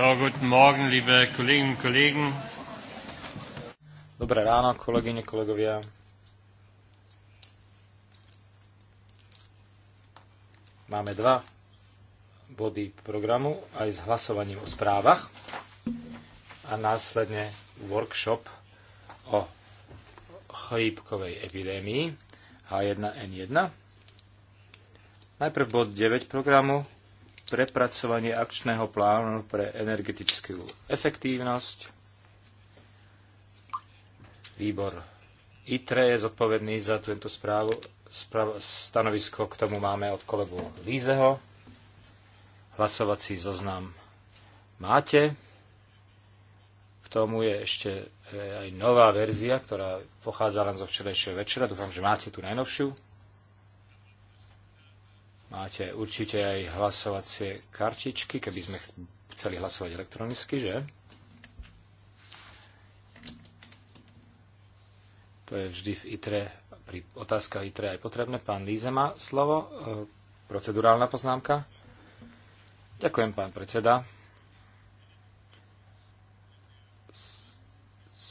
So, guten Morgen, liebe Kolleginnen und Kollegen. Dobré ráno, kolegyne, kolegovia. Máme dva body programu aj s hlasovaním o správach a následne workshop o chrípkovej epidémii H1N1. Najprv bod 9 programu prepracovanie akčného plánu pre energetickú efektívnosť. Výbor ITRE je zodpovedný za túto správu. Sprav- stanovisko k tomu máme od kolegu Lízeho. Hlasovací zoznam máte. K tomu je ešte e, aj nová verzia, ktorá pochádza len zo včerajšieho večera. Dúfam, že máte tú najnovšiu. Máte určite aj hlasovacie kartičky, keby sme chceli hlasovať elektronicky, že? To je vždy v ITRE, pri otázkach ITRE aj potrebné. Pán Líza má slovo, e, procedurálna poznámka. Ďakujem, pán predseda.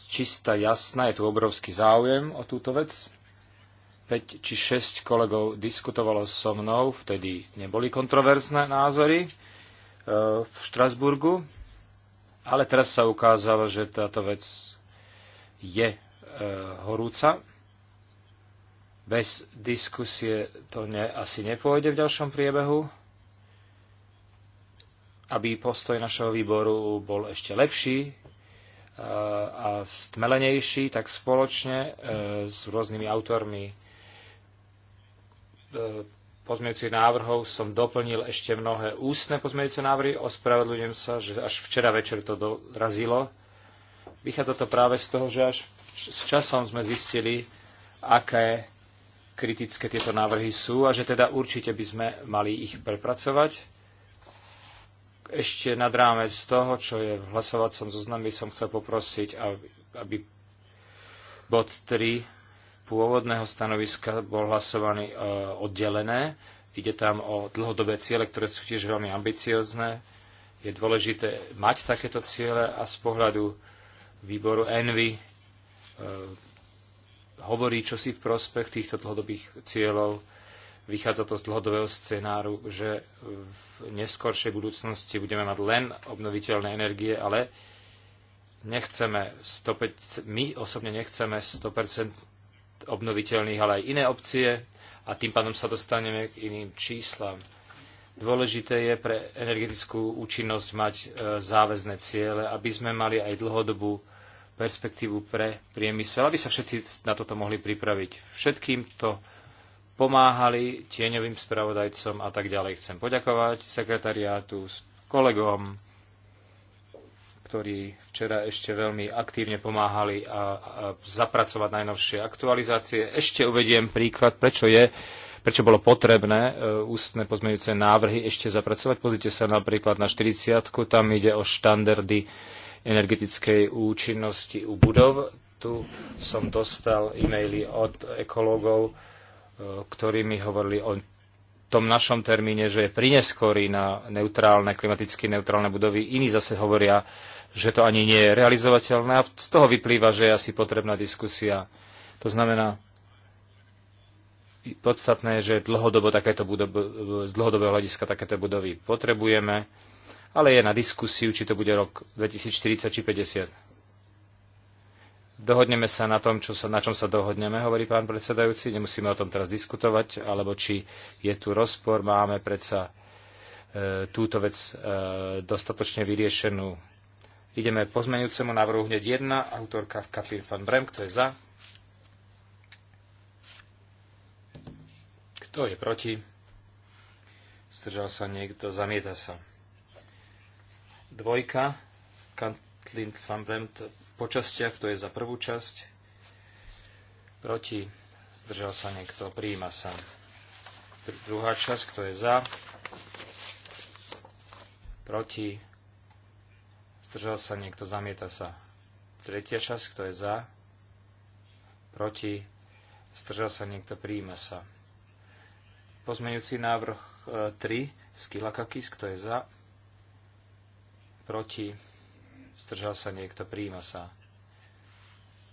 Čista jasná, je tu obrovský záujem o túto vec. 5 či 6 kolegov diskutovalo so mnou, vtedy neboli kontroverzné názory e, v Štrasburgu, ale teraz sa ukázalo, že táto vec je e, horúca. Bez diskusie to ne, asi nepôjde v ďalšom priebehu. Aby postoj našeho výboru bol ešte lepší, e, a stmelenejší, tak spoločne s rôznymi autormi E, pozmeňujúcich návrhov som doplnil ešte mnohé ústne pozmeňujúce návrhy. Ospravedlňujem sa, že až včera večer to dorazilo. Vychádza to práve z toho, že až s časom sme zistili, aké kritické tieto návrhy sú a že teda určite by sme mali ich prepracovať. Ešte nad rámec toho, čo je v hlasovacom zozname, som chcel poprosiť, aby bod 3 pôvodného stanoviska bol hlasovaný e, oddelené. Ide tam o dlhodobé ciele, ktoré sú tiež veľmi ambiciozne. Je dôležité mať takéto ciele a z pohľadu výboru Envy e, hovorí čosi v prospech týchto dlhodobých cieľov. Vychádza to z dlhodobého scenáru, že v neskoršej budúcnosti budeme mať len obnoviteľné energie, ale nechceme 105, my osobne nechceme 100% obnoviteľných, ale aj iné opcie a tým pádom sa dostaneme k iným číslam. Dôležité je pre energetickú účinnosť mať e, záväzné ciele, aby sme mali aj dlhodobú perspektívu pre priemysel, aby sa všetci na toto mohli pripraviť. Všetkým to pomáhali tieňovým spravodajcom a tak ďalej. Chcem poďakovať sekretariátu, kolegom, ktorí včera ešte veľmi aktívne pomáhali a, a zapracovať najnovšie aktualizácie. Ešte uvediem príklad, prečo, je, prečo bolo potrebné e, ústne pozmeňujúce návrhy ešte zapracovať. Pozrite sa napríklad na 40, tam ide o štandardy energetickej účinnosti u budov. Tu som dostal e-maily od ekológov, e, ktorí mi hovorili o tom našom termíne, že je prineskorý na neutrálne, klimaticky neutrálne budovy. Iní zase hovoria, že to ani nie je realizovateľné a z toho vyplýva, že je asi potrebná diskusia. To znamená, podstatné je, že dlhodobo takéto budov, z dlhodobého hľadiska takéto budovy potrebujeme, ale je na diskusiu, či to bude rok 2040 či 50. Dohodneme sa na tom, čo sa, na čom sa dohodneme, hovorí pán predsedajúci. Nemusíme o tom teraz diskutovať, alebo či je tu rozpor. Máme predsa e, túto vec e, dostatočne vyriešenú Ideme pozmeňujúcemu návrhu hneď 1, autorka Katrín van Brem, kto je za? Kto je proti? Zdržal sa niekto, zamieta sa. Dvojka, Katlin van Bremt, po častiach, kto je za prvú časť? Proti, zdržal sa niekto, prijíma sa. Druhá časť, kto je za? Proti, Zdržal sa niekto, zamieta sa. Tretia časť, kto je za? Proti? Zdržal sa niekto, príjima sa. Pozmeňujúci návrh 3, e, Skilakakis, kto je za? Proti? Zdržal sa niekto, príjima sa.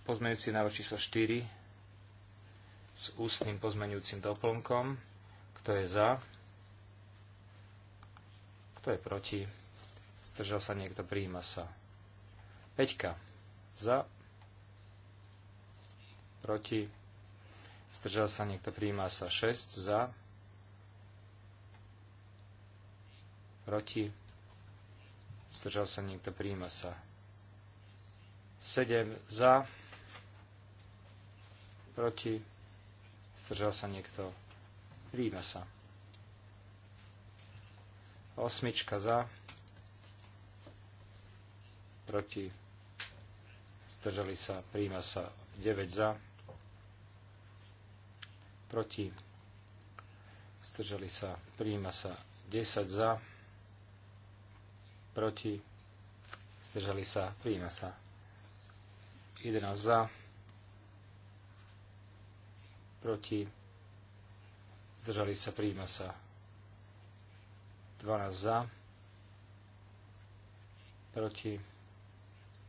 Pozmeňujúci návrh číslo 4 s ústnym pozmeňujúcim doplnkom. Kto je za? Kto je proti? Zdržal sa niekto, prijíma sa. Peťka. Za. Proti. Zdržal sa niekto, prijíma sa. 6. Za. Proti. Zdržal sa niekto, prijíma sa. 7. Za. Proti. Zdržal sa niekto, prijíma sa. Osmička za proti, zdržali sa, príjma sa 9 za, proti, zdržali sa, príjma sa 10 za, proti, zdržali sa, príjma sa 11 za, proti, zdržali sa, príjma sa 12 za, proti,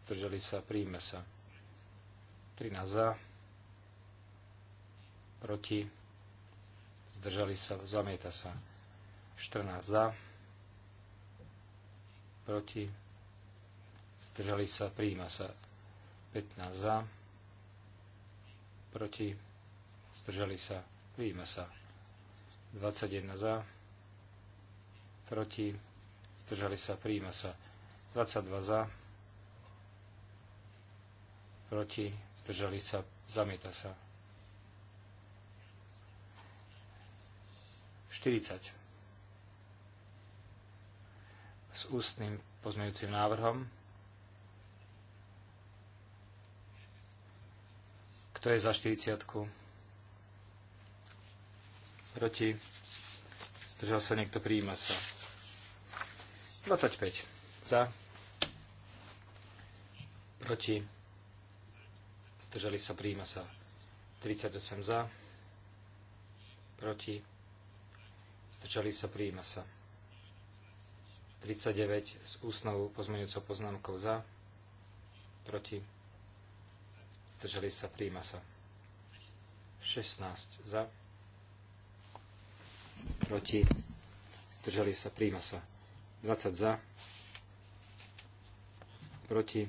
zdržali sa, príjme sa. 13 za, proti, zdržali sa, zamieta sa. 14 za, proti, zdržali sa, príjma sa. 15 za, proti, zdržali sa, príjme sa. 21 za, proti, zdržali sa, príjma sa. 22 za, proti, zdržali sa, zamieta sa. 40. S ústnym pozmeňujúcim návrhom. Kto je za 40? -ku? Proti. Zdržal sa niekto, prijíma sa. 25. Za. Proti zdržali sa, príjma sa. 38 za, proti, zdržali sa, príjma sa. 39 s ústnou pozmeňujúcou poznámkou za, proti, zdržali sa, príjma sa. 16 za, proti, zdržali sa, príjma sa. 20 za, proti,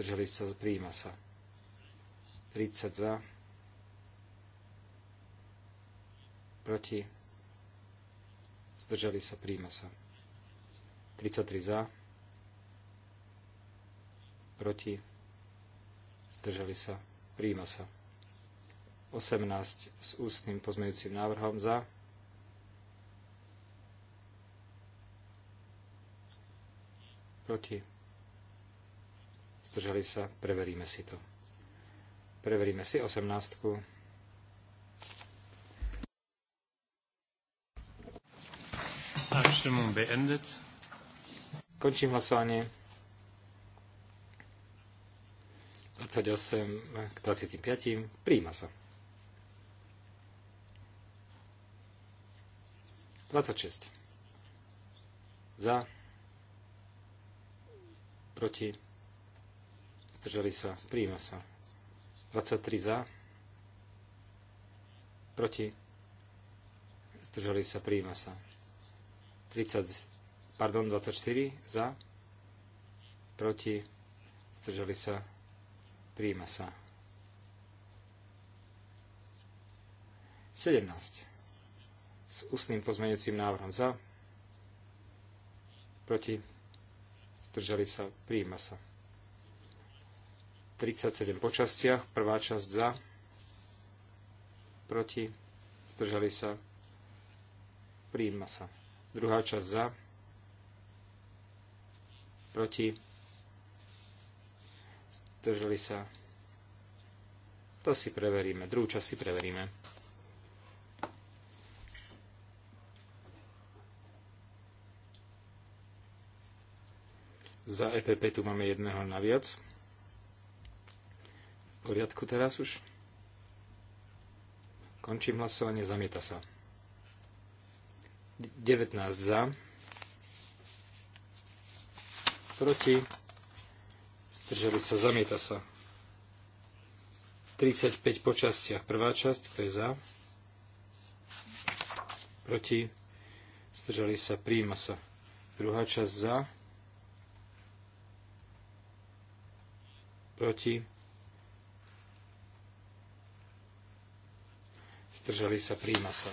zdržali sa, príjima sa. 30 za, proti, zdržali sa, príjima sa. 33 za, proti, zdržali sa, príjima sa. 18 s ústnym pozmeňujúcim návrhom za, proti, Zdržali sa? Preveríme si to. Preveríme si 18. Končím hlasovanie. 28 k 25. Príjma sa. 26. Za. Proti zdržali sa, príjma sa. 23 za, proti, zdržali sa, príjma sa. 30, pardon, 24 za, proti, zdržali sa, príjma sa. 17. S ústnym pozmeňujúcim návrhom za, proti, zdržali sa, príjma sa. 37 po častiach. Prvá časť za, proti, zdržali sa, príjma sa. Druhá časť za, proti, zdržali sa. To si preveríme, druhú časť si preveríme. Za EPP tu máme jedného naviac. V poriadku teraz už. Končím hlasovanie, zamieta sa. 19 za. Proti. Zdržali sa, zamieta sa. 35 po častiach. Prvá časť, kto je za? Proti. Zdržali sa, príjima sa. Druhá časť za. Proti zdržali sa, príjma sa.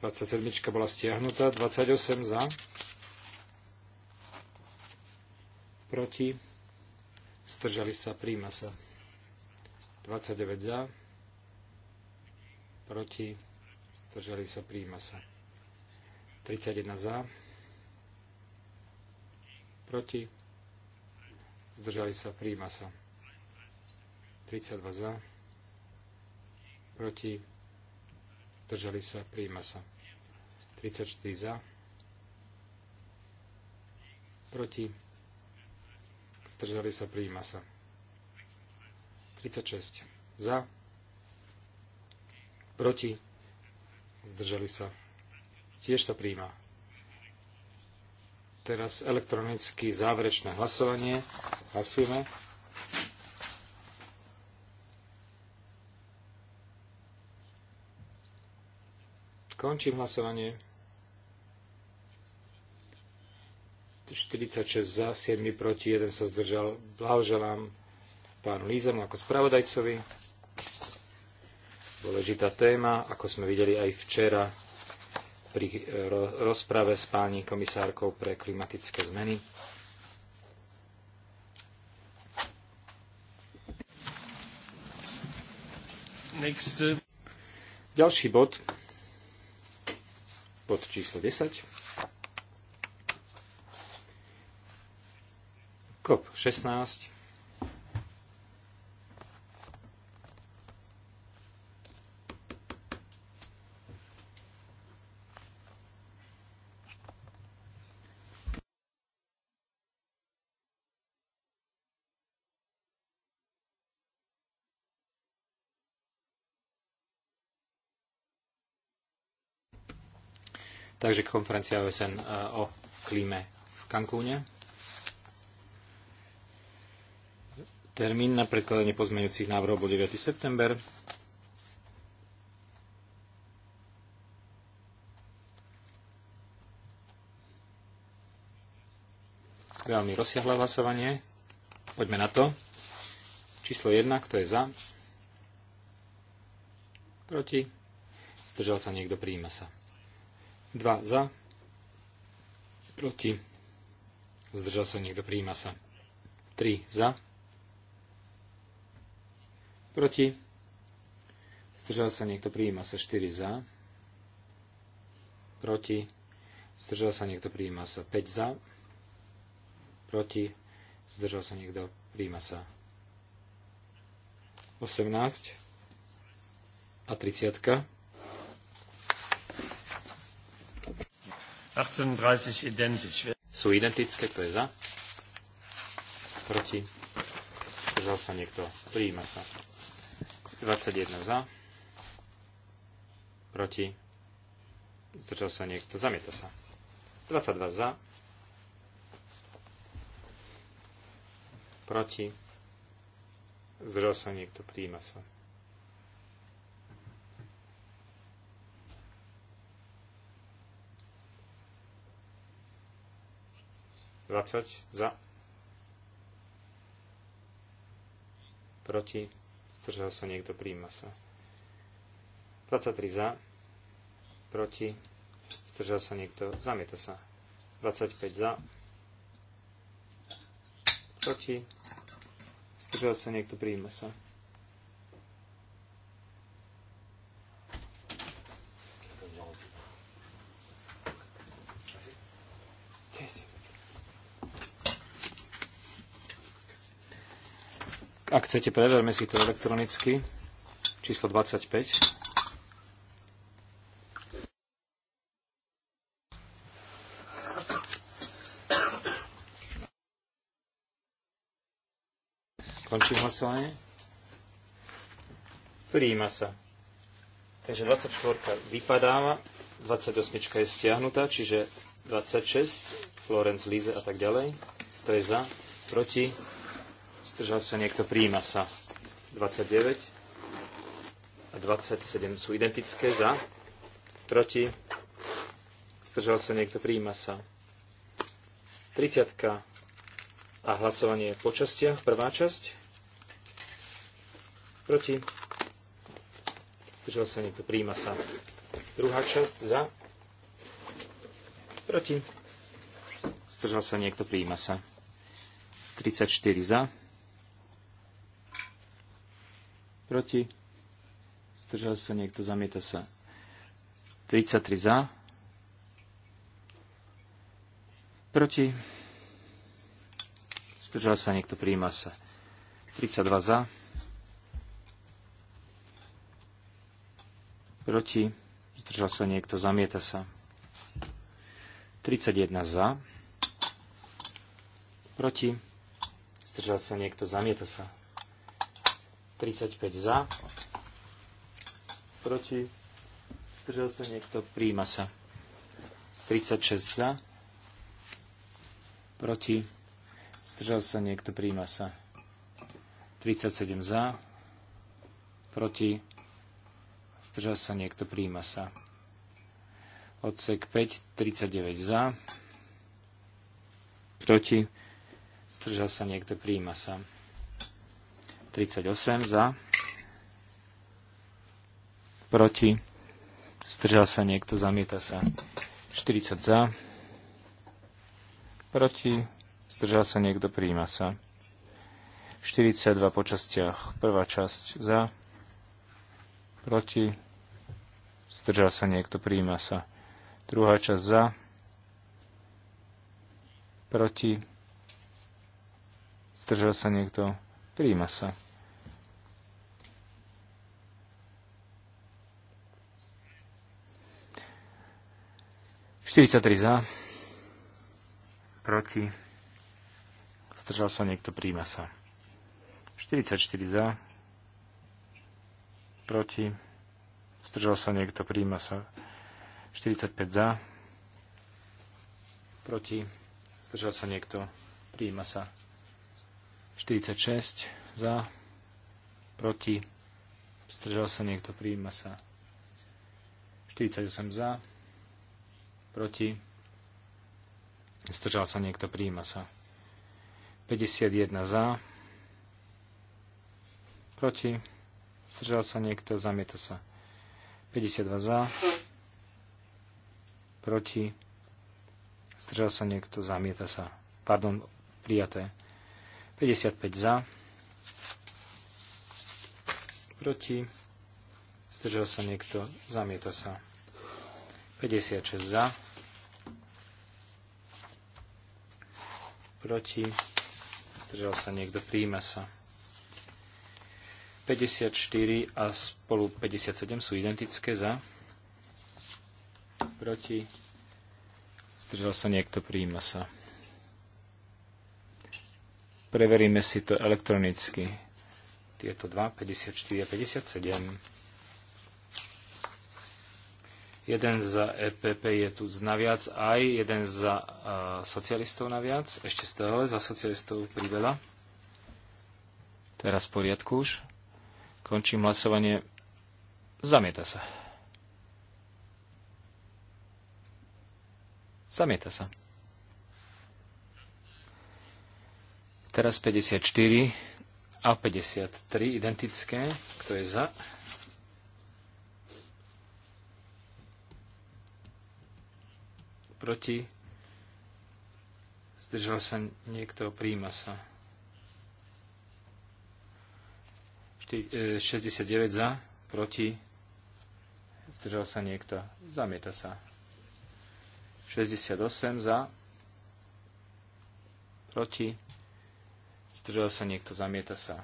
27 bola stiahnutá, 28 za, proti, zdržali sa, príjma sa. 29 za, proti, zdržali sa, príjma sa. 31 za, proti, zdržali sa, príjma sa. 32 za, proti, držali sa, príjma sa. 34 za, proti, zdržali sa, príjma sa. 36 za, proti, zdržali sa, tiež sa príjma. Teraz elektronicky záverečné hlasovanie. Hlasujeme. Končím hlasovanie. 46 za, 7 proti, 1 sa zdržal. Blahoželám pánu Lízemu ako spravodajcovi. Dôležitá téma, ako sme videli aj včera pri eh, rozprave s páni komisárkou pre klimatické zmeny. Next. Ďalší bod pod číslo 10. COP 16 Takže konferencia OSN e, o klíme v Cancúne. Termín na predkladanie pozmeňujúcich návrhov bol 9. september. Veľmi rozsiahle hlasovanie. Poďme na to. Číslo 1, kto je za? Proti? Zdržal sa niekto, prijíma sa. 2 za, proti, zdržal sa niekto, prijíma sa. 3 za, proti, zdržal sa niekto, prijíma sa. 4 za, proti, zdržal sa niekto, prijíma sa. 5 za, proti, zdržal sa niekto, prijíma sa. 18 a 30. 18.30 identisch. Sú identické, kto je za? Proti? Zdržal sa niekto. Prijíma sa. 21 za. Proti? Zdržal sa niekto. Zamieta sa. 22 za. Proti? Zdržal sa niekto. Prijíma sa. 20 za. Proti. Zdržal sa niekto, príjma sa. 23 za. Proti. Zdržal sa niekto, zamieta sa. 25 za. Proti. Zdržal sa niekto, príjma sa. Ak chcete, preverme si to elektronicky. Číslo 25. Končím hlasovanie. Príjima sa. Takže 24 vypadáva, 28 je stiahnutá, čiže 26, Florence Lise a tak ďalej. To je za, proti, Zdržal sa niekto, prijíma sa. 29 a 27 sú identické za, proti, zdržal sa niekto, prijíma sa. 30 a hlasovanie po častiach, prvá časť, proti, zdržal sa niekto, prijíma sa. Druhá časť za, proti, zdržal sa niekto, prijíma sa. 34 za, proti, zdržal sa niekto, zamieta sa. 33 za, proti, zdržal sa niekto, prijíma sa. 32 za, proti, zdržal sa niekto, zamieta sa. 31 za, proti, zdržal sa niekto, zamieta sa. 35 za, proti, zdržal sa niekto, príjma sa. 36 za, proti, zdržal sa niekto, príjma sa. 37 za, proti, zdržal sa niekto, príjma sa. Odsek 5, 39 za, proti, zdržal sa niekto, príjma sa. 38 za. Proti. Zdržal sa niekto, zamieta sa. 40 za. Proti. Zdržal sa niekto, prijíma sa. 42 po častiach. Prvá časť za. Proti. Zdržal sa niekto, prijíma sa. Druhá časť za. Proti. Zdržal sa niekto, Príjma sa. Štyridsaťtri za. Proti. Zdržal sa niekto, príjma sa. 44 za. Proti. Zdržal sa niekto, príjma sa. 45 za. Proti. Zdržal sa niekto, príjma sa. 46 za, proti, zdržal sa niekto, príjma sa. 48 za, proti, zdržal sa niekto, príjma sa. 51 za, proti, zdržal sa niekto, zamieta sa. 52 za, proti, zdržal sa niekto, zamieta sa. Pardon, prijaté. 55 za, proti, zdržal sa niekto, zamieta sa. 56 za, proti, zdržal sa niekto, príjme sa. 54 a spolu 57 sú identické za, proti, zdržal sa niekto, príjme sa. Preveríme si to elektronicky. Tieto 2, 54 a 57. Jeden za EPP je tu naviac, aj jeden za socialistov naviac. Ešte stále za socialistov priveľa. Teraz v poriadku už. Končím hlasovanie. Zamieta sa. Zamieta sa. Teraz 54 a 53 identické. Kto je za? Proti? Zdržal sa niekto, príjma sa. 69 e, za, proti? Zdržal sa niekto, zamieta sa. 68 za, proti? Zdržal sa niekto, zamieta sa.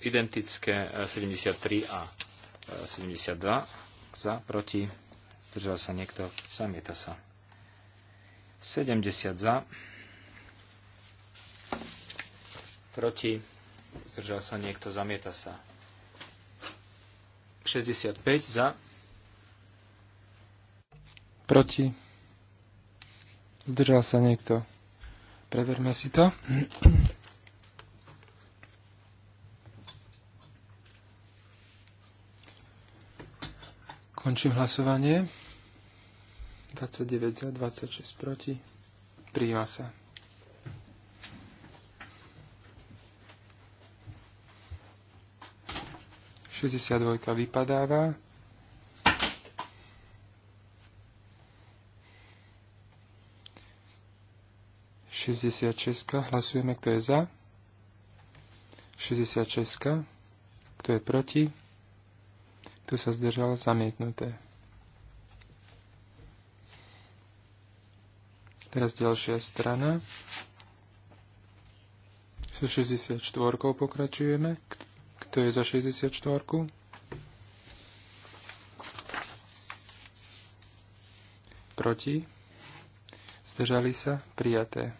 Identické 73 eh, a 72 eh, za, proti, zdržal sa niekto, zamieta sa. 70 za, proti, zdržal sa niekto, zamieta sa. 65 za, Proti? Zdržal sa niekto? Preverme si to. Končím hlasovanie. 29 za, 26 proti. Prijíma sa. vypadáva. 66. Hlasujeme, kto je za. 66. Kto je proti? Kto sa zdržal? Zamietnuté. Teraz ďalšia strana. So 64 pokračujeme. Kto je za 64? Proti? Zdržali sa? Prijaté.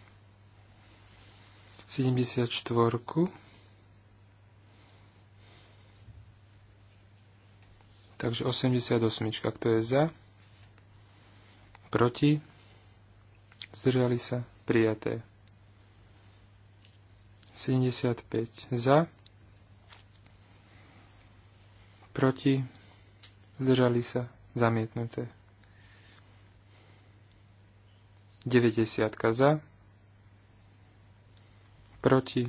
74. Takže 88, kto je za, proti, zdržali sa, prijaté. 75 za, proti, zdržali sa, zamietnuté. 90 za, proti,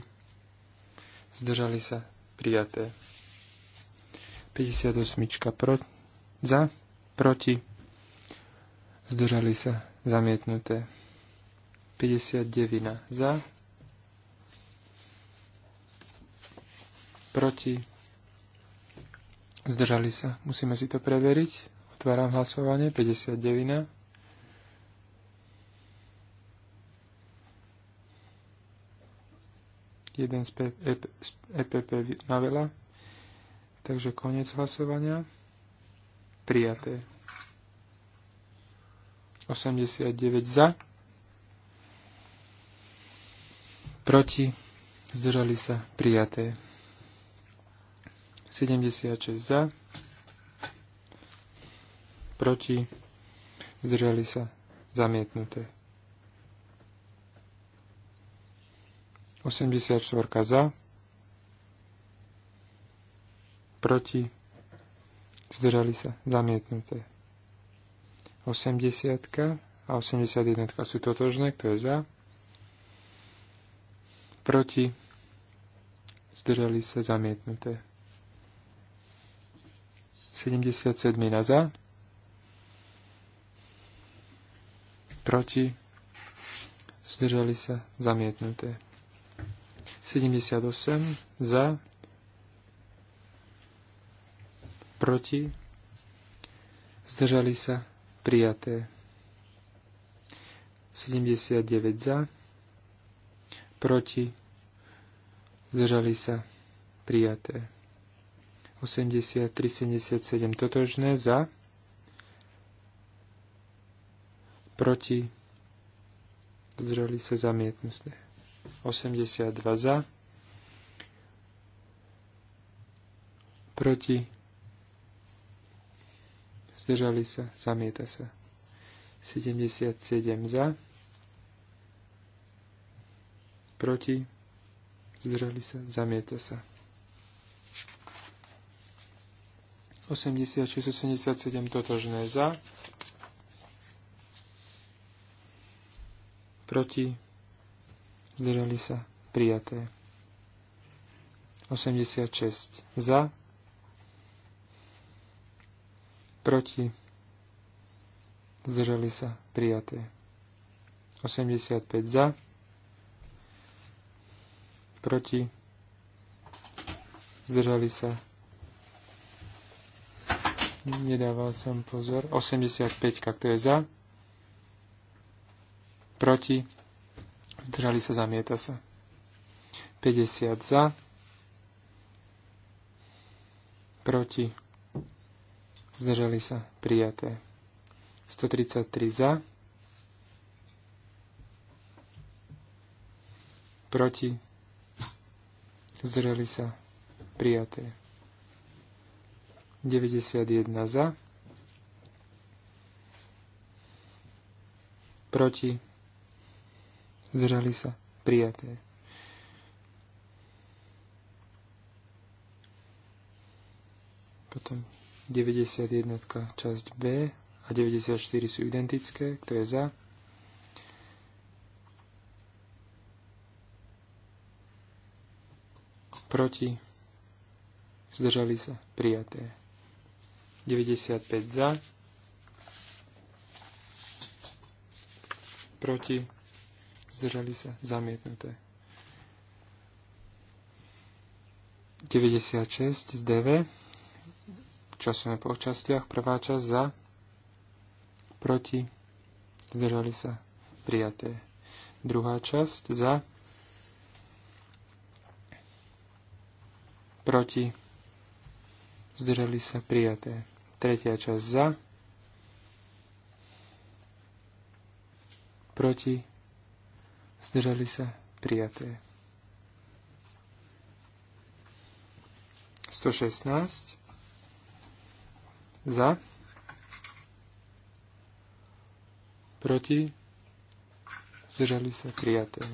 zdržali sa prijaté. 58 pro, za, proti, zdržali sa zamietnuté. 59 za, proti, zdržali sa. Musíme si to preveriť. Otváram hlasovanie 59. jeden z EPP e na veľa. Takže koniec hlasovania. Prijaté. 89 za. Proti. Zdržali sa. Prijaté. 76 za. Proti. Zdržali sa. Zamietnuté. 84 za, proti, zdržali sa, zamietnuté. 80 a 81 sú totožné, kto je za, proti, zdržali sa, zamietnuté. 77 na za, proti, zdržali sa, zamietnuté. 78 za, proti, zdržali sa, prijaté. 79 za, proti, zdržali sa, prijaté. 83, 77 totožné za, proti, zdržali sa, zamietnuté. 82 za, proti, zdržali sa, zamieta sa. 77 za, proti, zdržali sa, zamieta sa. 86, 87 totožné za, proti, zdržali sa, prijaté. 86 za, proti, zdržali sa, prijaté. 85 za, proti, zdržali sa, nedával som pozor, 85, Kto je za, proti, zdržali sa, zamieta sa. 50 za, proti, zdržali sa, prijaté. 133 za, proti, zdržali sa, prijaté. 91 za, proti, zdržali sa, prijaté. Potom 91. časť B a 94 sú identické, kto je za, proti, zdržali sa, prijaté. 95 za, proti, zdržali sa, zamietnuté. 96 z DV, časujeme po častiach, prvá časť za, proti, zdržali sa, prijaté. Druhá časť za, proti, zdržali sa, prijaté. Tretia časť za, proti, zdržali sa, prijaté. 116 za, proti, zdržali sa, prijaté.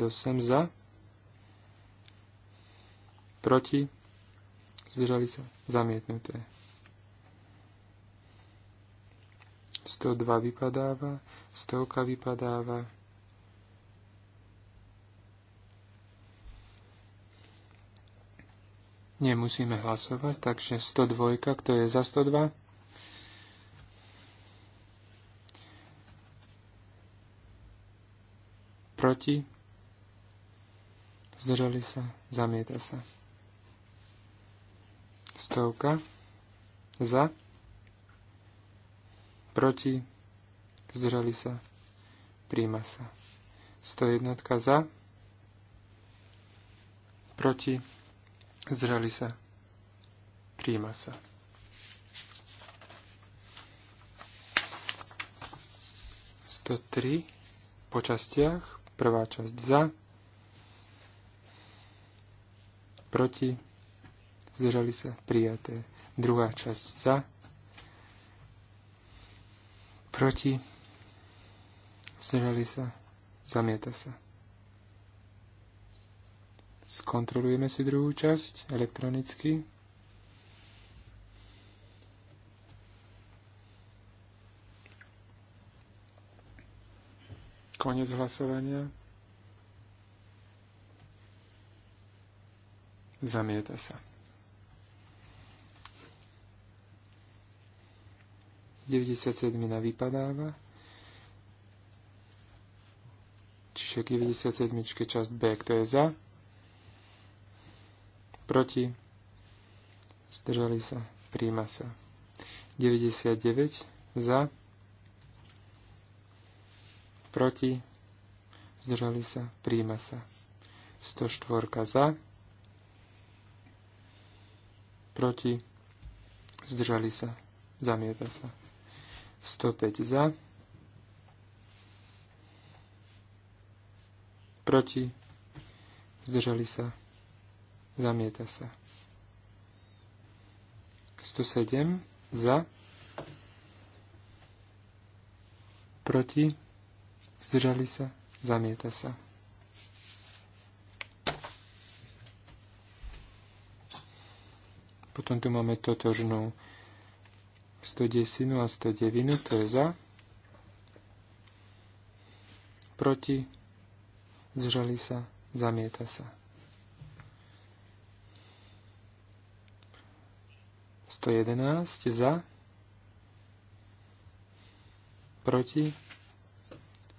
osem. za, proti, zdržali sa, zamietnuté. 102 vypadáva, stovka vypadáva. Nemusíme hlasovať, takže 102, kto je za 102? Proti? Zdržali sa, zamieta sa. Stovka. Za proti, zdržali sa, príjma sa. 101 za, proti, zdržali sa, príjma sa. To tri po častiach. Prvá časť za, proti, zdržali sa, prijaté. Druhá časť za, Proti? Zdržali sa? Zamieta sa. Skontrolujeme si druhú časť elektronicky. Konec hlasovania. Zamieta sa. 97 vypadáva. Čiže 97 časť B, kto je za? Proti? Zdržali sa. Príjma sa. 99 za? Proti? Zdržali sa. Príjma sa. 104 za? Proti? Zdržali sa. Zamieta sa. 105 za, proti, zdržali sa, zamieta sa. 107 za, proti, zdržali sa, zamieta sa. Potom tu máme totožnú 110 a 109, to je za, proti, zžali sa, zamieta sa. 111 za, proti,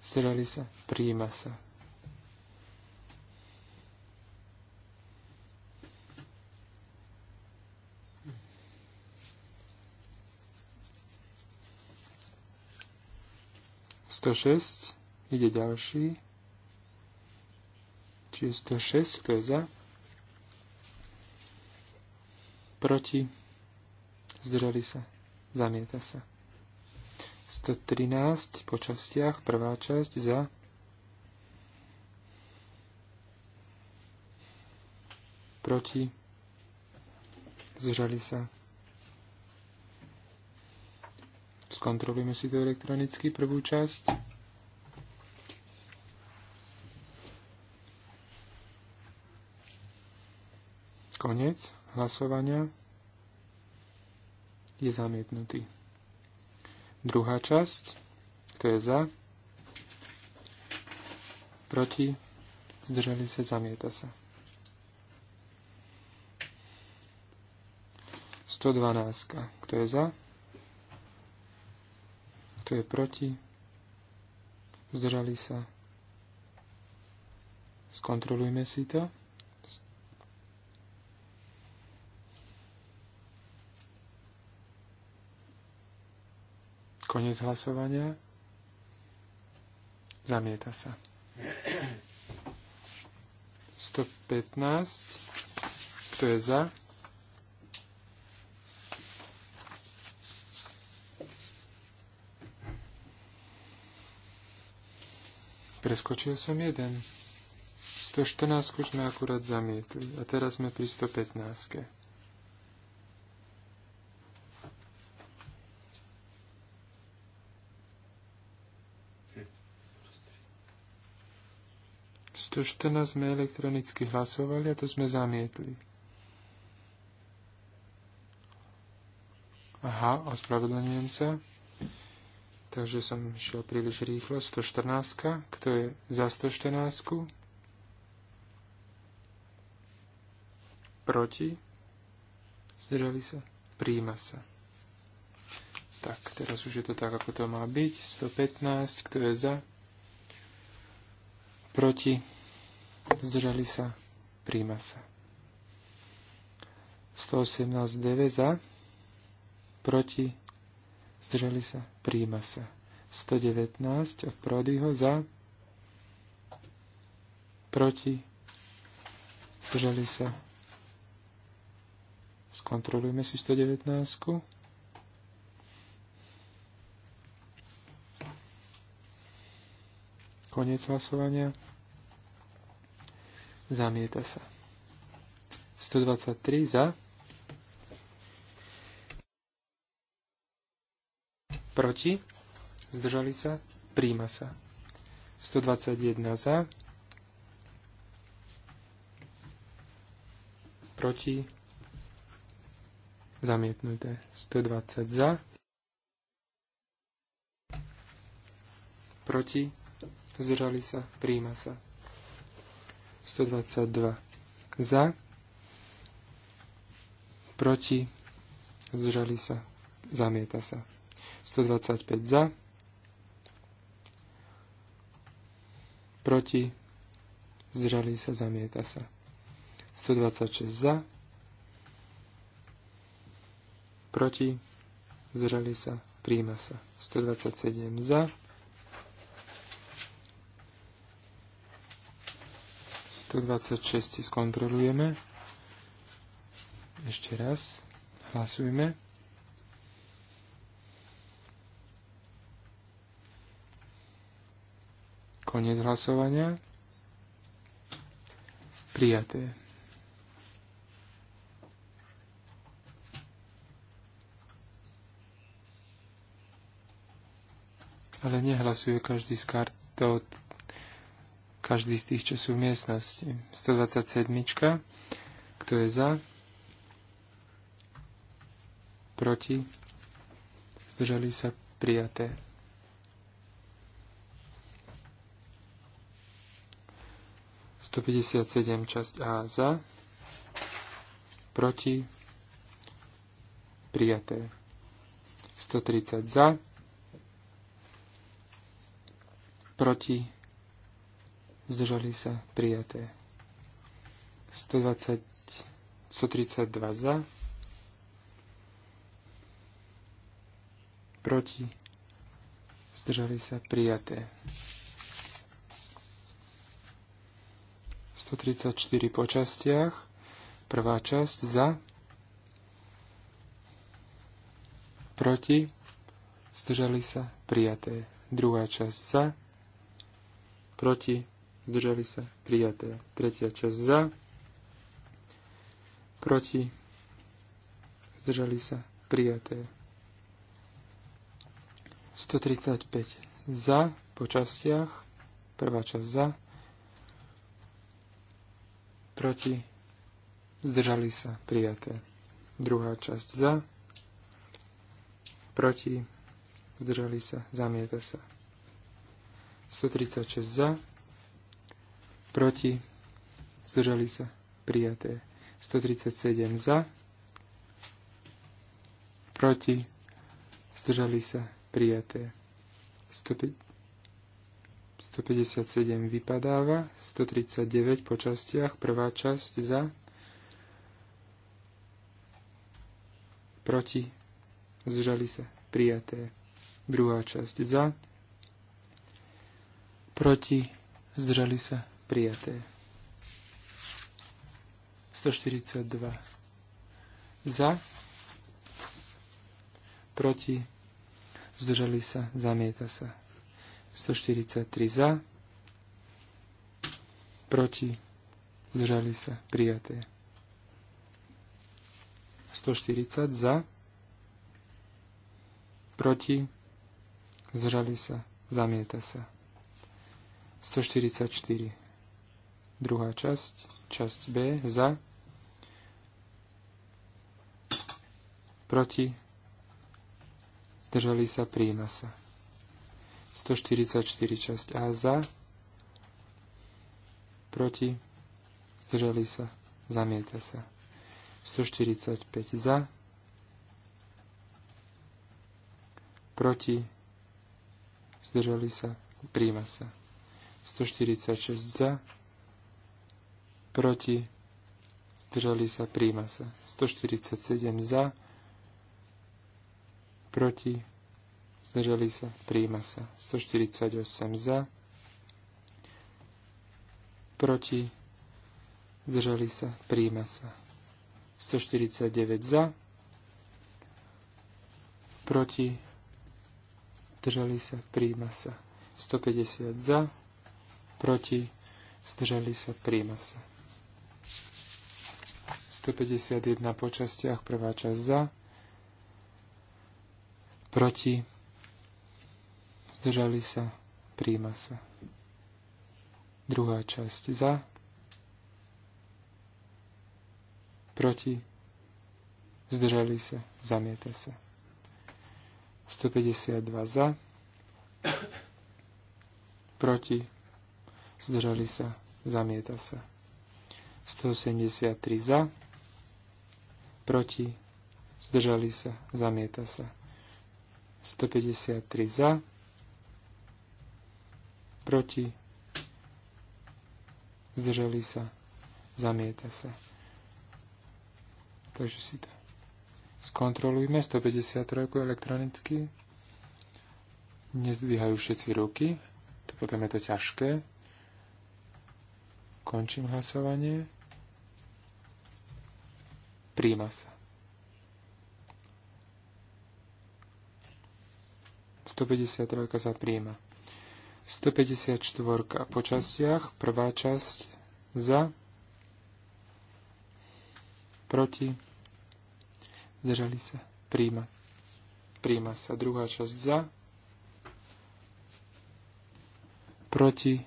zžali sa, príjima sa. 106. Ide ďalší. Čiže 106, kto je za? Proti? Zdržali sa. Zamieta sa. 113 po častiach, prvá časť za. Proti? Zdržali sa Skontrolujeme si to elektronicky, prvú časť. Konec hlasovania je zamietnutý. Druhá časť, kto je za, proti, zdržali sa, zamieta sa. 112. Kto je za? Kto je proti? Zdržali sa. Skontrolujme si to. Konec hlasovania. Zamieta sa. 115. Kto je za? Preskočil som jeden. 114 sme akurát zamietli a teraz sme pri 115. -ke. To 14 sme elektronicky hlasovali a to sme zamietli. Aha, ospravedlňujem sa. Takže som išiel príliš rýchlo. 114. Kto je za 114? Proti? Zdržali sa? príjma sa. Tak, teraz už je to tak, ako to má byť. 115. Kto je za? Proti? Zdržali sa? príjma sa. 118.9 za? Proti? zdržali sa, príjma sa. 119 od Prodyho za, proti, zdržali sa. Skontrolujme si 119. -ku. Konec hlasovania. Zamieta sa. 123 za. proti, zdržali sa, príjma sa. 121 za, proti, zamietnuté. 120 za, proti, zdržali sa, príjma sa. 122 za, proti, zdržali sa, zamieta sa. 125 za, proti, zdržali sa, zamieta sa. 126 za, proti, zdržali sa, príjma sa. 127 za, 126 si skontrolujeme. Ešte raz. Hlasujme. Konec hlasovania. Prijaté. Ale nehlasuje každý z kartou, každý z tých, čo sú v miestnosti. 127. Kto je za? Proti? Zdržali sa prijaté. 157 časť A za, proti, prijaté. 130 za, proti, zdržali sa, prijaté. 120, 132 za, proti, zdržali sa, prijaté. 134 po častiach. Prvá časť za, proti, zdržali sa, prijaté. Druhá časť za, proti, zdržali sa, prijaté. Tretia časť za, proti, zdržali sa, prijaté. 135 za, po častiach, prvá časť za, proti, zdržali sa, prijaté. Druhá časť za, proti, zdržali sa, zamieta sa. 136 za, proti, zdržali sa, prijaté. 137 za, proti, zdržali sa, prijaté. 105 157 vypadáva, 139 po častiach, prvá časť za, proti, zžali sa, prijaté. Druhá časť za, proti, zdržali sa, prijaté. 142 za, proti, zdržali sa, zamieta sa. 143 za, proti, zdržali sa, prijaté. 140 za, proti, zdržali sa, zamieta sa. 144. Druhá časť, časť B, za, proti, zdržali sa, príjma sa. 144 časť A za, proti, zdržali sa, zamieta sa. 145 za, proti, zdržali sa, príjma sa. 146 za, proti, zdržali sa, príjma sa. 147 za, proti, zdržali sa, príjma sa. 148 za, proti, zdržali sa, príjma sa. 149 za, proti, zdržali sa, príjma sa. 150 za, proti, zdržali sa, príjma sa. 151 po častiach, prvá časť za, proti, zdržali sa, príjma sa. Druhá časť za, proti, zdržali sa, zamieta sa. 152 za, proti, zdržali sa, zamieta sa. 183 za, proti, zdržali sa, zamieta sa. 153 za, proti, zdržali sa, zamieta sa. Takže si to skontrolujme. 153 elektronicky. Nezdvíhajú všetci ruky. To potom je to ťažké. Končím hlasovanie. Príjma sa. 153 sa príjma. 154 po častiach, prvá časť za, proti, zdržali sa, príjma. Príjma sa druhá časť za, proti,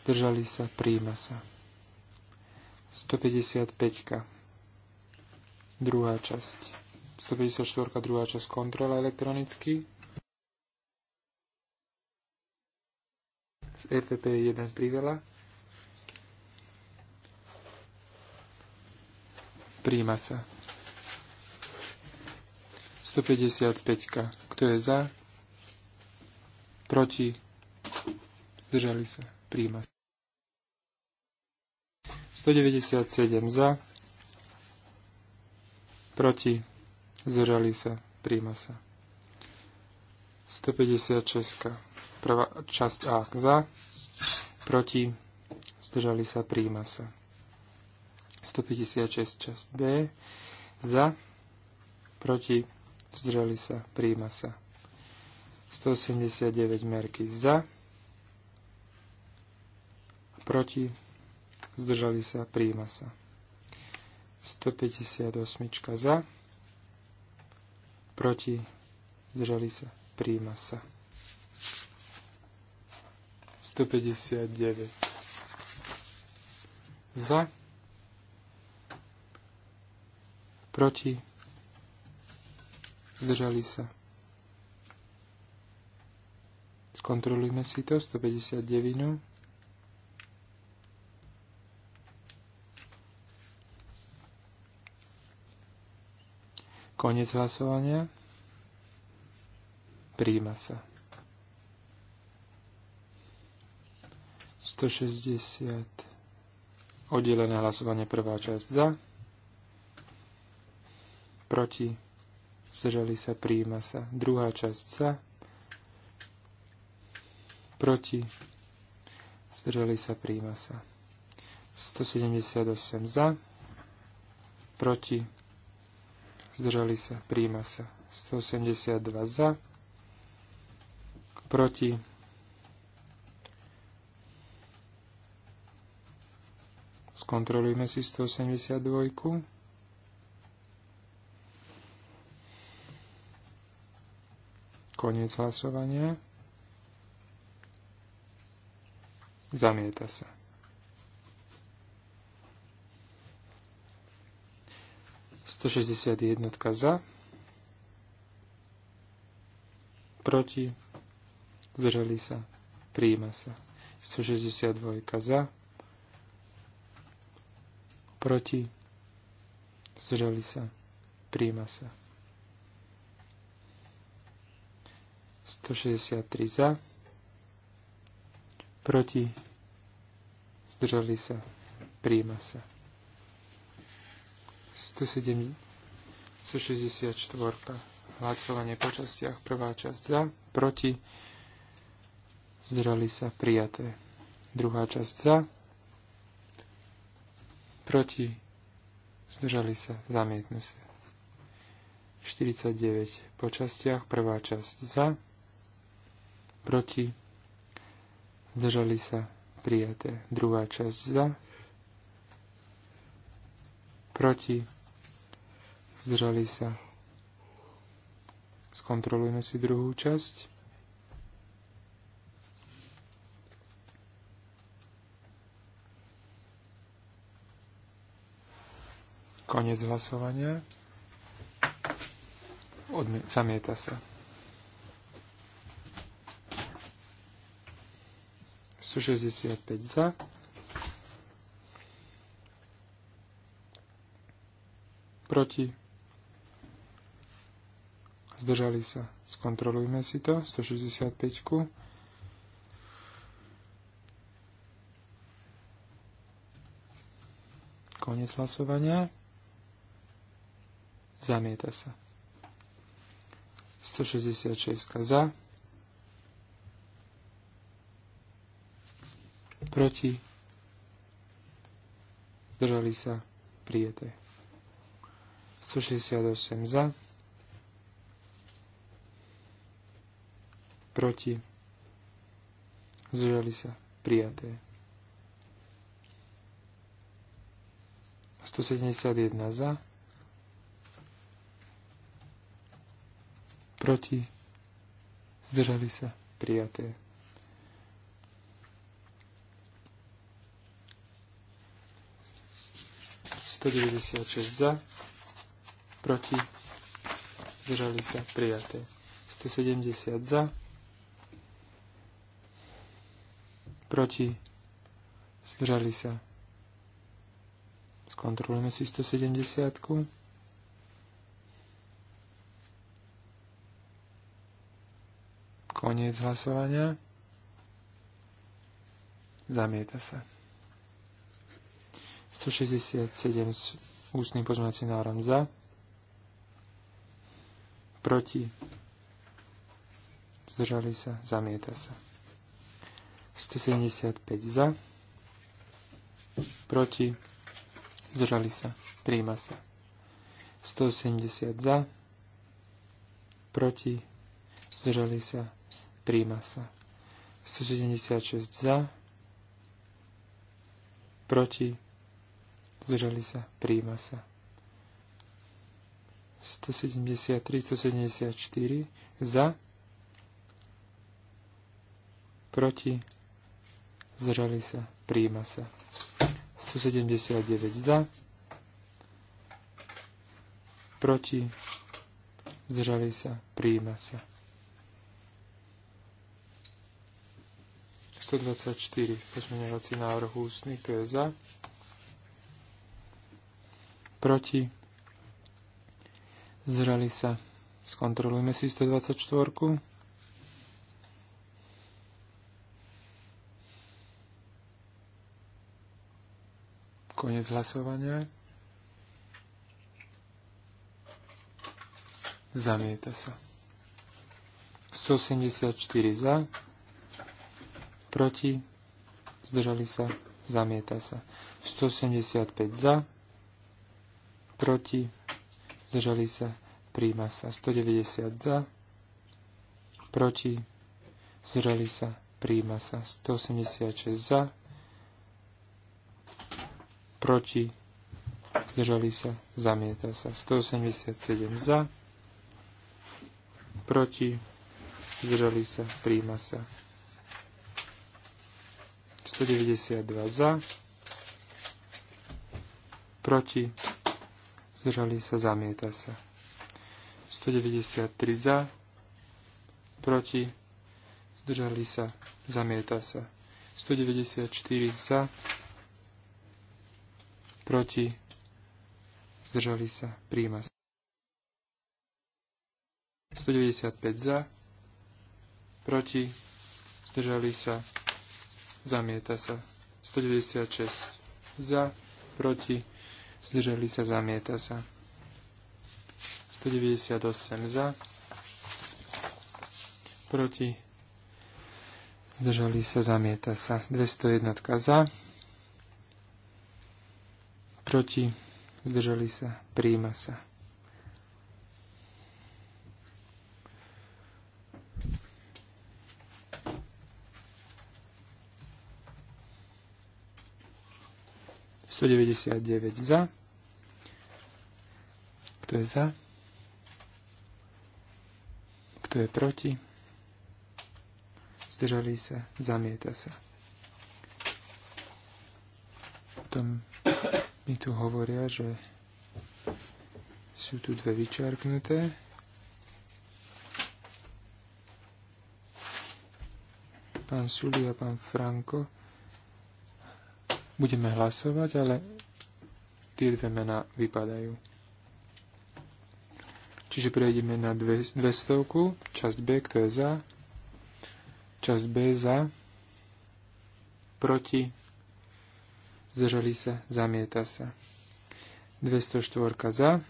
zdržali sa, príjma sa. 155. Druhá časť. 154. druhá časť kontrola elektronicky. z EPP je jeden priveľa. Príjma sa. 155. Kto je za? Proti? Zdržali sa. Príjma sa. 197 za. Proti? Zdržali sa. Príjma sa. 156. Prvá časť A za, proti, zdržali sa, príjma sa. 156 časť B za, proti, zdržali sa, príjma sa. 189 merky za, proti, zdržali sa, príjma sa. 158 za, proti, zdržali sa, príjma sa. 159. Za. Proti. Zdržali sa. Skontrolujme si to. 159. Konec hlasovania. Príjma sa. 160. Oddelené hlasovanie prvá časť za. Proti. Zdržali sa, príjma sa. Druhá časť za. Proti. Zdržali sa, príjma sa. 178 za. Proti. Zdržali sa, príjma sa. 182 za. Proti Skontrolujme si 182. Koniec hlasovania. Zamieta sa. Sto šesťdesiat jednotka za. Proti. Zdržali sa. Príjima sa. dvojka za proti, zdržali sa, príjma sa. 163 za, proti, zdržali sa, príjma sa. 107, 164. Hlasovanie po častiach. Prvá časť za, proti, zdržali sa, prijaté. Druhá časť za, proti, zdržali sa, zamietnú sa. 49 po častiach, prvá časť za, proti, zdržali sa, prijaté, druhá časť za, proti, zdržali sa. Skontrolujeme si druhú časť. Konec hlasovania. Odmi- zamieta sa. Sú 65 za. Proti. Zdržali sa. Skontrolujme si to. 165. -ku. Konec hlasovania. Zamieta sa. 166 za. Proti. Zdržali sa. prijete. 168 za. Proti. Zdržali sa. Prijaté. 171 za proti, zdržali sa, prijaté. Sto za, proti, zdržali sa, prijaté. Sto za, proti, zdržali sa. Skontrolujeme si 170. -ku. Koniec hlasovania. Zamieta sa. 167 s ústnym pozmeňovacím návrhom za. Proti. Zdržali sa. Zamieta sa. 175 za. Proti. Zdržali sa. Príjma sa. 180 za. Proti. Zdržali sa príjma sa. 176 za, proti, zdržali sa, príjma sa. 173, 174 za, proti, zdržali sa, príjma sa. 179 za, proti, zdržali sa, príjma sa. 124, pozmeňovací návrh ústny, Kto je za, proti, zreli sa. Skontrolujme si 124. -ku. Konec hlasovania. Zamieta sa. 184 za, proti, zdržali sa, zamieta sa. 175 za, proti, zdržali sa, príjma sa. 190 za, proti, zdržali sa, príjma sa. 186 za, proti, zdržali sa, zamieta sa. 187 za, proti, zdržali sa, príjma sa. 192 za, proti, zdržali sa, zamieta sa. 193 za, proti, zdržali sa, zamieta sa. 194 za, proti, zdržali sa, príjma sa. 195 za, proti, zdržali sa, zamieta sa. 196 za, proti, zdržali sa, zamieta sa. 198 za, proti, zdržali sa, zamieta sa. 201 za, proti, zdržali sa, príjma sa. 199 za. Kto je za? Kto je proti? Zdržali sa, zamieta sa. Potom mi tu hovoria, že sú tu dve vyčarknuté. Pán Suli a pán Franko Budeme hlasovať, ale tie dve mená vypadajú. Čiže prejdeme na 200, časť B, kto je za, časť B za, proti, zdržali sa, zamieta sa. 204 za,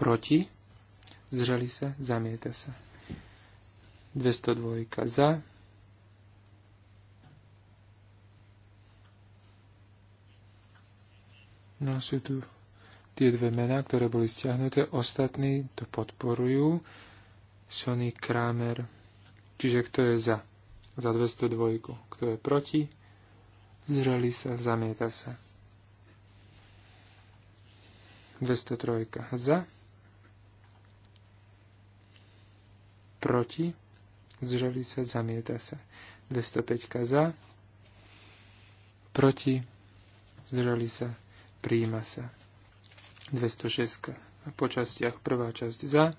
proti, zdržali sa, zamieta sa. 202 za, No sú tu tie dve mená, ktoré boli stiahnuté. Ostatní to podporujú. Sony Kramer. Čiže kto je za? Za 202. Kto je proti? Zreli sa, zamieta sa. 203. Za. Proti. Zreli sa, zamieta sa. 205. Za. Proti. Zreli sa, Príjima sa. 206. A po častiach prvá časť za.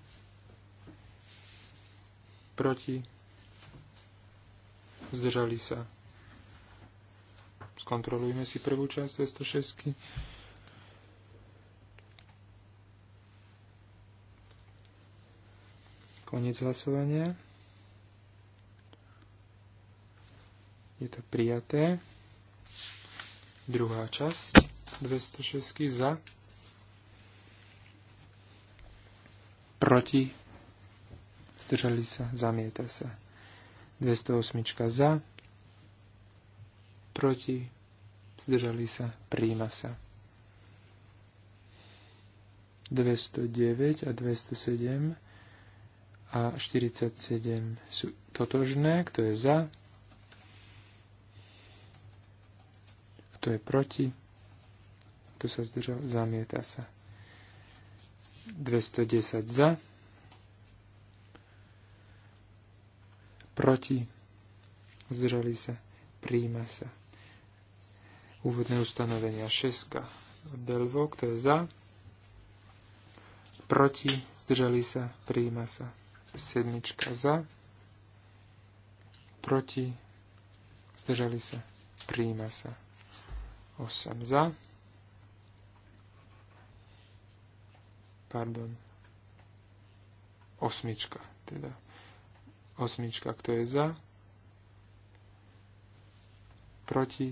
Proti. Zdržali sa. Skontrolujme si prvú časť 206. Koniec hlasovania. Je to prijaté. Druhá časť. 206 za, proti, zdržali sa, zamieta sa. 208 za, proti, zdržali sa, príjma sa. 209 a 207 a 47 sú totožné, kto je za, kto je proti, kto sa zdržal, zamieta sa. 210 za, proti, zdržali sa, príjma sa. Úvodné ustanovenia 6 Delvo, kto je za, proti, zdržali sa, príjma sa. Sedmička za, proti, zdržali sa, príjma sa. 8 za, Pardon. Osmička, teda. Osmička, kto je za? Proti?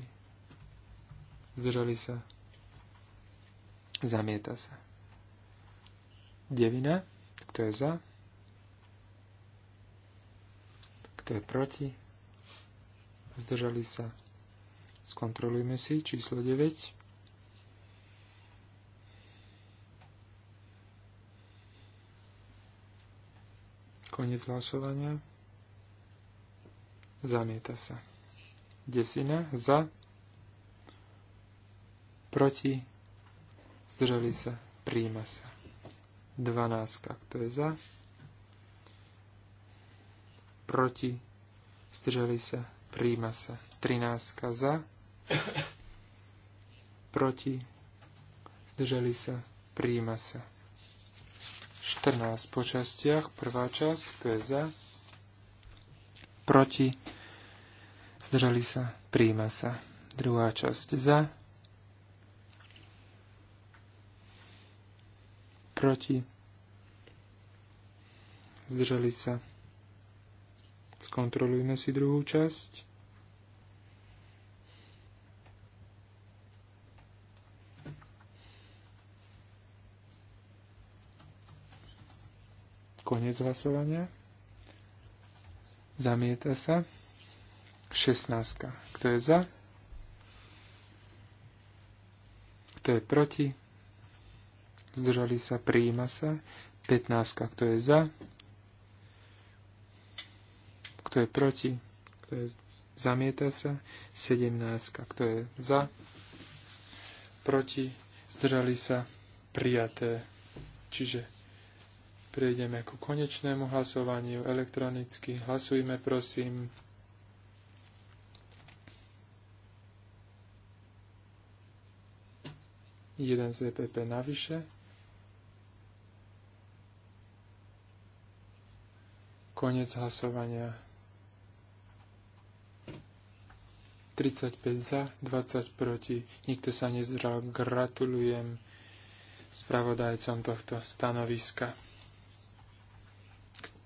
Zdržali sa? Zamieta sa. Devina, kto je za? Kto je proti? Zdržali sa? Skontrolujme si číslo 9. Koniec hlasovania. Zamieta sa. Desina za. Proti. Zdržali sa. Príjma sa. Dvanáska, Kto je za? Proti. Zdržali sa. Príjma sa. Trináska za. Proti. Zdržali sa. Príjma sa. 14 po častiach. Prvá časť, to je za, proti, zdržali sa, príjma sa. Druhá časť za, proti, zdržali sa. Skontrolujme si druhú časť. Koniec hlasovania. Zamieta sa. 16. Kto je za? Kto je proti? Zdržali sa, prijíma sa. 15. Kto je za? Kto je proti? Kto je zamieta sa. 17. Kto je za? Proti? Zdržali sa, prijaté. Čiže Prejdeme ku konečnému hlasovaniu elektronicky. Hlasujme, prosím. Jeden z EPP navyše. Konec hlasovania. 35 za, 20 proti. Nikto sa nezdržal. Gratulujem spravodajcom tohto stanoviska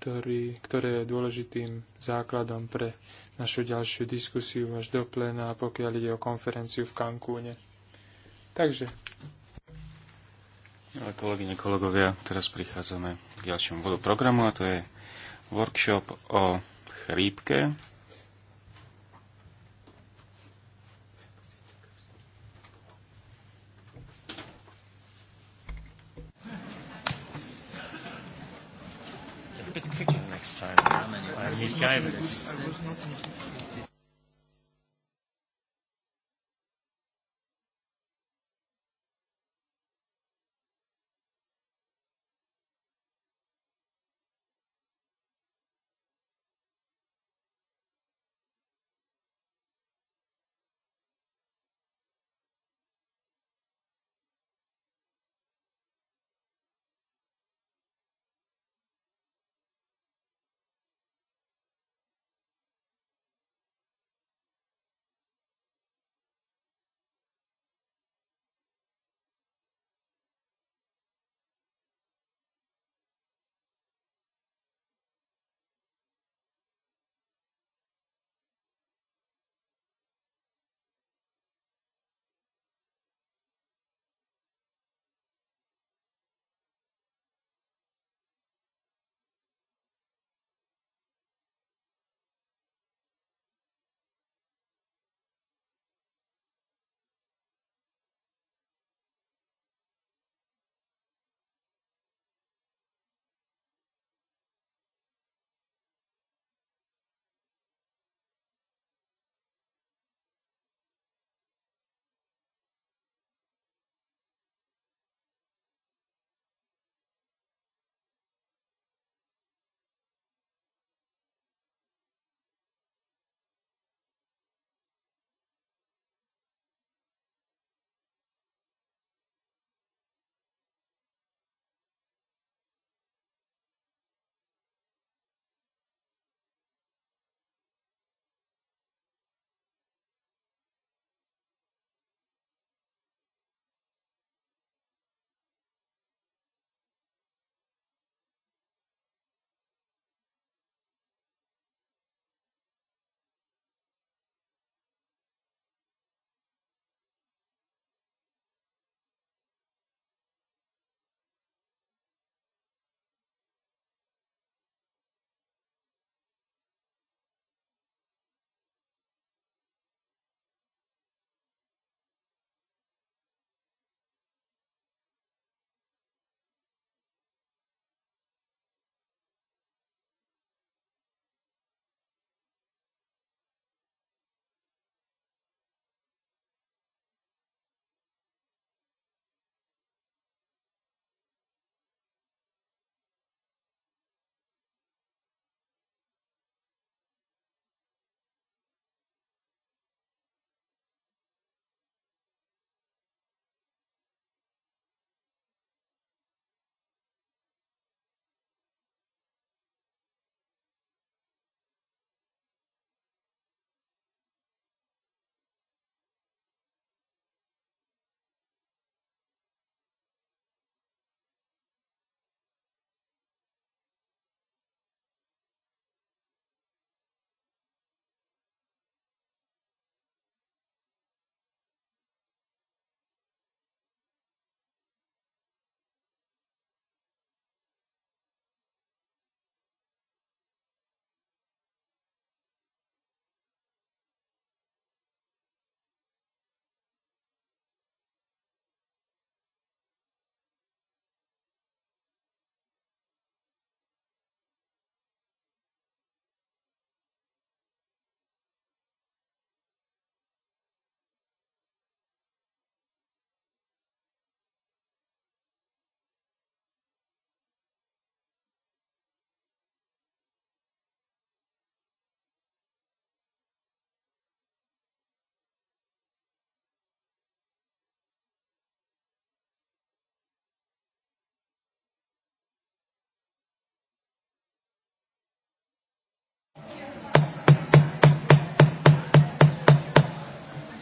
ktorý, ktoré je dôležitým základom pre našu ďalšiu diskusiu až do pléna, pokiaľ ide o konferenciu v Cancúne. Takže. Milé kolegyne, kolegovia, teraz prichádzame k ďalšiemu bodu programu a to je workshop o chrípke. He's driving us.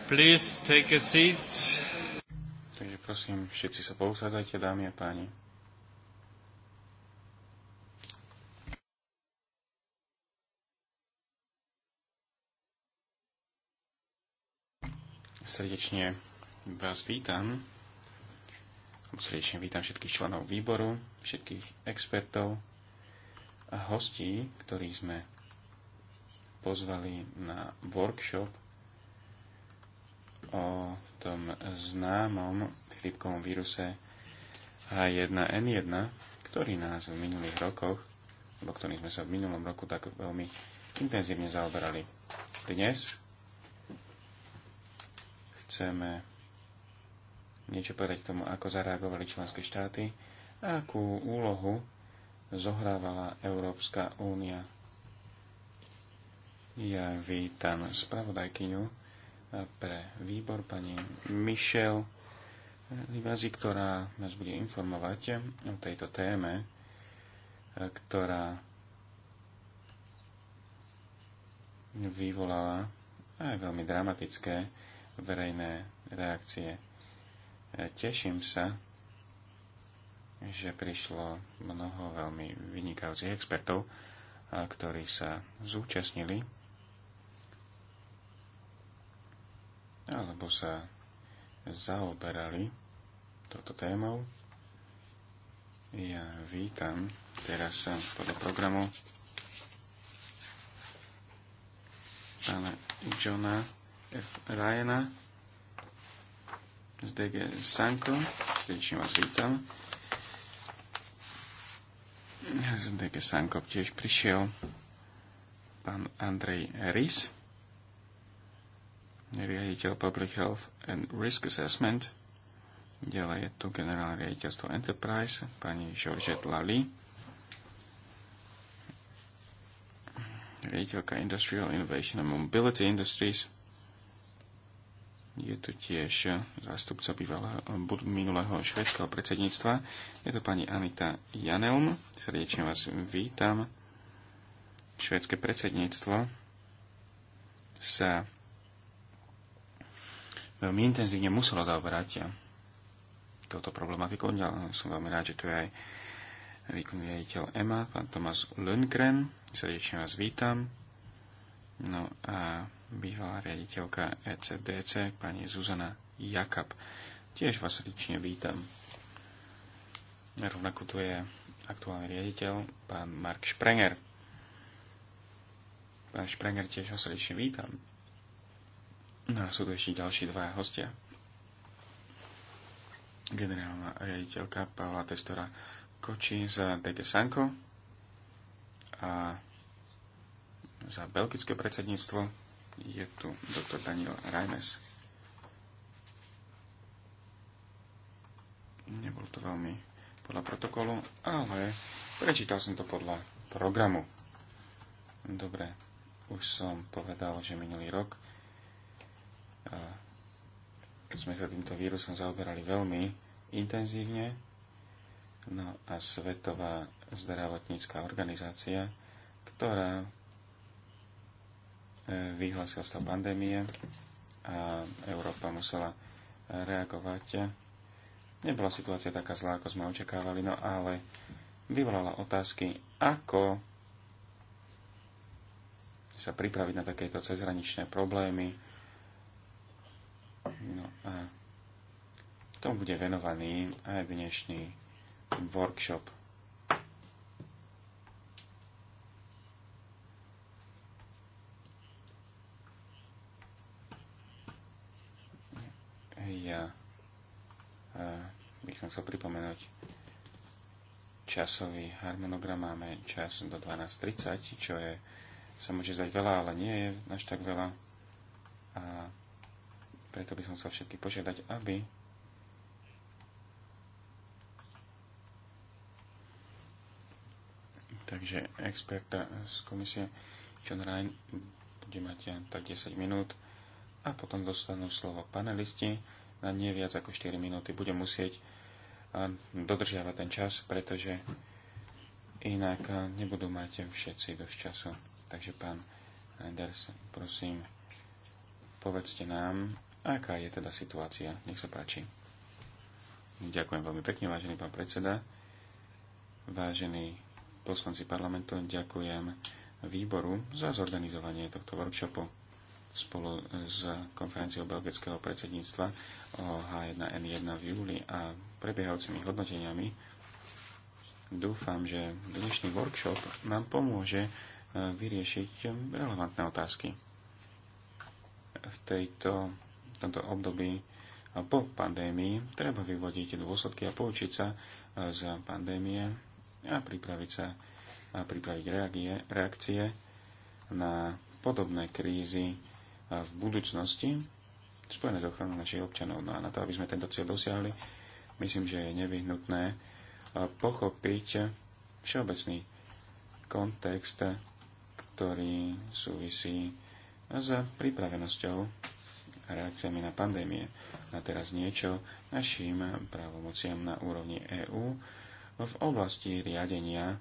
Please take a seat. Takže prosím, všetci sa pousádzajte, dámy a páni. Srdečne vás vítam. Srdečne vítam všetkých členov výboru, všetkých expertov a hostí, ktorých sme pozvali na workshop o tom známom chrypkovom víruse H1N1, ktorý nás v minulých rokoch, alebo ktorým sme sa v minulom roku tak veľmi intenzívne zaoberali. Dnes chceme niečo povedať k tomu, ako zareagovali členské štáty a akú úlohu zohrávala Európska únia. Ja vítam spravodajkyňu, pre výbor pani Michelle Livazi, ktorá nás bude informovať o tejto téme, e, ktorá vyvolala aj veľmi dramatické verejné reakcie. E, teším sa, že prišlo mnoho veľmi vynikajúcich expertov, ktorí sa zúčastnili alebo sa zaoberali touto témou. Ja vítam teraz podľa programu pána Johna F. Ryana z DG Sanko. Srdečne vás vítam. Z DG Sanko tiež prišiel pán Andrej Rys riaditeľ Public Health and Risk Assessment. Ďalej je tu generálne riaditeľstvo Enterprise, pani Georgette Lally, riaditeľka Industrial Innovation and Mobility Industries. Je tu tiež zástupca bývalého, minulého švedského predsedníctva. Je to pani Anita Janelm. Srdečne vás vítam. Švedské predsedníctvo sa veľmi intenzívne muselo zaoberať touto problematikou. Ja som veľmi rád, že tu je aj výkonný riaditeľ EMA, pán Tomas Lundgren. Srdečne vás vítam. No a bývalá riaditeľka ECDC, pani Zuzana Jakab. Tiež vás srdečne vítam. Rovnako tu je aktuálny riaditeľ, pán Mark Sprenger. Pán Sprenger, tiež vás srdečne vítam. No a sú tu ešte ďalší dva hostia. Generálna riaditeľka Paula Testora Koči za DG Sanko a za belgické predsedníctvo je tu doktor Daniel Rajmes. Nebol to veľmi podľa protokolu, ale prečítal som to podľa programu. Dobre, už som povedal, že minulý rok sme sa týmto vírusom zaoberali veľmi intenzívne. No a Svetová zdravotnícká organizácia, ktorá e, vyhlásila sa pandémie a Európa musela reagovať. Nebola situácia taká zlá, ako sme očakávali, no ale vyvolala otázky, ako sa pripraviť na takéto cezhraničné problémy, No a tomu bude venovaný aj dnešný workshop. Ja e, by som chcel pripomenúť časový harmonogram. Máme čas do 12.30, čo je, sa môže zdať veľa, ale nie je až tak veľa. A preto by som chcel všetky požiadať, aby Takže experta z komisie John Ryan bude mať tak 10 minút a potom dostanú slovo panelisti na nie viac ako 4 minúty. Bude musieť dodržiavať ten čas, pretože inak nebudú mať všetci dosť času. Takže pán Anders, prosím, povedzte nám, Aká je teda situácia? Nech sa páči. Ďakujem veľmi pekne, vážený pán predseda. Vážení poslanci parlamentu, ďakujem výboru za zorganizovanie tohto workshopu spolu s konferenciou belgického predsedníctva o H1N1 v júli a prebiehajúcimi hodnoteniami. Dúfam, že dnešný workshop nám pomôže e, vyriešiť relevantné otázky. V tejto tomto období po pandémii treba vyvodiť dôsledky a poučiť sa e, z pandémie a pripraviť sa a pripraviť reagie, reakcie na podobné krízy e, v budúcnosti spojené s ochranou našich občanov. No a na to, aby sme tento cieľ dosiahli, myslím, že je nevyhnutné e, pochopiť všeobecný kontext, ktorý súvisí s pripravenosťou reakciami na pandémie. A teraz niečo našim právomociam na úrovni EÚ v oblasti riadenia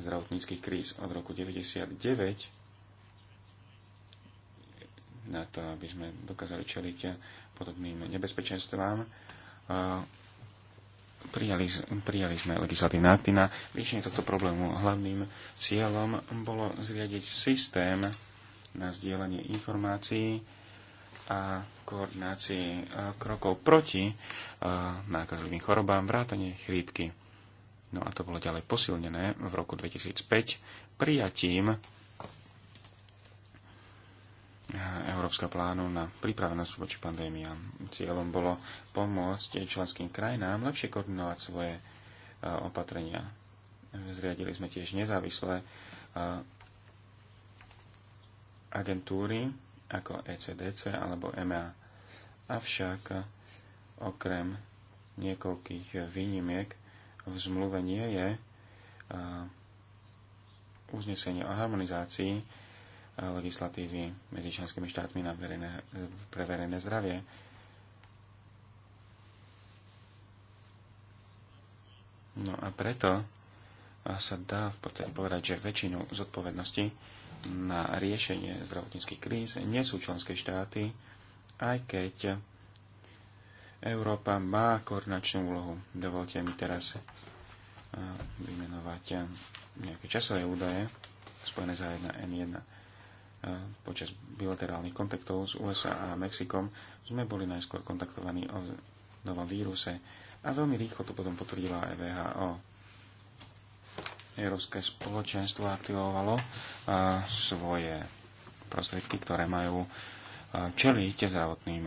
zdravotníckých kríz od roku 1999 na to, aby sme dokázali čeliť podobným nebezpečenstvám. Prijali, prijali sme legislatívne akty na riešenie tohto problému. Hlavným cieľom bolo zriadiť systém na zdieľanie informácií a koordinácii e, krokov proti e, nákazlivým chorobám, vrátane chrípky. No a to bolo ďalej posilnené v roku 2005 prijatím e, Európskeho plánu na pripravenosť voči pandémiám. Cieľom bolo pomôcť členským krajinám lepšie koordinovať svoje opatrenia. Zriadili sme tiež nezávislé agentúry, ako ECDC alebo EMA. Avšak okrem niekoľkých výnimiek v zmluve nie je uznesenie o harmonizácii legislatívy medzi členskými štátmi na verejné, pre verejné zdravie. No a preto sa dá v podstate povedať, že väčšinu zodpovednosti na riešenie zdravotníckých kríz nie sú členské štáty, aj keď Európa má koordinačnú úlohu. Dovolte mi teraz eh, vymenovať eh, nejaké časové údaje spojené za 1N1. Eh, počas bilaterálnych kontaktov s USA a Mexikom sme boli najskôr kontaktovaní o novom víruse a veľmi rýchlo to potom potvrdila EVHO. Európske spoločenstvo aktivovalo svoje prostriedky, ktoré majú čeliť zdravotným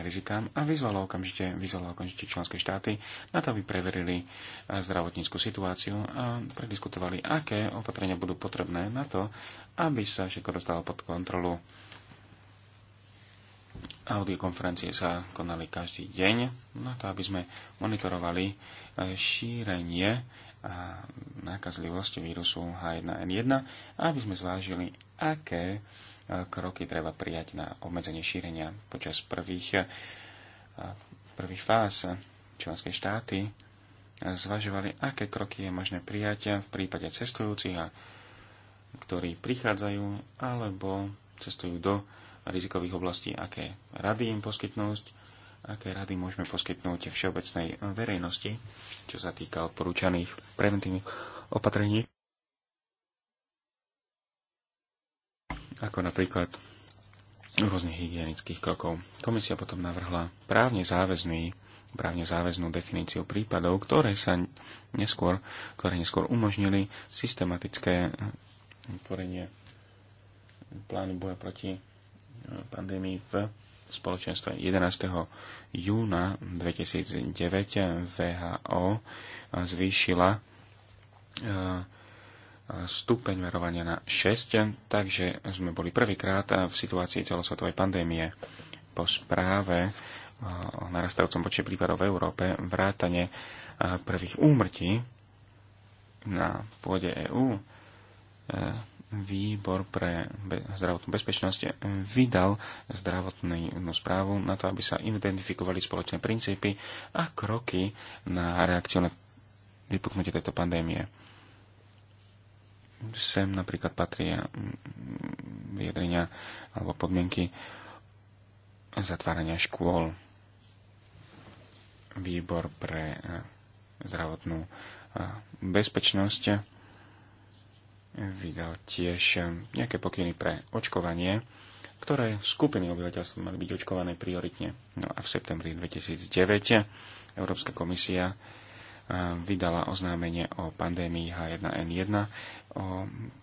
rizikám a vyzvalo okamžite, vyzvalo okamžite členské štáty na to, aby preverili zdravotníckú situáciu a prediskutovali, aké opatrenia budú potrebné na to, aby sa všetko dostalo pod kontrolu. Audiokonferencie sa konali každý deň na to, aby sme monitorovali šírenie a nákazlivosť vírusu H1N1, aby sme zvážili, aké e, kroky treba prijať na obmedzenie šírenia počas prvých, e, prvých fáz členské štáty e, zvažovali, aké kroky je možné prijať v prípade cestujúcich, ktorí prichádzajú alebo cestujú do rizikových oblastí, aké rady im poskytnúť, aké rady môžeme poskytnúť všeobecnej verejnosti, čo sa týka odporúčaných preventívnych opatrení, ako napríklad rôznych hygienických krokov. Komisia potom navrhla právne záväzný právne záväznú definíciu prípadov, ktoré sa neskôr, ktoré neskôr umožnili systematické tvorenie plánu boja proti pandémii v spoločenstva 11. júna 2009 VHO zvýšila e, stupeň verovania na 6, takže sme boli prvýkrát v situácii celosvetovej pandémie. Po správe e, o narastajúcom počte prípadov v Európe vrátane e, prvých úmrtí na pôde EÚ výbor pre zdravotnú bezpečnosť vydal zdravotnú správu na to, aby sa identifikovali spoločné princípy a kroky na reakciu na vypuknutie tejto pandémie. Sem napríklad patria mm, vyjadrenia alebo podmienky zatvárania škôl. Výbor pre eh, zdravotnú eh, bezpečnosť vydal tiež um, nejaké pokyny pre očkovanie, ktoré skupiny obyvateľstva mali byť očkované prioritne. No a v septembri 2009 Európska komisia um, vydala oznámenie o pandémii H1N1 o,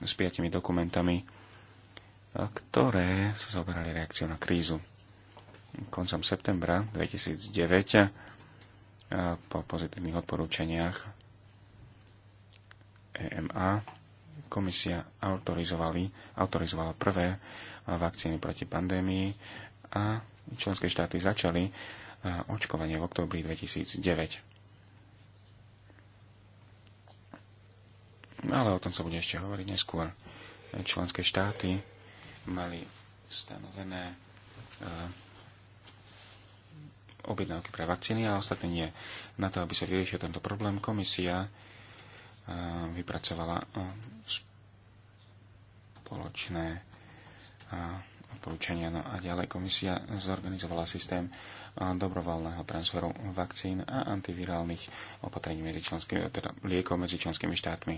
s piatimi dokumentami, ktoré sa zoberali reakciou na krízu. Koncom septembra 2009 po pozitívnych odporúčaniach EMA komisia autorizovala prvé eh, vakcíny proti pandémii a členské štáty začali eh, očkovanie v októbri 2009. Ale o tom sa bude ešte hovoriť neskôr. Členské štáty mali stanovené eh, objednávky pre vakcíny a ostatné nie. Na to, aby sa vyriešil tento problém, komisia vypracovala spoločné odporúčania. No a ďalej komisia zorganizovala systém dobrovoľného transferu vakcín a antivirálnych opatrení medzi členskými, teda liekov medzi členskými štátmi.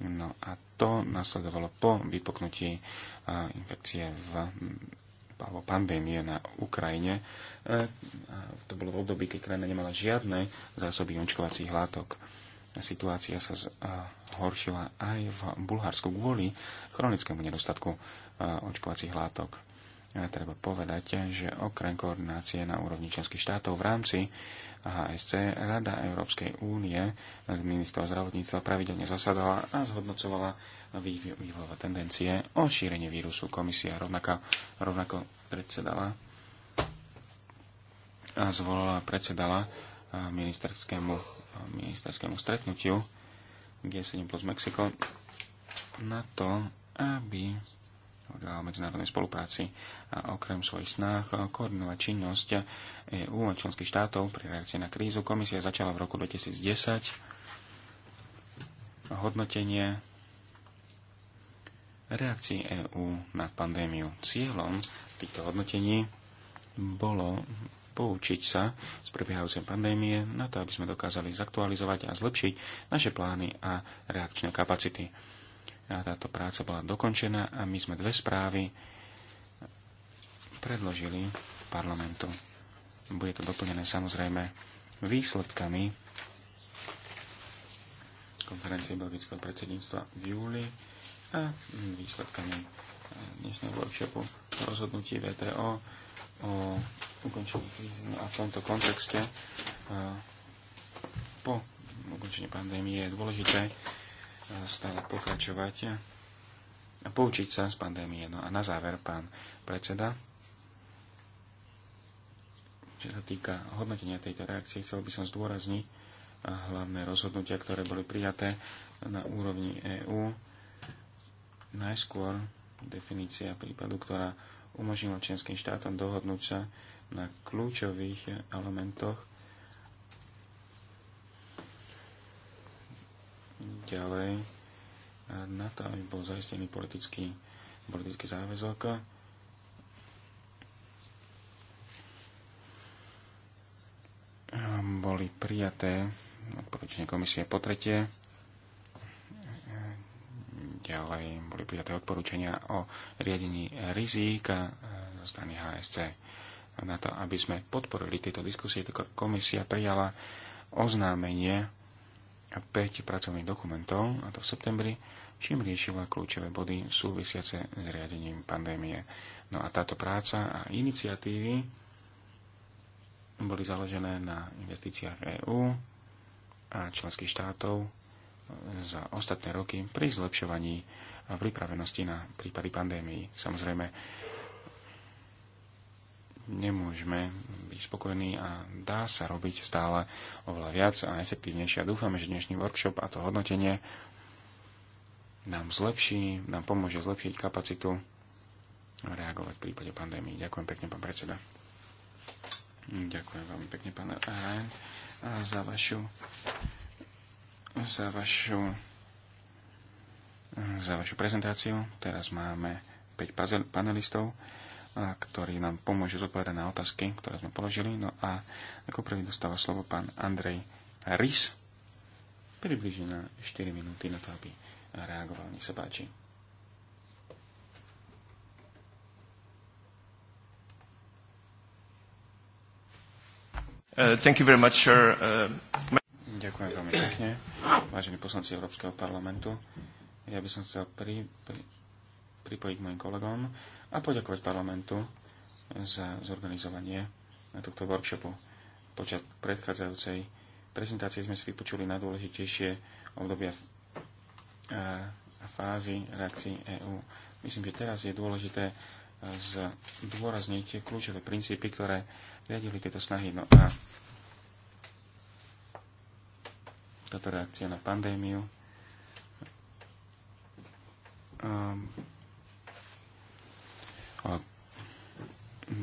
No a to nasledovalo po vypoknutí infekcie v alebo pandémie na Ukrajine. E, to bolo v období, keď krajina nemala žiadne zásoby očkovacích látok Situácia sa zhoršila aj v Bulharsku kvôli chronickému nedostatku očkovacích látok. Treba povedať, že okrem koordinácie na úrovni členských štátov v rámci HSC Rada Európskej únie z ministrov zdravotníctva pravidelne zasadala a zhodnocovala vývojové tendencie o šírenie vírusu. Komisia rovnako, rovnako predsedala a zvolala predsedala ministerskému ministerskému stretnutiu G7 plus Mexiko na to, aby o medzinárodnej spolupráci a okrem svojich snách koordinovať činnosť EU a členských štátov pri reakcii na krízu. Komisia začala v roku 2010 hodnotenie reakcií EÚ na pandémiu. Cieľom týchto hodnotení bolo poučiť sa z prebiehajúcej pandémie na to, aby sme dokázali zaktualizovať a zlepšiť naše plány a reakčné kapacity. A táto práca bola dokončená a my sme dve správy predložili parlamentu. Bude to doplnené samozrejme výsledkami konferencie belgického predsedníctva v júli a výsledkami dnešného workshopu rozhodnutí VTO o ukončení krízy a v tomto kontexte e, po ukončení pandémie je dôležité e, stále pokračovať a poučiť sa z pandémie. No a na záver, pán predseda, čo sa týka hodnotenia tejto reakcie, chcel by som zdôrazniť hlavné rozhodnutia, ktoré boli prijaté na úrovni EÚ. Najskôr definícia prípadu, ktorá umožnilo členským štátom dohodnúť sa na kľúčových elementoch ďalej na to, aby bol zaistený politický, politický záväzok. Boli prijaté odporúčanie komisie po tretie aj boli prijaté odporúčania o riadení rizík e, zo strany HSC. Na to, aby sme podporili tieto diskusie, tak komisia prijala oznámenie 5 pracovných dokumentov, a to v septembri, čím riešila kľúčové body súvisiace s riadením pandémie. No a táto práca a iniciatívy boli založené na investíciách EÚ a členských štátov za ostatné roky pri zlepšovaní pripravenosti na prípady pandémii. Samozrejme, nemôžeme byť spokojní a dá sa robiť stále oveľa viac a efektívnejšie. A dúfame, že dnešný workshop a to hodnotenie nám zlepší, nám pomôže zlepšiť kapacitu reagovať v prípade pandémii. Ďakujem pekne, pán predseda. Ďakujem veľmi pekne, pán Ryan, za vašu za vašu, za vašu prezentáciu. Teraz máme 5 panelistov, ktorí nám pomôžu zodpovedať na otázky, ktoré sme položili. No a ako prvý dostáva slovo pán Andrej Rys, približne na 4 minúty na to, aby reagoval. Nech sa páči. Uh, thank you very much, sir. Uh, my Ďakujem veľmi pekne, vážení poslanci Európskeho parlamentu. Ja by som chcel pri, pri, pripojiť k mojim kolegom a poďakovať parlamentu za zorganizovanie na tohto workshopu. Počas predchádzajúcej prezentácie sme si vypočuli najdôležitejšie obdobia a fázy reakcií EÚ. Myslím, že teraz je dôležité e, zdôrazniť kľúčové princípy, ktoré riadili tieto snahy. No a táto reakcia na pandémiu um,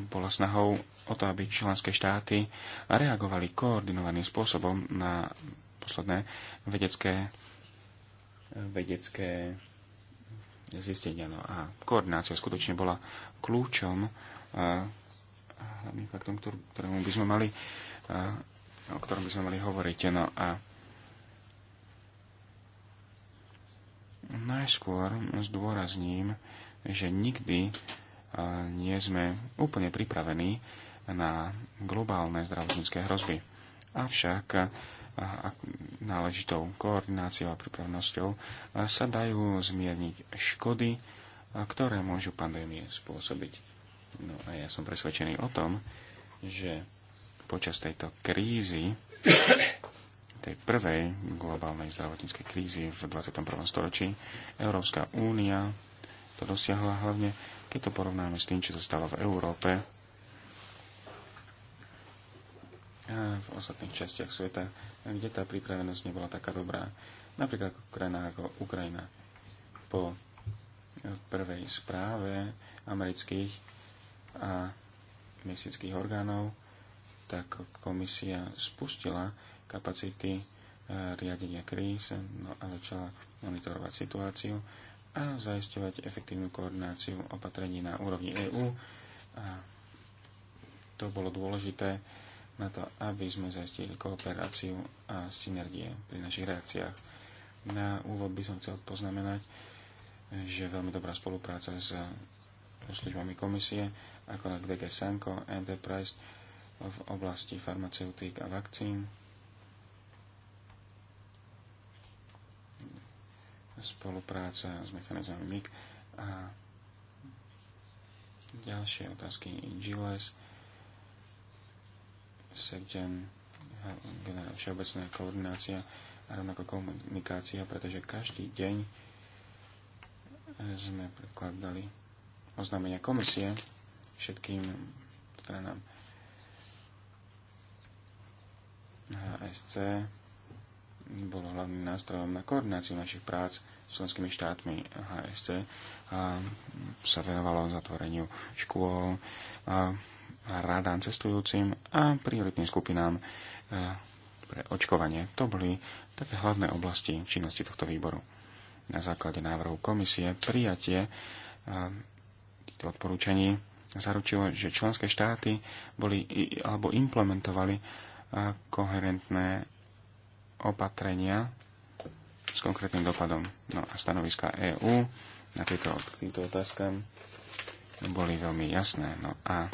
bola snahou o to, aby členské štáty reagovali koordinovaným spôsobom na posledné vedecké, vedecké zistenia. No a koordinácia skutočne bola kľúčom a e, hlavným faktom, ktorému by sme mali, a, e, o ktorom by sme mali hovoriť. No a Najskôr zdôrazním, že nikdy e, nie sme úplne pripravení na globálne zdravotnícke hrozby. Avšak e, náležitou koordináciou a pripravnosťou e, sa dajú zmierniť škody, ktoré môžu pandémie spôsobiť. No a ja som presvedčený o tom, že počas tejto krízy tej prvej globálnej zdravotníckej krízy v 21. storočí Európska únia to dosiahla hlavne, keď to porovnáme s tým, čo sa stalo v Európe a v ostatných častiach sveta, kde tá pripravenosť nebola taká dobrá. Napríklad ako krajinách ako Ukrajina. Po prvej správe amerických a mesických orgánov tak komisia spustila kapacity e, riadenia kríz no a začala monitorovať situáciu a zaisťovať efektívnu koordináciu opatrení na úrovni EÚ. A to bolo dôležité na to, aby sme zaistili kooperáciu a synergie pri našich reakciách. Na úvod by som chcel poznamenať, že veľmi dobrá spolupráca s službami komisie, ako na DG Sanko, Enterprise v oblasti farmaceutík a vakcín, spolupráca s mechanizmami MIG a ďalšie otázky Ingiles Sedgen, všeobecná koordinácia a rovnako komunikácia, pretože každý deň sme prekladali oznámenia komisie všetkým stranám HSC, bolo hlavným nástrojom na koordináciu našich prác s členskými štátmi HSC a sa venovalo zatvoreniu škôl, a radám cestujúcim a prioritným skupinám e, pre očkovanie. To boli také hlavné oblasti činnosti tohto výboru. Na základe návrhu komisie prijatie e, týchto odporúčaní zaručilo, že členské štáty boli alebo implementovali e, koherentné opatrenia s konkrétnym dopadom. No a stanoviska EÚ na tieto, týmto otázkam boli veľmi jasné. No a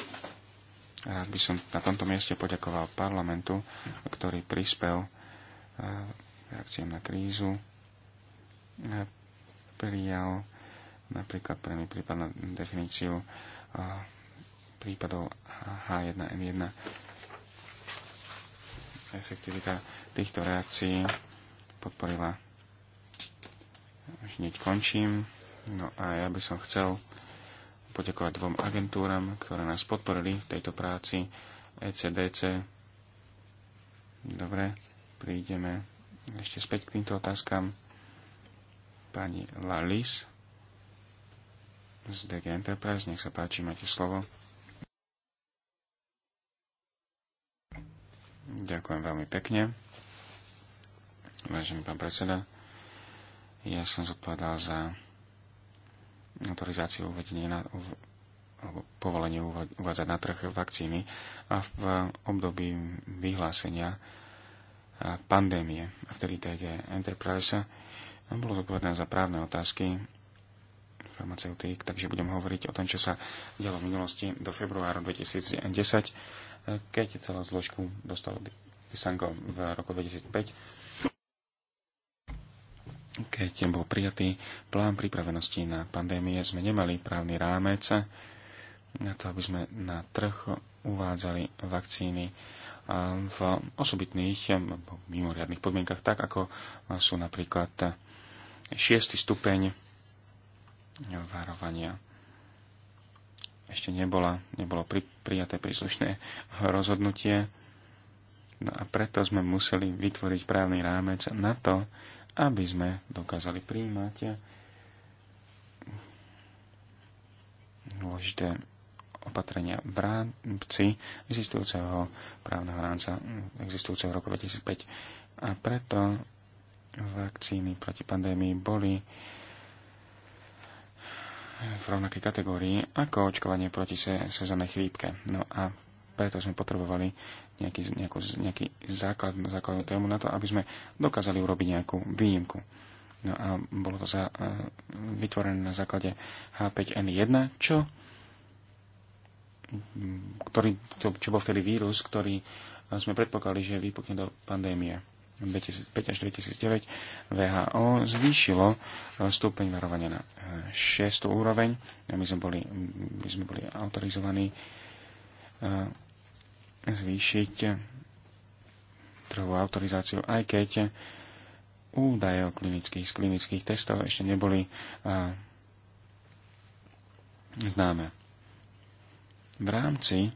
rád by som na tomto mieste poďakoval parlamentu, ktorý prispel e, reakciám na krízu, e, prijal napríklad pre mňa prípadnú definíciu e, prípadov H1N1 efektivita týchto reakcií podporila. Až hneď končím. No a ja by som chcel poďakovať dvom agentúram, ktoré nás podporili v tejto práci. ECDC. Dobre, prídeme ešte späť k týmto otázkam. Pani Lalis z DG Enterprise, nech sa páči, máte slovo. Ďakujem veľmi pekne. Vážený pán predseda, ja som zodpovedal za autorizáciu uvedenie na, alebo povolenie uvádzať na trh vakcíny a v období vyhlásenia pandémie. A vtedy TG Enterprise bolo zodpovedné za právne otázky farmaceutík, takže budem hovoriť o tom, čo sa dialo v minulosti do februára 2010 keď celú zložku dostalo Sango v roku 2005, keď bol prijatý plán pripravenosti na pandémie, sme nemali právny rámec na to, aby sme na trh uvádzali vakcíny v osobitných mimoriadných podmienkach, tak ako sú napríklad 6. stupeň varovania ešte nebola, nebolo pri, prijaté príslušné rozhodnutie. No a preto sme museli vytvoriť právny rámec na to, aby sme dokázali príjmať dôležité opatrenia v rámci existujúceho právneho rámca, existujúceho roku 2005. A preto vakcíny proti pandémii boli v rovnakej kategórii ako očkovanie proti se, sezónnej chrípke. No a preto sme potrebovali nejaký, nejakú, nejaký základ, základnú tému na to, aby sme dokázali urobiť nejakú výnimku. No a bolo to za, e, vytvorené na základe H5N1, čo, ktorý, to, čo bol vtedy vírus, ktorý sme predpokladali, že vypukne do pandémie. 2005 až 2009 VHO zvýšilo e, stupeň varovania na 6. E, úroveň. My sme boli, my sme boli autorizovaní e, zvýšiť trhovú autorizáciu, aj keď údaje o klinických, z klinických testov ešte neboli známe. V rámci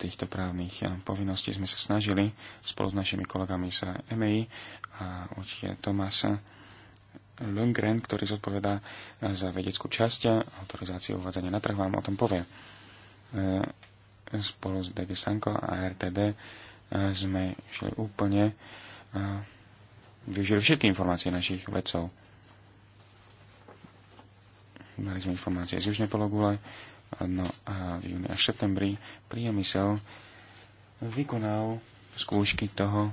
týchto právnych povinností sme sa snažili spolu s našimi kolegami z EMEI a určite Tomas Lundgren, ktorý zodpovedá za vedeckú časť autorizácie uvádzania na trh, vám o tom povie. E, spolu s DG Sanko a RTD e, sme šli úplne e, využili všetky informácie našich vedcov. Mali sme informácie z južnej pologule, No a v júni až v septembri priemysel vykonal skúšky toho,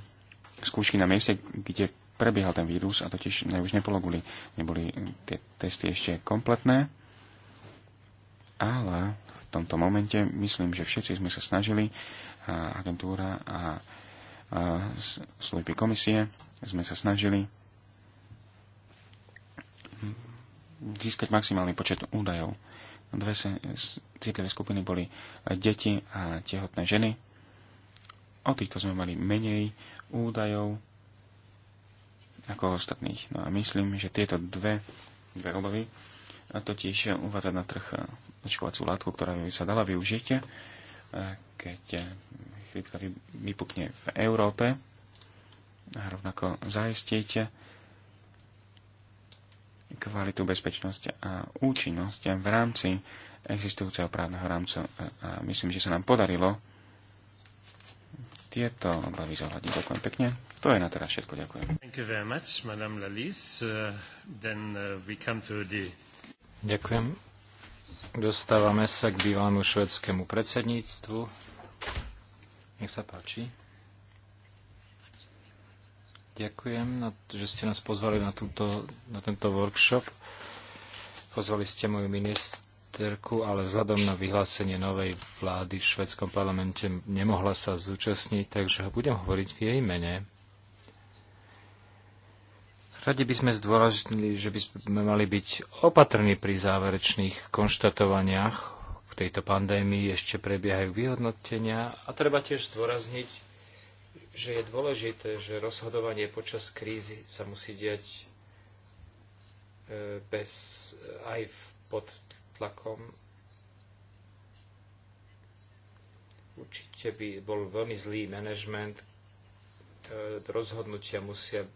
skúšky na mieste, kde prebiehal ten vírus a totiž ne, už nepologuli. Neboli tie testy ešte kompletné, ale v tomto momente myslím, že všetci sme sa snažili, a agentúra a, a služby komisie, sme sa snažili získať maximálny počet údajov. Dve citlivé skupiny boli deti a tehotné ženy. O týchto sme mali menej údajov ako ostatných. No a myslím, že tieto dve, dve obavy a totiž uvádzať na trh očkovacú látku, ktorá by sa dala využiť, keď chvíľka vypukne v Európe a rovnako zajistíte kvalitu, bezpečnosť a účinnosť v rámci existujúceho právneho rámcu. A myslím, že sa nám podarilo tieto obavy zohľadniť. Ďakujem pekne. To je na teraz všetko. Ďakujem. Uh, uh, Ďakujem. Dostávame sa k bývalému švedskému predsedníctvu. Nech sa páči. Ďakujem, no, že ste nás pozvali na, túto, na tento workshop. Pozvali ste moju ministerku, ale vzhľadom na vyhlásenie novej vlády v švedskom parlamente nemohla sa zúčastniť, takže ho budem hovoriť v jej mene. Radi by sme zdôraznili, že by sme mali byť opatrní pri záverečných konštatovaniach. V tejto pandémii ešte prebiehajú vyhodnotenia a treba tiež zdôrazniť, že je dôležité, že rozhodovanie počas krízy sa musí diať e, bez, aj pod tlakom. Určite by bol veľmi zlý manažment. E, rozhodnutia musia, e,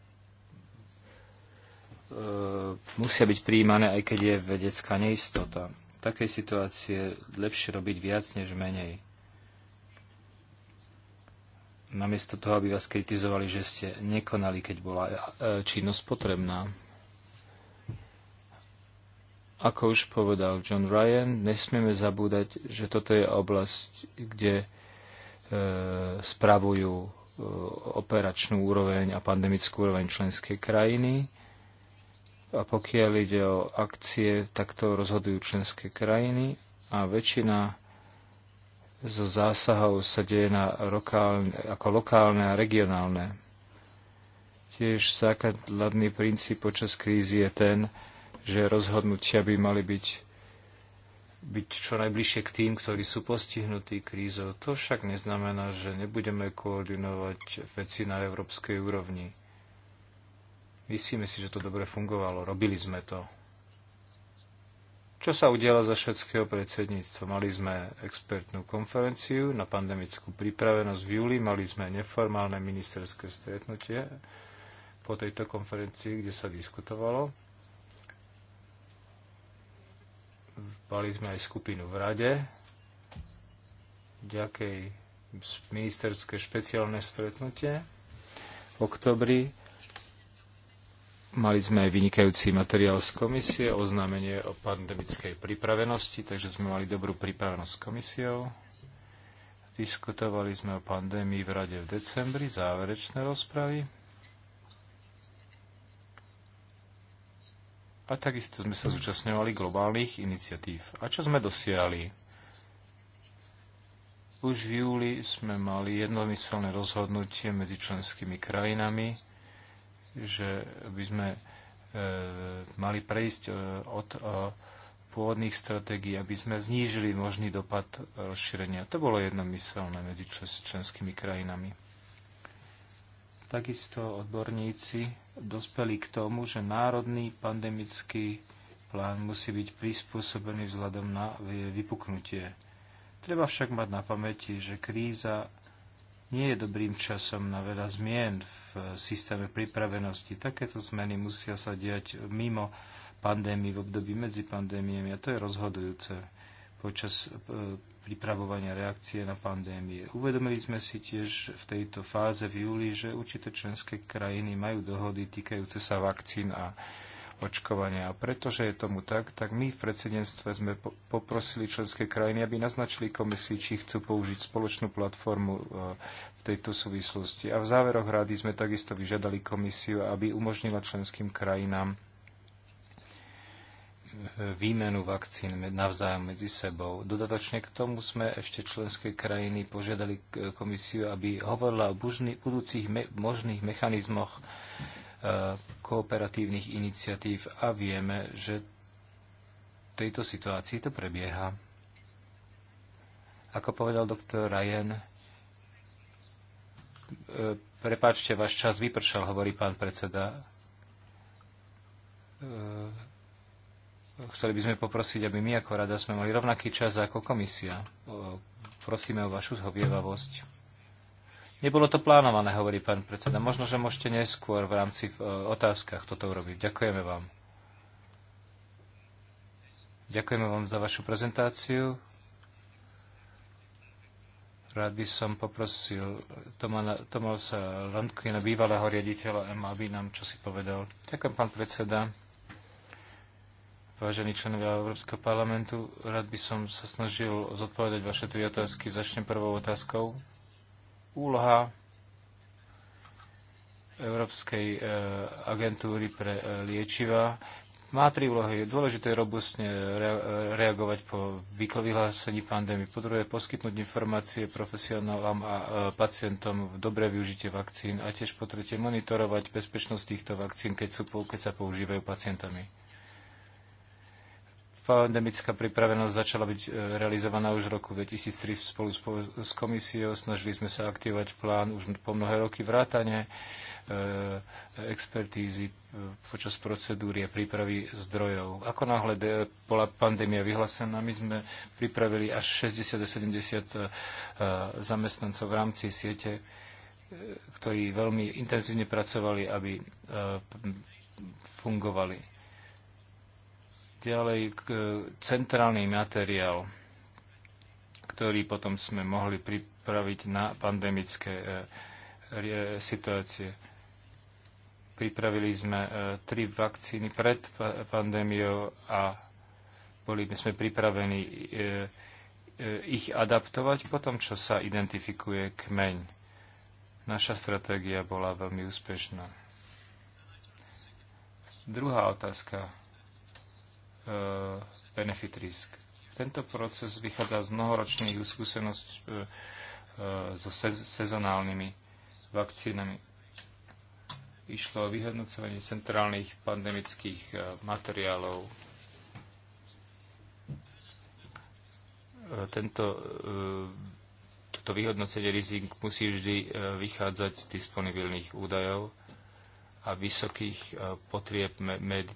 musia byť príjmané, aj keď je vedecká neistota. V takej je lepšie robiť viac než menej namiesto toho, aby vás kritizovali, že ste nekonali, keď bola e, činnosť potrebná. Ako už povedal John Ryan, nesmieme zabúdať, že toto je oblasť, kde e, spravujú e, operačnú úroveň a pandemickú úroveň členské krajiny. A pokiaľ ide o akcie, tak to rozhodujú členské krajiny a väčšina zo zásahov sa deje na lokálne, ako lokálne a regionálne. Tiež základný princíp počas krízy je ten, že rozhodnutia by mali byť, byť čo najbližšie k tým, ktorí sú postihnutí krízou. To však neznamená, že nebudeme koordinovať veci na európskej úrovni. Myslíme si, že to dobre fungovalo. Robili sme to. Čo sa udialo za švedského predsedníctva? Mali sme expertnú konferenciu na pandemickú pripravenosť v júli, mali sme neformálne ministerské stretnutie po tejto konferencii, kde sa diskutovalo. Mali sme aj skupinu v rade, ďakej ministerské špeciálne stretnutie v oktobri Mali sme aj vynikajúci materiál z komisie, oznámenie o pandemickej pripravenosti, takže sme mali dobrú pripravenosť s komisiou. Diskutovali sme o pandémii v rade v decembri, záverečné rozpravy. A takisto sme sa zúčastňovali globálnych iniciatív. A čo sme dosiali? Už v júli sme mali jednomyselné rozhodnutie medzi členskými krajinami, že by sme e, mali prejsť e, od e, pôvodných stratégií, aby sme znížili možný dopad rozšírenia. To bolo jednomyselné medzi členskými krajinami. Takisto odborníci dospeli k tomu, že národný pandemický plán musí byť prispôsobený vzhľadom na vypuknutie. Treba však mať na pamäti, že kríza nie je dobrým časom na veľa zmien v systéme pripravenosti. Takéto zmeny musia sa diať mimo pandémii, v období medzi pandémiami a to je rozhodujúce počas e, pripravovania reakcie na pandémie. Uvedomili sme si tiež v tejto fáze v júli, že určité členské krajiny majú dohody týkajúce sa vakcín a očkovania. A pretože je tomu tak, tak my v predsedníctve sme poprosili členské krajiny, aby naznačili komisii, či chcú použiť spoločnú platformu e, v tejto súvislosti. A v záveroch rady sme takisto vyžiadali komisiu, aby umožnila členským krajinám e, výmenu vakcín navzájom medzi sebou. Dodatočne k tomu sme ešte členské krajiny požiadali e, komisiu, aby hovorila o budúcich možných mechanizmoch kooperatívnych iniciatív a vieme, že v tejto situácii to prebieha. Ako povedal doktor Ryan, e, prepáčte, váš čas vypršal, hovorí pán predseda. E, chceli by sme poprosiť, aby my ako rada sme mali rovnaký čas ako komisia. Prosíme o vašu zhovievavosť. Nebolo to plánované, hovorí pán predseda. Možno, že môžete neskôr v rámci v e, otázkach toto urobiť. Ďakujeme vám. Ďakujeme vám za vašu prezentáciu. Rád by som poprosil Tomasa Landkina, bývalého riaditeľa EMA, aby nám čo si povedal. Ďakujem, pán predseda. Vážení členovia Európskeho parlamentu, rád by som sa snažil zodpovedať vaše tri otázky. Začnem prvou otázkou úloha Európskej e, agentúry pre e, liečiva má tri úlohy. Je dôležité robustne e, reagovať po vyhlásení pandémie. Po druhé, poskytnúť informácie profesionálom a pacientom v dobré využitie vakcín a tiež po tretie monitorovať bezpečnosť týchto vakcín, keď, sú, keď sa používajú pacientami pandemická pripravenosť začala byť e, realizovaná už v roku 2003 spolu s komisiou. Snažili sme sa aktivovať plán už po mnohé roky vrátane e, expertízy e, počas procedúry a prípravy zdrojov. Ako náhle bola pandémia vyhlásená, my sme pripravili až 60-70 zamestnancov v rámci siete, ktorí veľmi intenzívne pracovali, aby fungovali Ďalej k, e, centrálny materiál, ktorý potom sme mohli pripraviť na pandemické e, e, situácie. Pripravili sme e, tri vakcíny pred pandémiou a boli sme pripravení e, e, ich adaptovať po tom, čo sa identifikuje kmeň. Naša stratégia bola veľmi úspešná. Druhá otázka Eh, benefit risk. Tento proces vychádza z mnohoročných skúseností eh, eh, so sezonálnymi vakcínami. Išlo o vyhodnocovanie centrálnych pandemických materiálov. Tento, toto vyhodnocenie rizik musí vždy vychádzať z disponibilných údajov a vysokých potrieb med, med,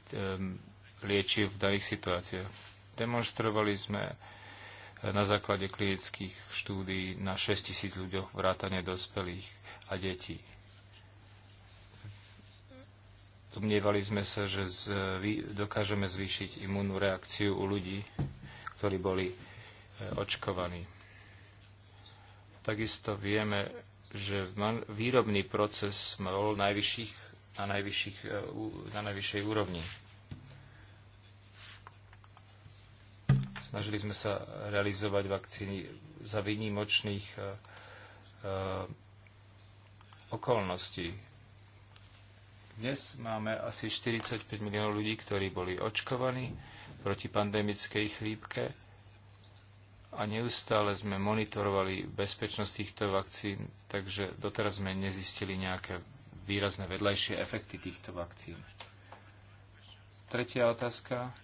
liečiv v daných situáciách. Demonstrovali sme e, na základe klinických štúdií na 6000 ľuďoch vrátane dospelých a detí. Domnievali sme sa, že zvý, dokážeme zvýšiť imunú reakciu u ľudí, ktorí boli e, očkovaní. Takisto vieme, že výrobný proces bol najvyšších, na, najvyšších, e, na najvyššej úrovni Snažili sme sa realizovať vakcíny za výnimočných e, e, okolností. Dnes máme asi 45 miliónov ľudí, ktorí boli očkovaní proti pandemickej chrípke a neustále sme monitorovali bezpečnosť týchto vakcín, takže doteraz sme nezistili nejaké výrazné vedľajšie efekty týchto vakcín. Tretia otázka.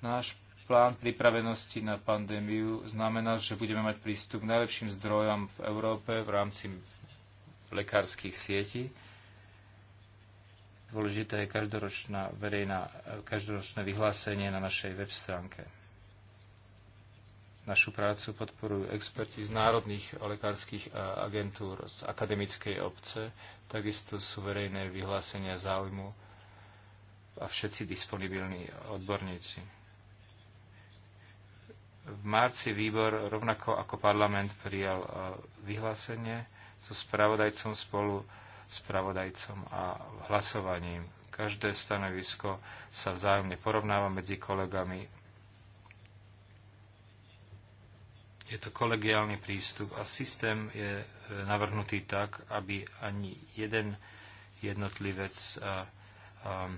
Náš plán pripravenosti na pandémiu znamená, že budeme mať prístup k najlepším zdrojom v Európe v rámci lekárskych sietí. Dôležité je každoročná verejná, každoročné vyhlásenie na našej web stránke. Našu prácu podporujú experti z národných lekárskych e, agentúr, z akademickej obce, takisto sú verejné vyhlásenia záujmu a všetci disponibilní odborníci. V marci výbor, rovnako ako parlament, prijal e, vyhlásenie so spravodajcom spolu spravodajcom a hlasovaním. Každé stanovisko sa vzájomne porovnáva medzi kolegami. Je to kolegiálny prístup a systém je e, navrhnutý tak, aby ani jeden jednotlivec a, e, a,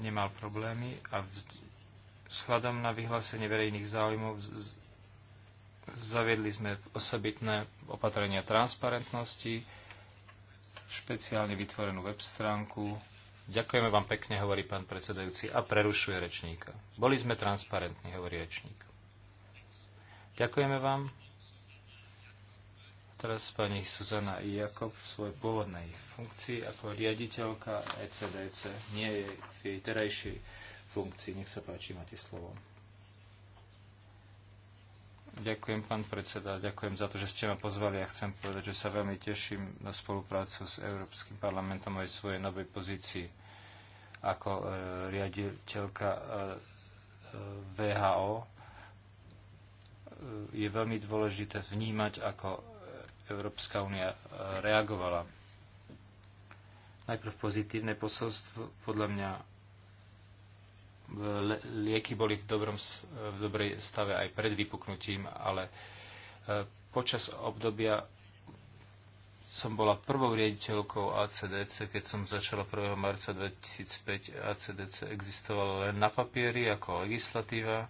nemal problémy a Vzhľadom na vyhlásenie verejných záujmov zaviedli sme osobitné opatrenia transparentnosti, špeciálne vytvorenú web stránku. Ďakujeme vám pekne, hovorí pán predsedajúci a prerušuje rečníka. Boli sme transparentní, hovorí rečník. Ďakujeme vám. Teraz pani Suzana Jakob v svojej pôvodnej funkcii ako riaditeľka ECDC, nie je v jej terajšej funkcii. Nech sa páči, máte slovo. Ďakujem, pán predseda, ďakujem za to, že ste ma pozvali a ja chcem povedať, že sa veľmi teším na spoluprácu s Európskym parlamentom aj svojej novej pozícii ako e, riaditeľka e, e VHO. E, je veľmi dôležité vnímať, ako Európska únia e, reagovala. Najprv pozitívne posolstvo, podľa mňa lieky boli v, dobrom, v dobrej stave aj pred vypuknutím, ale e, počas obdobia som bola prvou riaditeľkou ACDC, keď som začala 1. marca 2005. ACDC existovalo len na papieri ako legislatíva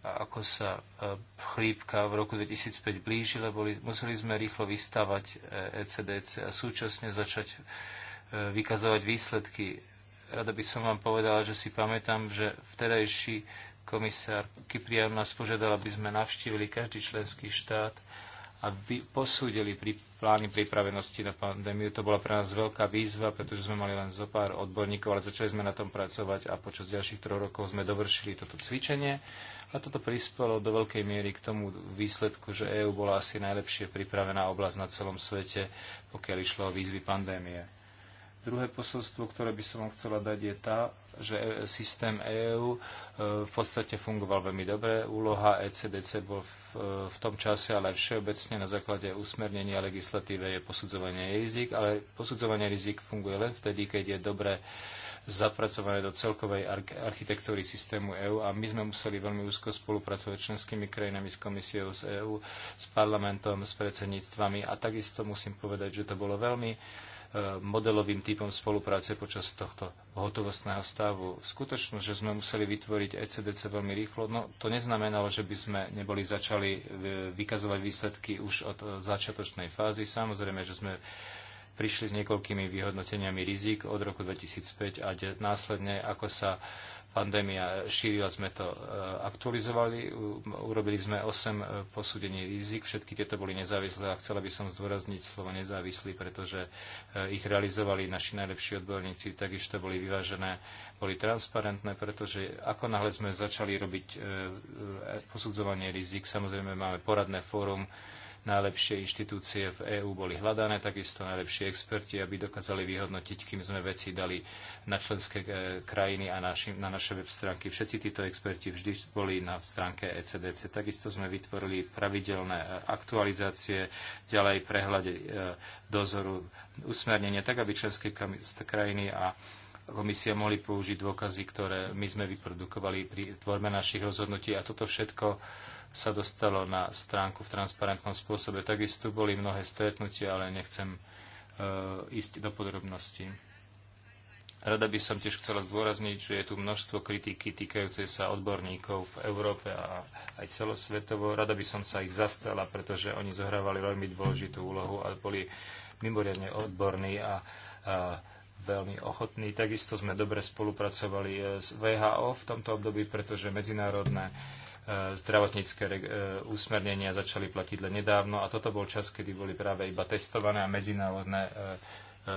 a ako sa e, chlípka v roku 2005 blížila, boli, museli sme rýchlo vystavať ECDC e a súčasne začať vykazovať výsledky rada by som vám povedala, že si pamätám, že vtedajší komisár Kyprian nás požiadal, aby sme navštívili každý členský štát a vy, posúdili pri plány pripravenosti na pandémiu. To bola pre nás veľká výzva, pretože sme mali len zo pár odborníkov, ale začali sme na tom pracovať a počas ďalších troch rokov sme dovršili toto cvičenie a toto prispelo do veľkej miery k tomu výsledku, že EÚ bola asi najlepšie pripravená oblasť na celom svete, pokiaľ išlo o výzvy pandémie. Druhé posolstvo, ktoré by som vám chcela dať, je tá, že e- systém EÚ e, v podstate fungoval veľmi dobre. Úloha ECDC bol v, e, v tom čase, ale aj všeobecne na základe usmernenia legislatíve je posudzovanie rizik, ale posudzovanie rizik funguje len vtedy, keď je dobre zapracované do celkovej architektúry systému EÚ a my sme museli veľmi úzko spolupracovať s členskými krajinami, s komisiou, s EÚ, s parlamentom, s predsedníctvami a takisto musím povedať, že to bolo veľmi modelovým typom spolupráce počas tohto hotovostného stavu. Skutočno, že sme museli vytvoriť ECDC veľmi rýchlo, no to neznamenalo, že by sme neboli začali e, vykazovať výsledky už od e, začiatočnej fázy. Samozrejme, že sme prišli s niekoľkými vyhodnoteniami rizik od roku 2005 a následne, ako sa pandémia šírila, sme to e, aktualizovali, urobili sme 8 e, posúdení rizik, všetky tieto boli nezávislé a chcela by som zdôrazniť slovo nezávislí, pretože e, ich realizovali naši najlepší odborníci, takisto boli vyvážené, boli transparentné, pretože ako náhle sme začali robiť posudzovanie rizik, samozrejme máme poradné fórum, najlepšie inštitúcie v EÚ boli hľadané, takisto najlepšie experti, aby dokázali vyhodnotiť, kým sme veci dali na členské e, krajiny a naši, na naše web stránky. Všetci títo experti vždy boli na stránke ECDC. Takisto sme vytvorili pravidelné e, aktualizácie, ďalej prehľade dozoru, usmernenia, tak aby členské krajiny a komisia mohli použiť dôkazy, ktoré my sme vyprodukovali pri tvorbe našich rozhodnutí a toto všetko sa dostalo na stránku v transparentnom spôsobe. Takisto boli mnohé stretnutia, ale nechcem e, ísť do podrobností. Rada by som tiež chcela zdôrazniť, že je tu množstvo kritiky týkajúcej sa odborníkov v Európe a aj celosvetovo. Rada by som sa ich zastala, pretože oni zohrávali veľmi dôležitú úlohu a boli mimoriadne odborní a, a veľmi ochotní. Takisto sme dobre spolupracovali e, s VHO v tomto období, pretože medzinárodné uh, zdravotnícke úsmernenia e, začali platiť len nedávno a toto bol čas, kedy boli práve iba testované a medzinárodné e, e,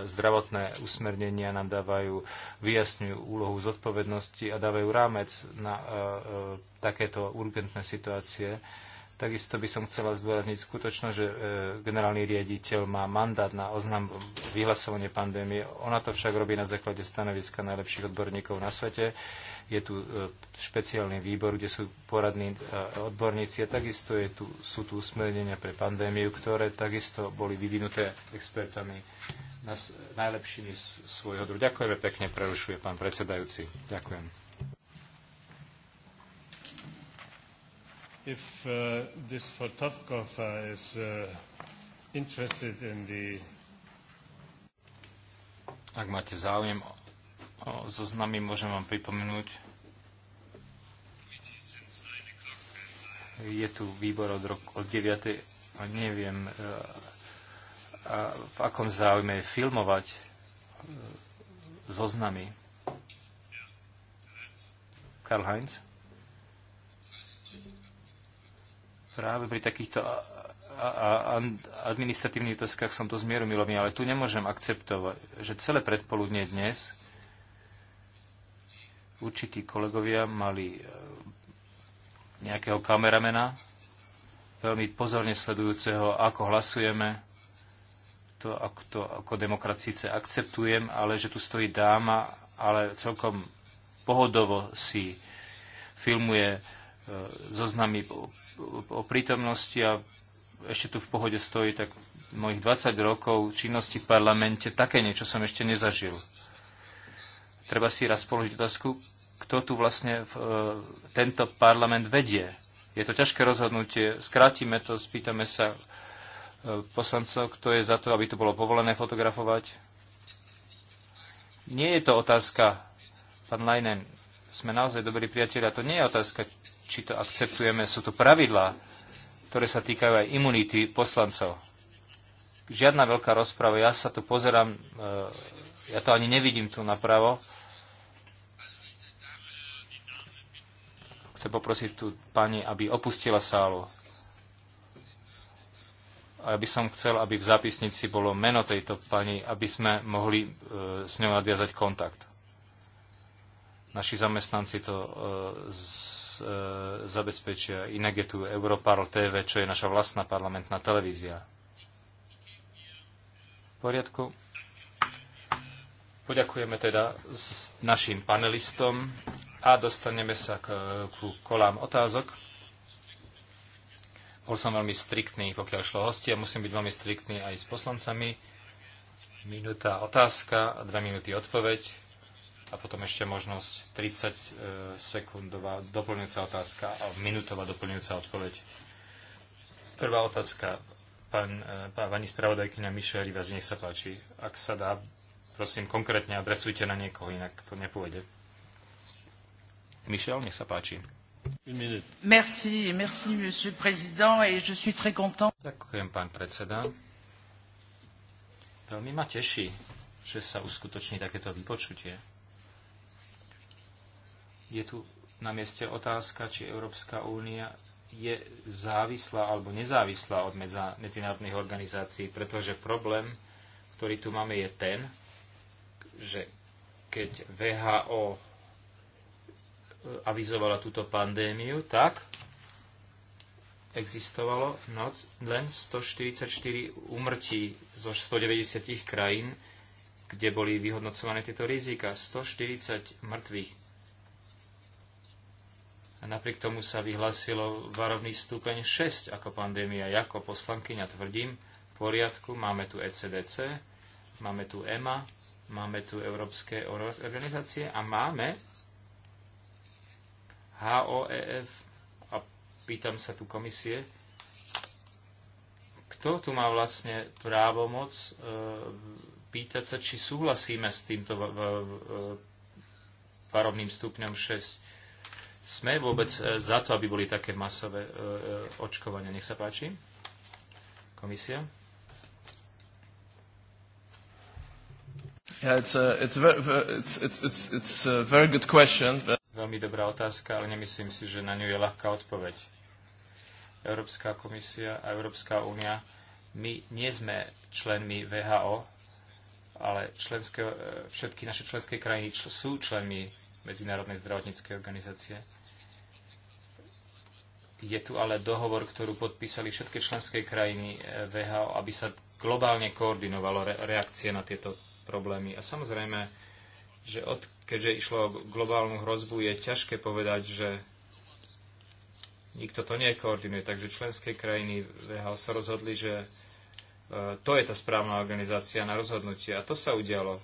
zdravotné usmernenia nám dávajú, vyjasňujú úlohu zodpovednosti a dávajú rámec na takéto urgentné situácie. Takisto by som chcela zdôrazniť skutočnosť, že e, generálny riaditeľ má mandát na oznam vyhlasovanie pandémie. Ona to však robí na základe stanoviska najlepších odborníkov na svete. Je tu e, špeciálny výbor, kde sú poradní e, odborníci a takisto je tu, sú tu usmernenia pre pandémiu, ktoré takisto boli vyvinuté expertami najlepšími svojho druhu. Ďakujeme pekne, prerušuje pán predsedajúci. Ďakujem. if uh, this Fotovkova is uh, interested in the... Ak máte záujem o zoznamy, môžem vám pripomenúť. Je tu výbor od, roku, od 9. A neviem, e, a v akom záujme je filmovať e, zoznamy. Karl Heinz? práve pri takýchto administratívnych otázkach som to milovný, ale tu nemôžem akceptovať, že celé predpoludne dnes určití kolegovia mali e, nejakého kameramena, veľmi pozorne sledujúceho, ako hlasujeme, to ako, to, ako demokracice akceptujem, ale že tu stojí dáma, ale celkom pohodovo si filmuje E, zoznamy o prítomnosti a ešte tu v pohode stojí, tak mojich 20 rokov činnosti v parlamente také niečo som ešte nezažil. Treba si raz položiť otázku, kto tu vlastne v, e, tento parlament vedie. Je to ťažké rozhodnutie, skrátime to, spýtame sa e, poslancov, kto je za to, aby to bolo povolené fotografovať. Nie je to otázka, pán Leinen, sme naozaj dobrí priatelia. To nie je otázka, či to akceptujeme. Sú to pravidlá, ktoré sa týkajú aj imunity poslancov. Žiadna veľká rozpráva, Ja sa tu pozerám, e, ja to ani nevidím tu napravo. Chcem poprosiť tu pani, aby opustila sálu. A ja by som chcel, aby v zápisnici bolo meno tejto pani, aby sme mohli e, s ňou nadviazať kontakt. Naši zamestnanci to e, z, e, zabezpečia. Inak je tu Europarl TV, čo je naša vlastná parlamentná televízia. V poriadku. Poďakujeme teda s našim panelistom a dostaneme sa k, k kolám otázok. Bol som veľmi striktný, pokiaľ šlo hosti a musím byť veľmi striktný aj s poslancami. Minúta otázka, a dve minúty odpoveď. A potom ešte možnosť 30 e, sekundová doplňujúca otázka a minútová doplňujúca odpoveď. Prvá otázka. Pán, e, pani spravodajkyňa Mišel Rivas, nech sa páči. Ak sa dá, prosím, konkrétne adresujte na niekoho, inak to nepôjde. Michel, nech sa páči. Merci, merci, monsieur le président, et je suis très content. Ďakujem, pán predseda. Veľmi ma teší, že sa uskutoční takéto vypočutie je tu na mieste otázka, či Európska únia je závislá alebo nezávislá od medzinárodných organizácií, pretože problém, ktorý tu máme, je ten, že keď VHO avizovala túto pandémiu, tak existovalo len 144 úmrtí zo 190 krajín, kde boli vyhodnocované tieto rizika. 140 mŕtvych a napriek tomu sa vyhlasilo varovný stupeň 6 ako pandémia. Ako poslankyňa tvrdím, v poriadku, máme tu ECDC, máme tu EMA, máme tu Európske organizácie a máme HOEF a pýtam sa tu komisie, kto tu má vlastne právomoc e, pýtať sa, či súhlasíme s týmto e, varovným stupňom 6 sme vôbec e, za to, aby boli také masové e, e, očkovania? Nech sa páči. Komisia. Veľmi dobrá otázka, ale nemyslím si, že na ňu je ľahká odpoveď. Európska komisia a Európska únia, my nie sme členmi VHO, ale členské, všetky naše členské krajiny čl- sú členmi Medzinárodnej zdravotníckej organizácie. Je tu ale dohovor, ktorú podpísali všetky členské krajiny e, VHO, aby sa globálne koordinovalo reakcie na tieto problémy. A samozrejme, že od, keďže išlo o globálnu hrozbu, je ťažké povedať, že nikto to nekoordinuje. Takže členské krajiny VHO sa rozhodli, že e, to je tá správna organizácia na rozhodnutie. A to sa udialo.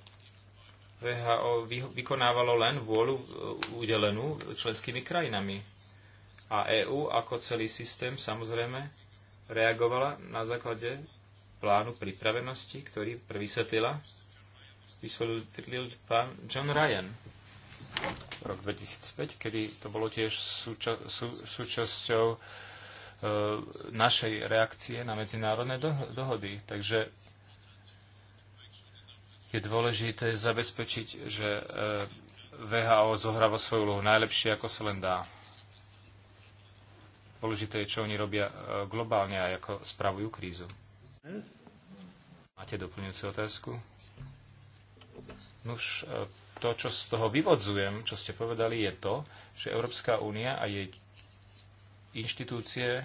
VHO vykonávalo len vôľu e, udelenú členskými krajinami. A EÚ ako celý systém samozrejme reagovala na základe plánu pripravenosti, ktorý vysvetlila vysvetlil pán John Ryan. Rok 2005, kedy to bolo tiež súča- sú- súčasťou e, našej reakcie na medzinárodné do- dohody. Takže je dôležité zabezpečiť, že e, VHO zohráva svoju úlohu najlepšie, ako sa len dá. Dôležité je, čo oni robia e, globálne a ako spravujú krízu. Máte doplňujúcu otázku? Nuž, e, to, čo z toho vyvodzujem, čo ste povedali, je to, že Európska únia a jej inštitúcie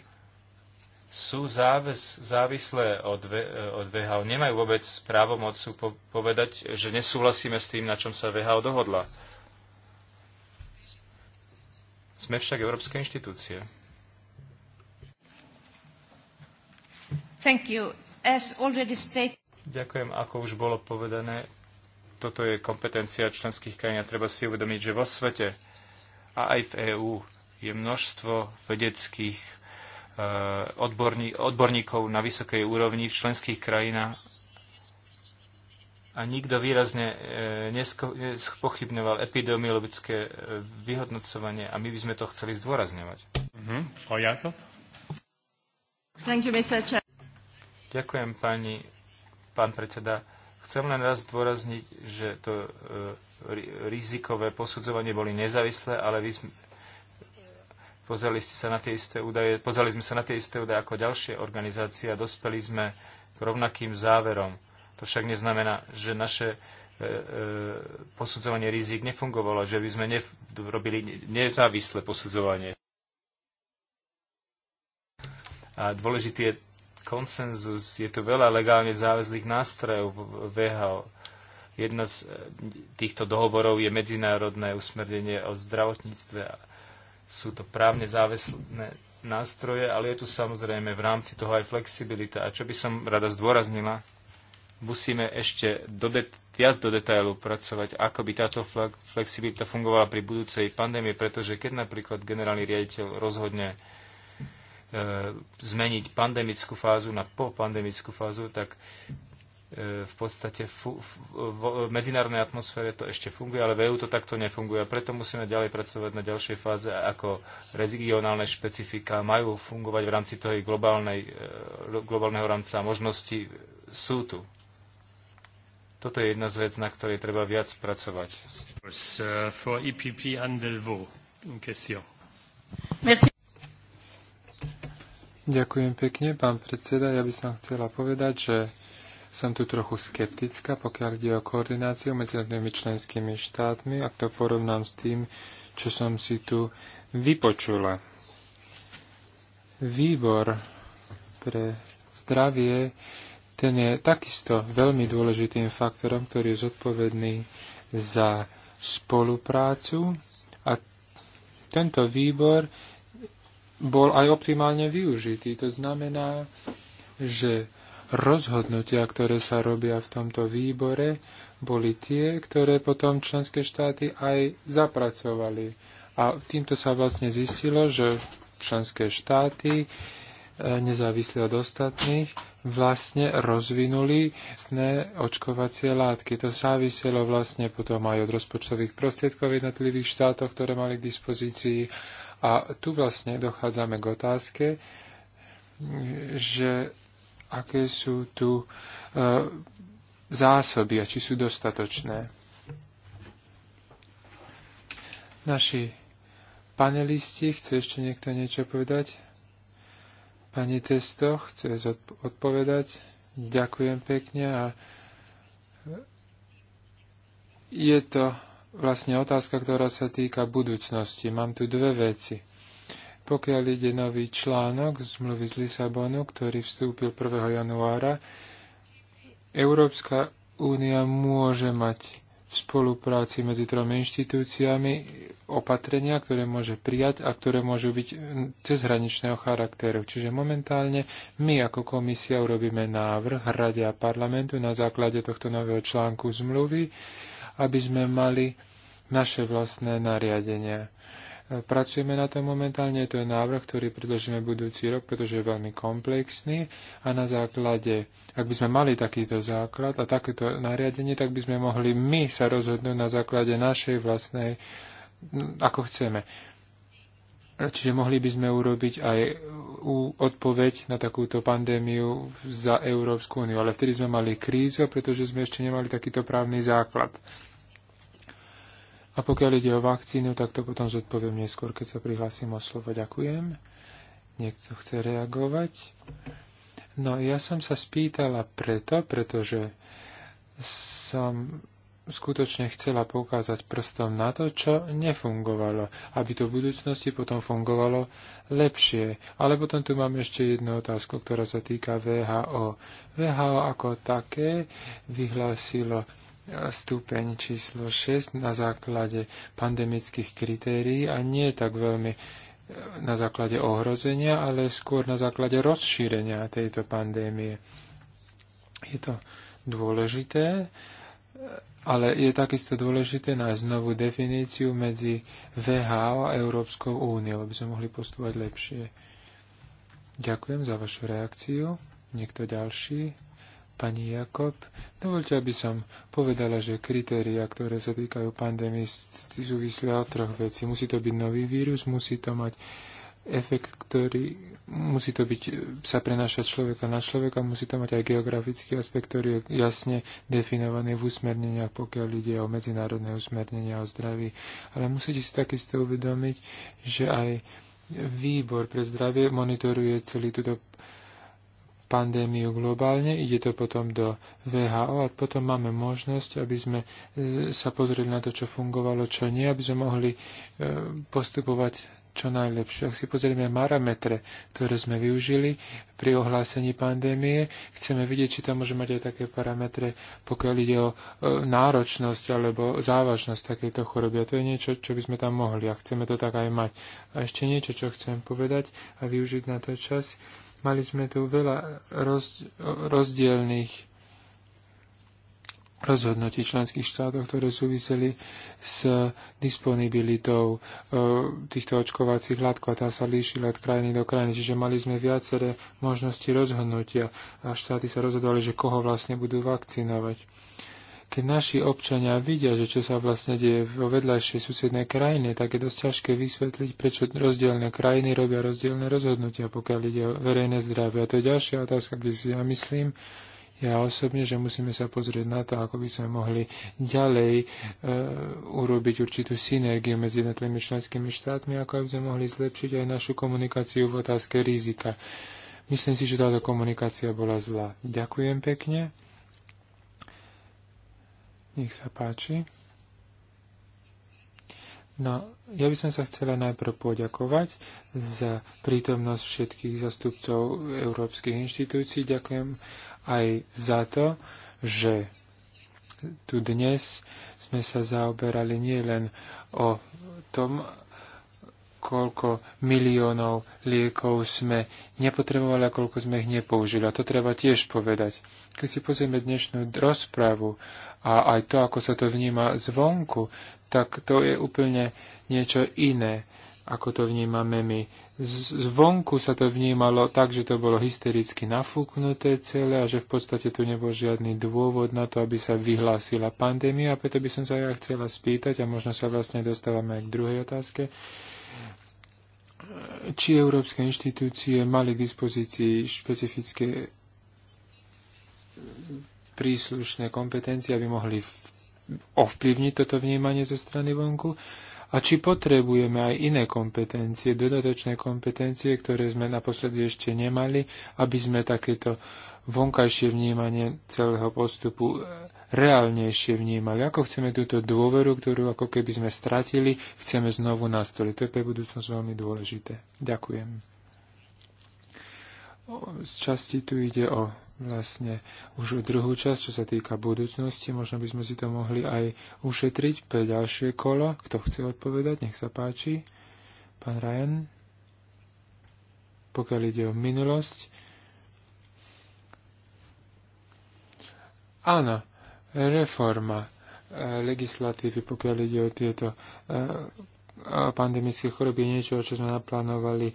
sú záves, závislé od, od VHO. Nemajú vôbec právomoc po, povedať, že nesúhlasíme s tým, na čom sa VHO dohodla. Sme však európske inštitúcie. Thank you. As already stated... Ďakujem, ako už bolo povedané, toto je kompetencia členských krajín a treba si uvedomiť, že vo svete a aj v EÚ je množstvo vedeckých Eh, odborní, odborníkov na vysokej úrovni v členských krajinách a nikto výrazne eh, nespochybňoval epidemiologické eh, vyhodnocovanie a my by sme to chceli zdôrazňovať. Mm-hmm. Ďakujem, pani, pán predseda. Chcem len raz zdôrazniť, že to rizikové posudzovanie boli nezávislé, ale vy Pozreli, ste sa na tie isté údaje, pozreli sme sa na tie isté údaje ako ďalšie organizácie a dospeli sme k rovnakým záverom. To však neznamená, že naše e, e, posudzovanie rizik nefungovalo, že by sme robili nezávislé posudzovanie. A dôležitý je konsenzus, je tu veľa legálne záväzlých nástrojov VHO. Jedna z e, týchto dohovorov je medzinárodné usmernenie o zdravotníctve sú to právne záväzné nástroje, ale je tu samozrejme v rámci toho aj flexibilita. A čo by som rada zdôraznila, musíme ešte do det- viac do detailu pracovať, ako by táto flexibilita fungovala pri budúcej pandémie, pretože keď napríklad generálny riaditeľ rozhodne e, zmeniť pandemickú fázu na popandemickú fázu, tak v podstate fu- v medzinárodnej atmosfére to ešte funguje, ale v EU to takto nefunguje. A preto musíme ďalej pracovať na ďalšej fáze, ako regionálne špecifika majú fungovať v rámci toho globálnej, e, globálneho rámca možnosti sú tu. Toto je jedna z vec, na ktorej treba viac pracovať. E Ďakujem pekne, pán predseda. Ja by som chcela povedať, že som tu trochu skeptická, pokiaľ ide o koordináciu medzi jednými členskými štátmi, ak to porovnám s tým, čo som si tu vypočula. Výbor pre zdravie, ten je takisto veľmi dôležitým faktorom, ktorý je zodpovedný za spoluprácu a tento výbor bol aj optimálne využitý. To znamená, že rozhodnutia, ktoré sa robia v tomto výbore, boli tie, ktoré potom členské štáty aj zapracovali. A týmto sa vlastne zistilo, že členské štáty e, nezávisle od ostatných, vlastne rozvinuli sné očkovacie látky. To záviselo vlastne potom aj od rozpočtových prostriedkov v jednotlivých štátov, ktoré mali k dispozícii. A tu vlastne dochádzame k otázke, že aké sú tu e, zásoby a či sú dostatočné. Naši panelisti, chce ešte niekto niečo povedať? Pani Testo chce odpovedať. Ďakujem pekne a je to vlastne otázka, ktorá sa týka budúcnosti. Mám tu dve veci. Pokiaľ ide nový článok zmluvy z Lisabonu, ktorý vstúpil 1. januára, Európska únia môže mať v spolupráci medzi tromi inštitúciami opatrenia, ktoré môže prijať a ktoré môžu byť cezhraničného charakteru. Čiže momentálne my ako komisia urobíme návrh Rade a parlamentu na základe tohto nového článku zmluvy, aby sme mali naše vlastné nariadenia. Pracujeme na tom momentálne, to je návrh, ktorý predložíme budúci rok, pretože je veľmi komplexný a na základe, ak by sme mali takýto základ a takéto nariadenie, tak by sme mohli my sa rozhodnúť na základe našej vlastnej, ako chceme. Čiže mohli by sme urobiť aj odpoveď na takúto pandémiu za Európsku úniu, ale vtedy sme mali krízu, pretože sme ešte nemali takýto právny základ. A pokiaľ ide o vakcínu, tak to potom zodpoviem neskôr, keď sa prihlásim o slovo. Ďakujem. Niekto chce reagovať? No, ja som sa spýtala preto, pretože som skutočne chcela poukázať prstom na to, čo nefungovalo, aby to v budúcnosti potom fungovalo lepšie. Ale potom tu mám ešte jednu otázku, ktorá sa týka VHO. VHO ako také vyhlásilo stupeň číslo 6 na základe pandemických kritérií a nie tak veľmi e, na základe ohrozenia, ale skôr na základe rozšírenia tejto pandémie. Je to dôležité, e, ale je takisto dôležité nájsť novú definíciu medzi VHO a Európskou úniou, aby sme mohli postúvať lepšie. Ďakujem za vašu reakciu. Niekto ďalší? pani Jakob. Dovolte, aby som povedala, že kritéria, ktoré sa týkajú pandémie, súvisia od troch vecí. Musí to byť nový vírus, musí to mať efekt, ktorý musí to byť, sa prenášať človeka na človeka, musí to mať aj geografický aspekt, ktorý je jasne definovaný v usmerneniach, pokiaľ ide o medzinárodné usmernenia o zdraví. Ale musíte si takisto uvedomiť, že aj výbor pre zdravie monitoruje celý túto pandémiu globálne, ide to potom do VHO a potom máme možnosť, aby sme e, sa pozreli na to, čo fungovalo, čo nie, aby sme mohli e, postupovať čo najlepšie. Ak si pozrieme parametre, ktoré sme využili pri ohlásení pandémie, chceme vidieť, či tam môže mať aj také parametre, pokiaľ ide o e, náročnosť alebo závažnosť takejto choroby. A to je niečo, čo by sme tam mohli a chceme to tak aj mať. A ešte niečo, čo chcem povedať a využiť na to čas, Mali sme tu veľa rozdielných rozhodnutí členských štátov, ktoré súviseli s disponibilitou e, týchto očkovacích látok a tá sa líšila od krajiny do krajiny. Čiže mali sme viaceré možnosti rozhodnutia a štáty sa rozhodovali, že koho vlastne budú vakcinovať keď naši občania vidia, že čo sa vlastne deje vo vedľajšej susednej krajine, tak je dosť ťažké vysvetliť, prečo rozdielne krajiny robia rozdielne rozhodnutia, pokiaľ ide o verejné zdravie. A to je ďalšia otázka, kde si ja myslím, ja osobne, že musíme sa pozrieť na to, ako by sme mohli ďalej e, urobiť určitú synergiu medzi jednotlivými členskými štátmi, ako by sme mohli zlepšiť aj našu komunikáciu v otázke rizika. Myslím si, že táto komunikácia bola zlá. Ďakujem pekne. Nech sa páči. No, ja by som sa chcela najprv poďakovať za prítomnosť všetkých zastupcov európskych inštitúcií. Ďakujem aj za to, že tu dnes sme sa zaoberali nielen o tom, koľko miliónov liekov sme nepotrebovali a koľko sme ich nepoužili. A to treba tiež povedať. Keď si pozrieme dnešnú rozpravu a aj to, ako sa to vníma zvonku, tak to je úplne niečo iné, ako to vnímame my. Zvonku sa to vnímalo tak, že to bolo hystericky nafúknuté celé a že v podstate tu nebol žiadny dôvod na to, aby sa vyhlásila pandémia. A preto by som sa ja chcela spýtať, a možno sa vlastne dostávame aj k druhej otázke, či európske inštitúcie mali k dispozícii špecifické príslušné kompetencie, aby mohli ovplyvniť toto vnímanie zo strany vonku a či potrebujeme aj iné kompetencie, dodatočné kompetencie, ktoré sme naposledy ešte nemali, aby sme takéto vonkajšie vnímanie celého postupu reálnejšie vnímali. Ako chceme túto dôveru, ktorú ako keby sme stratili, chceme znovu nastoliť. To je pre budúcnosť veľmi dôležité. Ďakujem. Z časti tu ide o vlastne už o druhú časť, čo sa týka budúcnosti. Možno by sme si to mohli aj ušetriť pre ďalšie kolo. Kto chce odpovedať, nech sa páči. Pán Ryan, pokiaľ ide o minulosť. Áno, reforma eh, legislatívy, pokiaľ ide o tieto eh, pandemické choroby, niečo, čo sme naplánovali eh,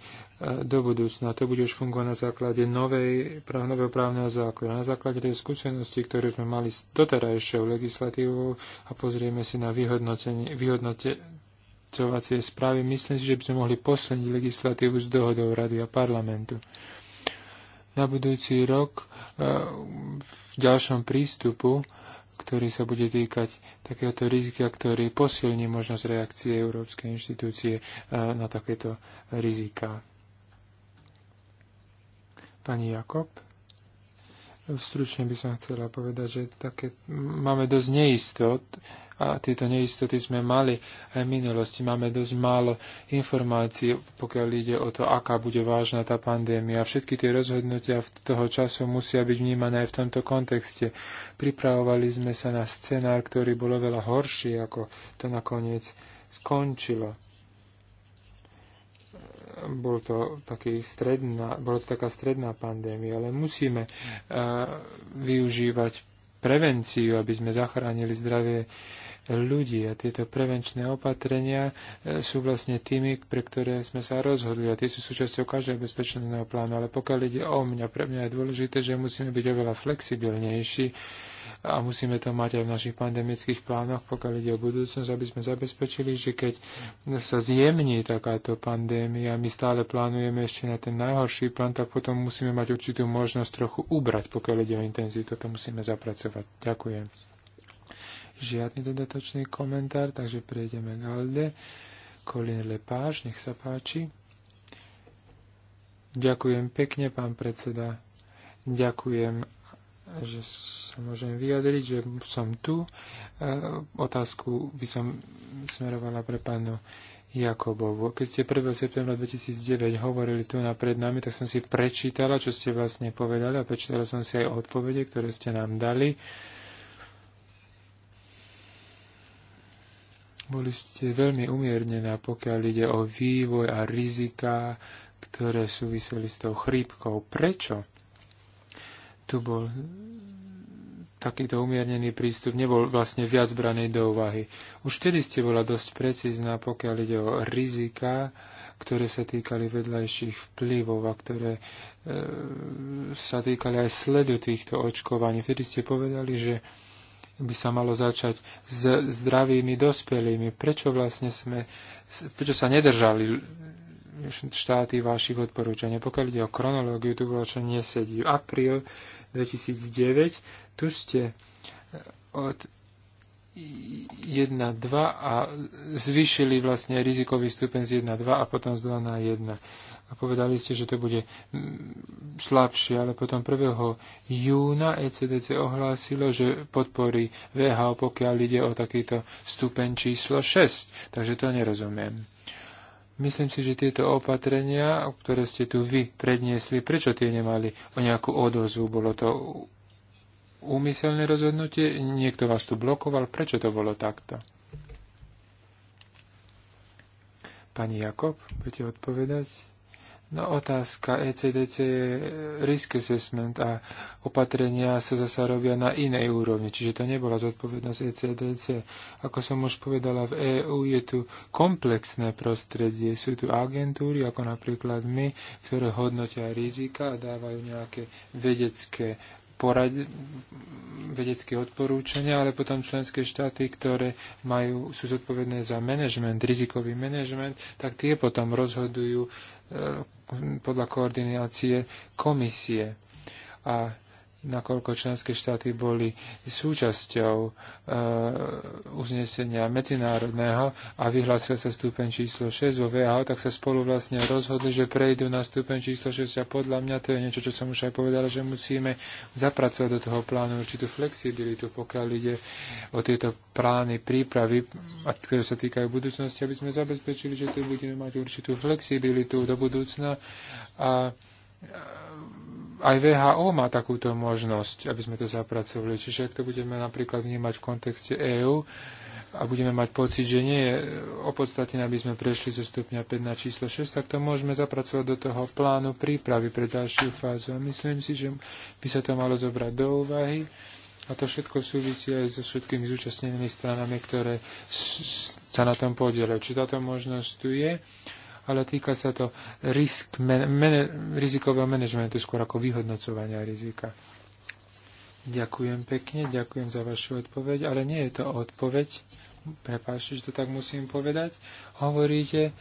do budúcna. To bude už fungovať na základe novej, nového právneho zákona. Na základe tej skúsenosti, ktorú sme mali s doterajšou legislatívou a pozrieme si na vyhodnocovacie správy, myslím si, že by sme mohli posilniť legislatívu s dohodou Rady a parlamentu na budúci rok v ďalšom prístupu ktorý sa bude týkať takéhoto rizika, ktorý posilní možnosť reakcie Európskej inštitúcie eh, na takéto rizika. Pani Jakob? Eh, stručne by som chcela povedať, že také, máme dosť neistot a tieto neistoty sme mali aj v minulosti. Máme dosť málo informácií, pokiaľ ide o to, aká bude vážna tá pandémia. Všetky tie rozhodnutia toho času musia byť vnímané aj v tomto kontexte. Pripravovali sme sa na scenár, ktorý bol oveľa horší, ako to nakoniec skončilo. Bol to taký stredná, bolo to taká stredná pandémia, ale musíme uh, využívať prevenciu, aby sme zachránili zdravie ľudí a tieto prevenčné opatrenia e, sú vlastne tými, pre ktoré sme sa rozhodli a tie sú súčasťou každého bezpečného plánu. Ale pokiaľ ide o mňa, pre mňa je dôležité, že musíme byť oveľa flexibilnejší a musíme to mať aj v našich pandemických plánoch, pokiaľ ide o budúcnosť, aby sme zabezpečili, že keď sa zjemní takáto pandémia, my stále plánujeme ešte na ten najhorší plán, tak potom musíme mať určitú možnosť trochu ubrať, pokiaľ ide o intenzitu, to musíme zapracovať. Ďakujem žiadny dodatočný komentár, takže prejdeme k Alde. Colin Lepáš, nech sa páči. Ďakujem pekne, pán predseda. Ďakujem, že sa môžem vyjadriť, že som tu. E, otázku by som smerovala pre pánu Jakobovu. Keď ste 1. septembra 2009 hovorili tu na pred nami, tak som si prečítala, čo ste vlastne povedali a prečítala som si aj odpovede, ktoré ste nám dali. E, Boli ste veľmi umiernená, pokiaľ ide o vývoj a rizika, ktoré súviseli s tou chrípkou. Prečo? Tu bol takýto umiernený prístup nebol vlastne viac braný do úvahy. Už vtedy ste bola dosť precízna, pokiaľ ide o rizika, ktoré sa týkali vedľajších vplyvov a ktoré e, sa týkali aj sledu týchto očkovaní. Vtedy ste povedali, že by sa malo začať s zdravými dospelými. Prečo vlastne sme, prečo sa nedržali štáty vašich odporúčania? Pokiaľ ide o chronológiu, tu bolo, čo nesedí. Apríl 2009, tu ste e, od 1.2 a zvýšili vlastne rizikový stupeň z 1.2 a potom z 2 na 1 a povedali ste, že to bude mm, slabšie, ale potom 1. júna ECDC ohlásilo, že podporí VHO, pokiaľ ide o takýto stupeň číslo 6. Takže to nerozumiem. Myslím si, že tieto opatrenia, ktoré ste tu vy predniesli, prečo tie nemali o nejakú odozvu? Bolo to úmyselné rozhodnutie? Niekto vás tu blokoval? Prečo to bolo takto? Pani Jakob, budete odpovedať? No otázka ECDC je risk assessment a opatrenia sa zasa robia na inej úrovni, čiže to nebola zodpovednosť ECDC. Ako som už povedala, v EÚ je tu komplexné prostredie. Sú tu agentúry, ako napríklad my, ktoré hodnotia rizika a dávajú nejaké vedecké porad, vedecké odporúčania, ale potom členské štáty, ktoré majú, sú zodpovedné za management, rizikový management, tak tie potom rozhodujú e, podľa koordinácie komisie. A nakoľko členské štáty boli súčasťou e, uznesenia medzinárodného a vyhlásil sa stupeň číslo 6 vo VHO, tak sa spolu vlastne rozhodli, že prejdú na stupeň číslo 6 a podľa mňa to je niečo, čo som už aj povedal, že musíme zapracovať do toho plánu určitú flexibilitu, pokiaľ ide o tieto plány prípravy, ktoré sa týkajú budúcnosti, aby sme zabezpečili, že tu budeme mať určitú flexibilitu do budúcna a, a aj VHO má takúto možnosť, aby sme to zapracovali. Čiže ak to budeme napríklad vnímať v kontexte EÚ a budeme mať pocit, že nie je opodstatné, aby sme prešli zo stupňa 5 na číslo 6, tak to môžeme zapracovať do toho plánu prípravy pre ďalšiu fázu. A myslím si, že by sa to malo zobrať do úvahy. A to všetko súvisí aj so všetkými zúčastnenými stranami, ktoré sa na tom podielajú. Či táto možnosť tu je? ale týka sa to risk, men, men, rizikového manažmentu skôr ako vyhodnocovania rizika. Ďakujem pekne, ďakujem za vašu odpoveď, ale nie je to odpoveď, prepáčte, že to tak musím povedať. Hovoríte,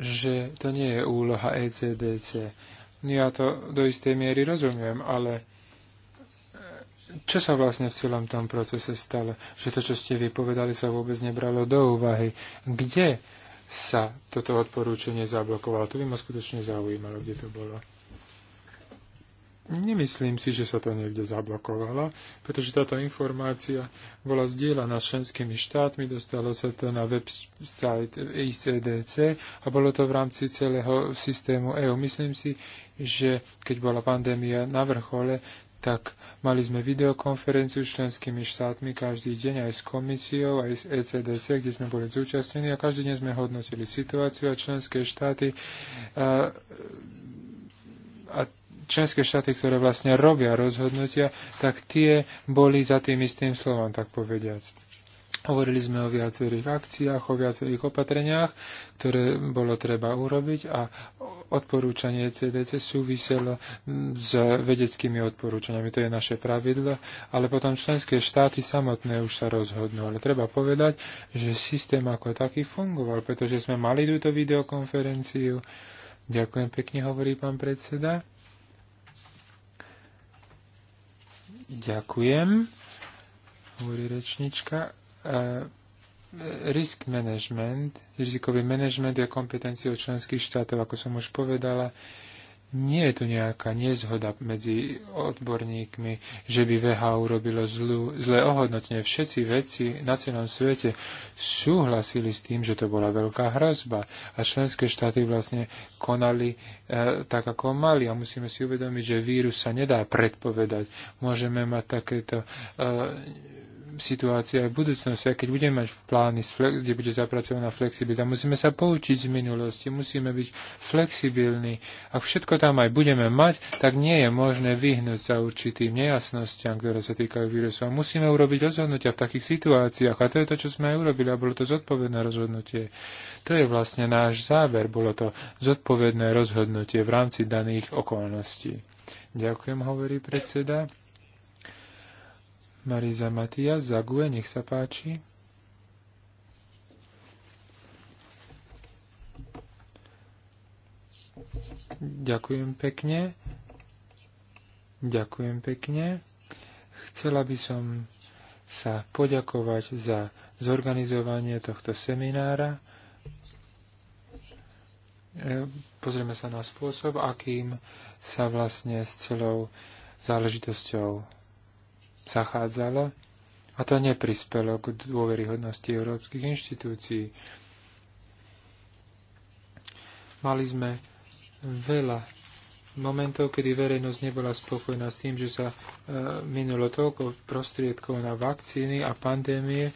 že to nie je úloha ECDC. Ja to do istej miery rozumiem, ale e, čo sa vlastne v celom tom procese stalo? Že to, čo ste vypovedali, sa vôbec nebralo do úvahy. Kde sa toto odporúčanie zablokovalo. To by ma skutočne zaujímalo, kde to bolo. Nemyslím si, že sa to niekde zablokovalo, pretože táto informácia bola zdieľaná členskými štátmi, dostalo sa to na web site ICDC a bolo to v rámci celého systému EU. Myslím si, že keď bola pandémia na vrchole, tak mali sme videokonferenciu s členskými štátmi každý deň aj s komisiou, aj s ECDC, kde sme boli zúčastnení a každý deň sme hodnotili situáciu a členské štáty a, a členské štáty, ktoré vlastne robia rozhodnutia, tak tie boli za tým istým slovom, tak povediac. Hovorili sme o viacerých akciách, o viacerých opatreniach, ktoré bolo treba urobiť a odporúčanie e CDC súviselo s vedeckými odporúčaniami. To je naše pravidlo, ale potom členské štáty samotné už sa rozhodnú. Ale treba povedať, že systém ako taký fungoval, pretože sme mali túto videokonferenciu. Ďakujem pekne, hovorí pán predseda. Ďakujem, hovorí rečnička. E risk management, rizikový management je kompetenciou členských štátov, ako som už povedala. Nie je tu nejaká nezhoda medzi odborníkmi, že by VH urobilo zlú, zlé ohodnotenie. Všetci vedci na celom svete súhlasili s tým, že to bola veľká hrozba a členské štáty vlastne konali e, tak, ako mali. A musíme si uvedomiť, že vírus sa nedá predpovedať. Môžeme mať takéto e, situácia aj v budúcnosti. aj keď budeme mať v plány, flex, kde bude zapracovaná flexibilita, musíme sa poučiť z minulosti, musíme byť flexibilní. Ak všetko tam aj budeme mať, tak nie je možné vyhnúť sa určitým nejasnostiam, ktoré sa týkajú vírusu. A musíme urobiť rozhodnutia v takých situáciách. A to je to, čo sme aj urobili a bolo to zodpovedné rozhodnutie. To je vlastne náš záver. Bolo to zodpovedné rozhodnutie v rámci daných okolností. Ďakujem, hovorí predseda. Mariza Matias Zague, nech sa páči. Ďakujem pekne. Ďakujem pekne. Chcela by som sa poďakovať za zorganizovanie tohto seminára. E, pozrieme sa na spôsob, akým sa vlastne s celou záležitosťou zachádzalo a to neprispelo k dôveryhodnosti európskych inštitúcií. Mali sme veľa momentov, kedy verejnosť nebola spokojná s tým, že sa e, minulo toľko prostriedkov na vakcíny a pandémie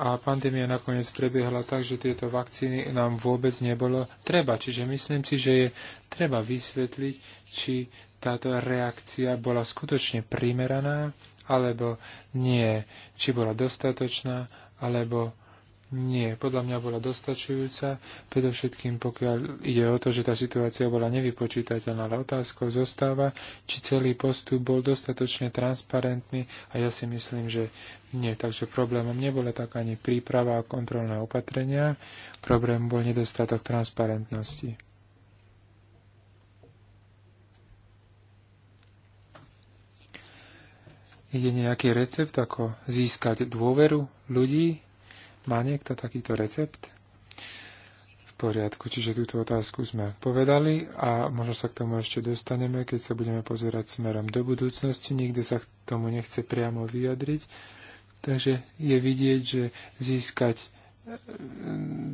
a pandémia nakoniec prebiehla tak, že tieto vakcíny nám vôbec nebolo treba. Čiže myslím si, že je treba vysvetliť, či táto reakcia bola skutočne primeraná alebo nie, či bola dostatočná, alebo nie, podľa mňa bola dostačujúca, predovšetkým pokiaľ ide o to, že tá situácia bola nevypočítateľná, ale otázkou zostáva, či celý postup bol dostatočne transparentný a ja si myslím, že nie. Takže problémom nebola tak ani príprava a kontrolné opatrenia, problém bol nedostatok transparentnosti. Je nejaký recept, ako získať dôveru ľudí? Má niekto takýto recept? V poriadku, čiže túto otázku sme povedali a možno sa k tomu ešte dostaneme, keď sa budeme pozerať smerom do budúcnosti. Nikto sa k tomu nechce priamo vyjadriť. Takže je vidieť, že získať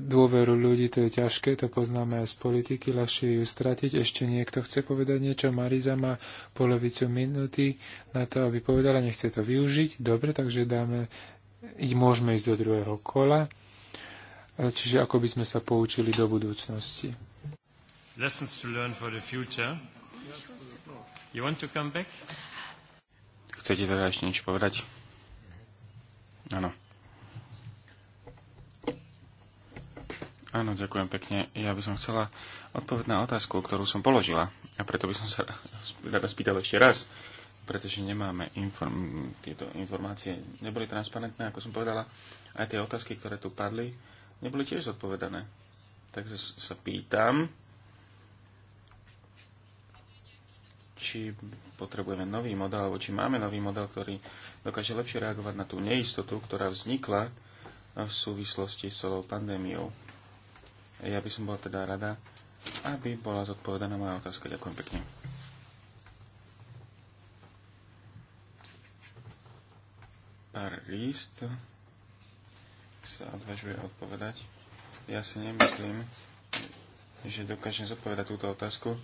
dôveru ľudí, to je ťažké, to poznáme aj z politiky, ľahšie ju stratiť. Ešte niekto chce povedať niečo? Mariza má polovicu minúty na to, aby povedala, nechce to využiť. Dobre, takže dáme, môžeme ísť do druhého kola. Čiže ako by sme sa poučili do budúcnosti. Lessons to learn for the future. You want to come back? Chcete teda ešte niečo povedať? Áno. Mm-hmm. Áno, ďakujem pekne. Ja by som chcela odpovedť na otázku, ktorú som položila. A preto by som sa rada spýtal ešte raz, pretože nemáme inform- tieto informácie. Neboli transparentné, ako som povedala. Aj tie otázky, ktoré tu padli, neboli tiež zodpovedané. Takže sa pýtam, či potrebujeme nový model, alebo či máme nový model, ktorý dokáže lepšie reagovať na tú neistotu, ktorá vznikla v súvislosti s celou pandémiou. Ja by som bol teda rada, aby bola zodpovedaná moja otázka. Ďakujem pekne. Pár sa odvažuje odpovedať. Ja si nemyslím, že dokážem zodpovedať túto otázku.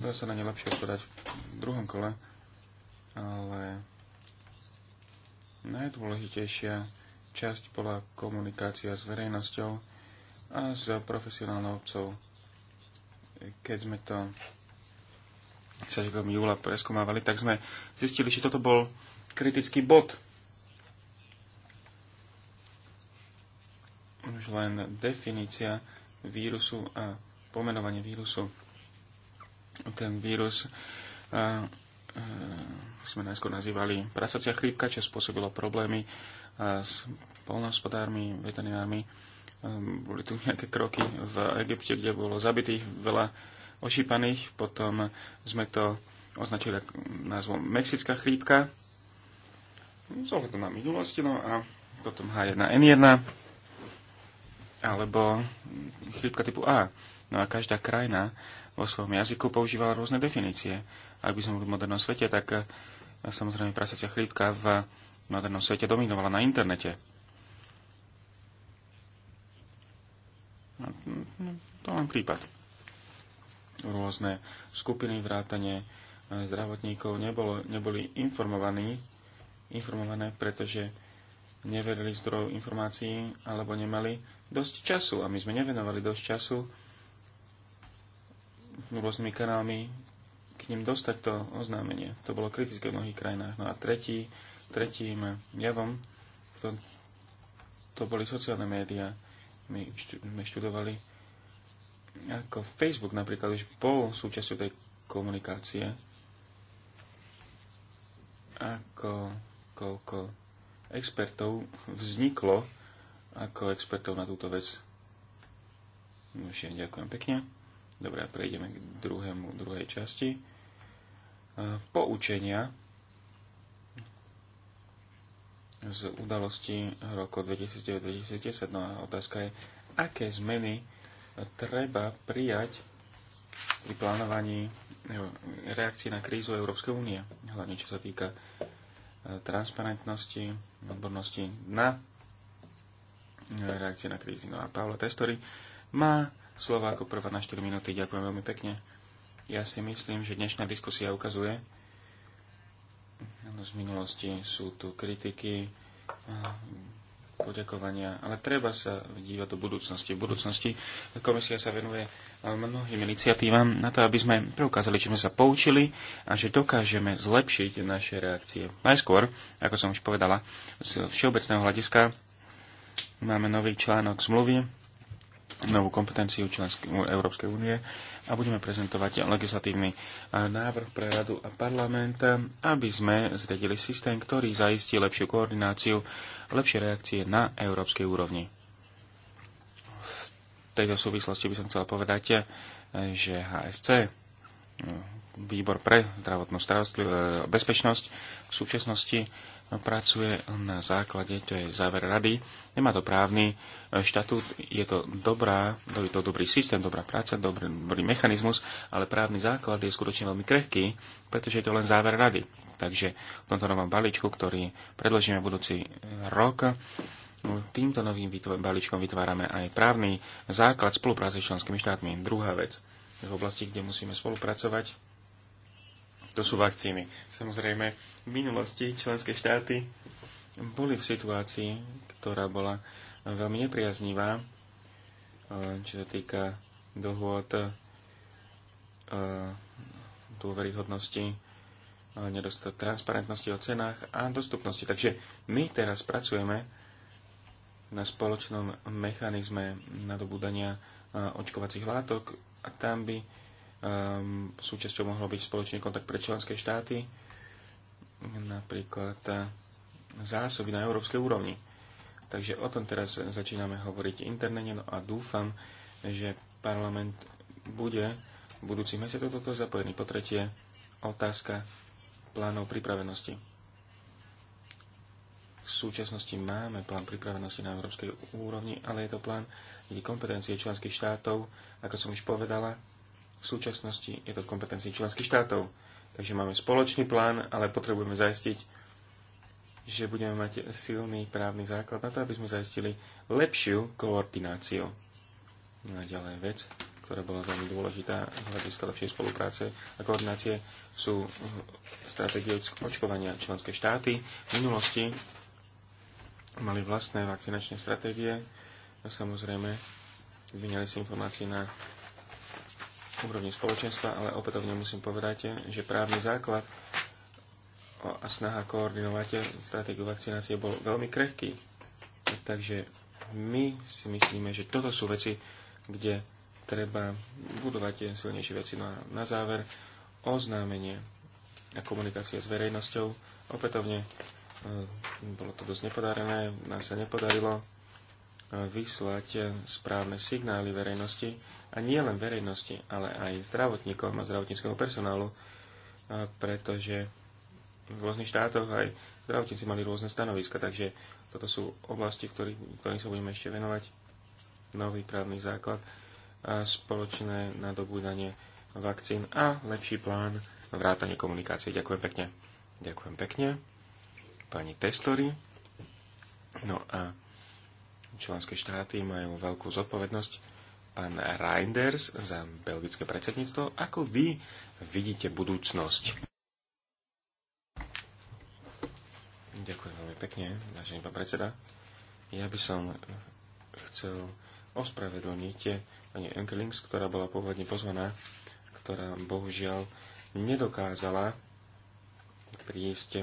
Dá sa na ne lepšie odpovedať v druhom kole, ale najdôležitejšia časť bola komunikácia s verejnosťou, a s profesionálnou obcov. Keď sme to začiatkom júla preskúmávali, tak sme zistili, že toto bol kritický bod. Už len definícia vírusu a pomenovanie vírusu. Ten vírus a, a, sme najskôr nazývali prasacia chrípka, čo spôsobilo problémy s polnohospodármi, veterinármi Ehm, boli tu nejaké kroky v Egypte, kde bolo zabitých veľa ošípaných. Potom sme to označili názvom Mexická chrípka. Zohľadom na minulosti, no a potom H1N1 alebo chrípka typu A. No a každá krajina vo svojom jazyku používala rôzne definície. Ak by sme boli v modernom svete, tak eh, samozrejme prasacia chrípka v modernom svete dominovala na internete. No, to len prípad. Rôzne skupiny vrátane e, zdravotníkov nebolo, neboli informovaní, informované, pretože neverili zdrojov informácií alebo nemali dosť času. A my sme nevenovali dosť času rôznymi kanálmi k ním dostať to oznámenie. To bolo kritické v mnohých krajinách. No a tretí, tretím javom to, to boli sociálne médiá. My sme študovali, ako Facebook napríklad už bol súčasťou tej komunikácie, ako koľko expertov vzniklo ako expertov na túto vec. Už ďakujem pekne. Dobre, prejdeme k druhému, druhej časti. Poučenia z udalosti roku 2009-2010. No a otázka je, aké zmeny treba prijať pri plánovaní eh, reakcií na krízu Európskej únie, hlavne čo sa týka eh, transparentnosti, odbornosti na eh, reakcie na krízy. No a Pavla Testory má slovo ako prvá na 4 minúty. Ďakujem veľmi pekne. Ja si myslím, že dnešná diskusia ukazuje, z minulosti sú tu kritiky, poďakovania, ale treba sa dívať do budúcnosti. V budúcnosti komisia sa venuje mnohým iniciatívam na to, aby sme preukázali, že sme sa poučili a že dokážeme zlepšiť naše reakcie. Najskôr, ako som už povedala, z všeobecného hľadiska máme nový článok zmluvy, novú kompetenciu členskej Európskej únie a budeme prezentovať legislatívny návrh pre radu a parlament, aby sme zriedili systém, ktorý zaistí lepšiu koordináciu, lepšie reakcie na európskej úrovni. V tejto súvislosti by som chcel povedať, že HSC, Výbor pre zdravotnú e, bezpečnosť, v súčasnosti pracuje na základe, to je záver rady, nemá to právny e, štatút, je to dobrá, je to dobrý systém, dobrá práca, dobrý, dobrý mechanizmus, ale právny základ je skutočne veľmi krehký, pretože je to len záver rady. Takže v tomto novom balíčku, ktorý predložíme budúci rok, týmto novým balíčkom vytvárame aj právny základ spolupráce s členskými štátmi. Druhá vec v oblasti, kde musíme spolupracovať, to sú vakcíny. Samozrejme, v minulosti členské štáty boli v situácii, ktorá bola veľmi nepriaznivá, eh, čo sa týka dohôd eh, dôveryhodnosti, eh, nedostatok transparentnosti o cenách a dostupnosti. Takže my teraz pracujeme na spoločnom mechanizme nadobúdania očkovacích látok a tam by ehm, súčasťou mohlo byť spoločný kontakt pre členské štáty, napríklad eh, zásoby na európskej úrovni. Takže o tom teraz začíname hovoriť internene no a dúfam, že parlament bude v budúcich mesiacoch toto zapojený. Po tretie, otázka plánov pripravenosti. V súčasnosti máme plán pripravenosti na európskej úrovni, ale je to plán, kde kompetencie členských štátov, ako som už povedala, v súčasnosti je to v kompetencii členských štátov Takže máme spoločný plán, ale potrebujeme zaistiť, že budeme mať silný právny základ na to, aby sme zaistili lepšiu koordináciu. No a ďalej vec, ktorá bola veľmi dôležitá z hľadiska lepšej spolupráce a koordinácie, sú stratégie očkovania členské štáty. V minulosti mali vlastné vakcinačné stratégie, a no, samozrejme vyňali si informácie na úrovni spoločenstva, ale opätovne musím povedať, že právny základ a snaha koordinovať stratégiu vakcinácie bol veľmi krehký. Takže my si myslíme, že toto sú veci, kde treba budovať silnejšie veci. No a na záver oznámenie a komunikácia s verejnosťou. Opätovne e, bolo to dosť nepodarené, nám sa nepodarilo e, vyslať e, správne signály verejnosti a nie len verejnosti, ale aj zdravotníkom a zdravotníckého personálu, pretože v rôznych štátoch aj zdravotníci mali rôzne stanoviska, takže toto sú oblasti, ktorým ktorý ktorým sa budeme ešte venovať. Nový právny základ, a spoločné nadobúdanie vakcín a lepší plán vrátanie komunikácie. Ďakujem pekne. Ďakujem pekne. Pani Testory. No a členské štáty majú veľkú zodpovednosť pán Reinders za belgické predsedníctvo. Ako vy vidíte budúcnosť? Ďakujem veľmi pekne, vážený pán predseda. Ja by som chcel ospravedlniť pani Enkelings, ktorá bola pôvodne pozvaná, ktorá bohužiaľ nedokázala prísť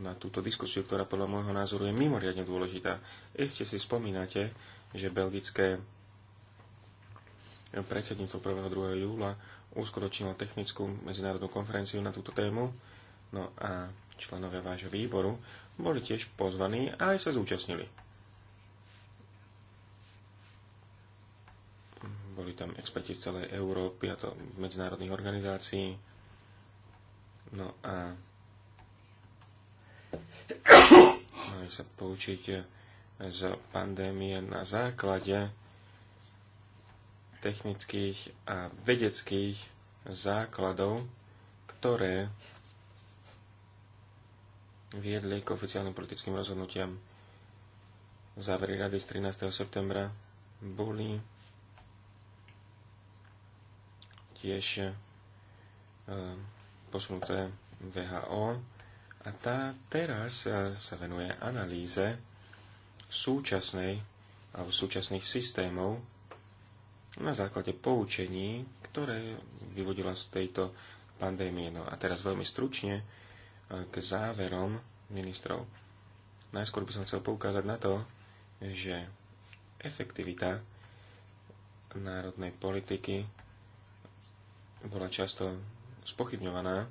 na túto diskusiu, ktorá podľa môjho názoru je mimoriadne dôležitá. Ešte si spomínate, že belgické predsedníctvo 1. 2. júla uskutočnilo technickú medzinárodnú konferenciu na túto tému. No a členovia vášho výboru boli tiež pozvaní a aj sa zúčastnili. Boli tam experti z celej Európy a to medzinárodných organizácií. No a mali sa poučiť z pandémie na základe technických a vedeckých základov, ktoré viedli k oficiálnym politickým rozhodnutiam. Závery rady z 13. septembra boli tiež e, posunuté VHO a tá teraz e, sa venuje analýze súčasnej alebo súčasných systémov na základe poučení, ktoré vyvodila z tejto pandémie. No a teraz veľmi stručne e, k záverom ministrov. Najskôr by som chcel poukázať na to, že efektivita národnej politiky bola často spochybňovaná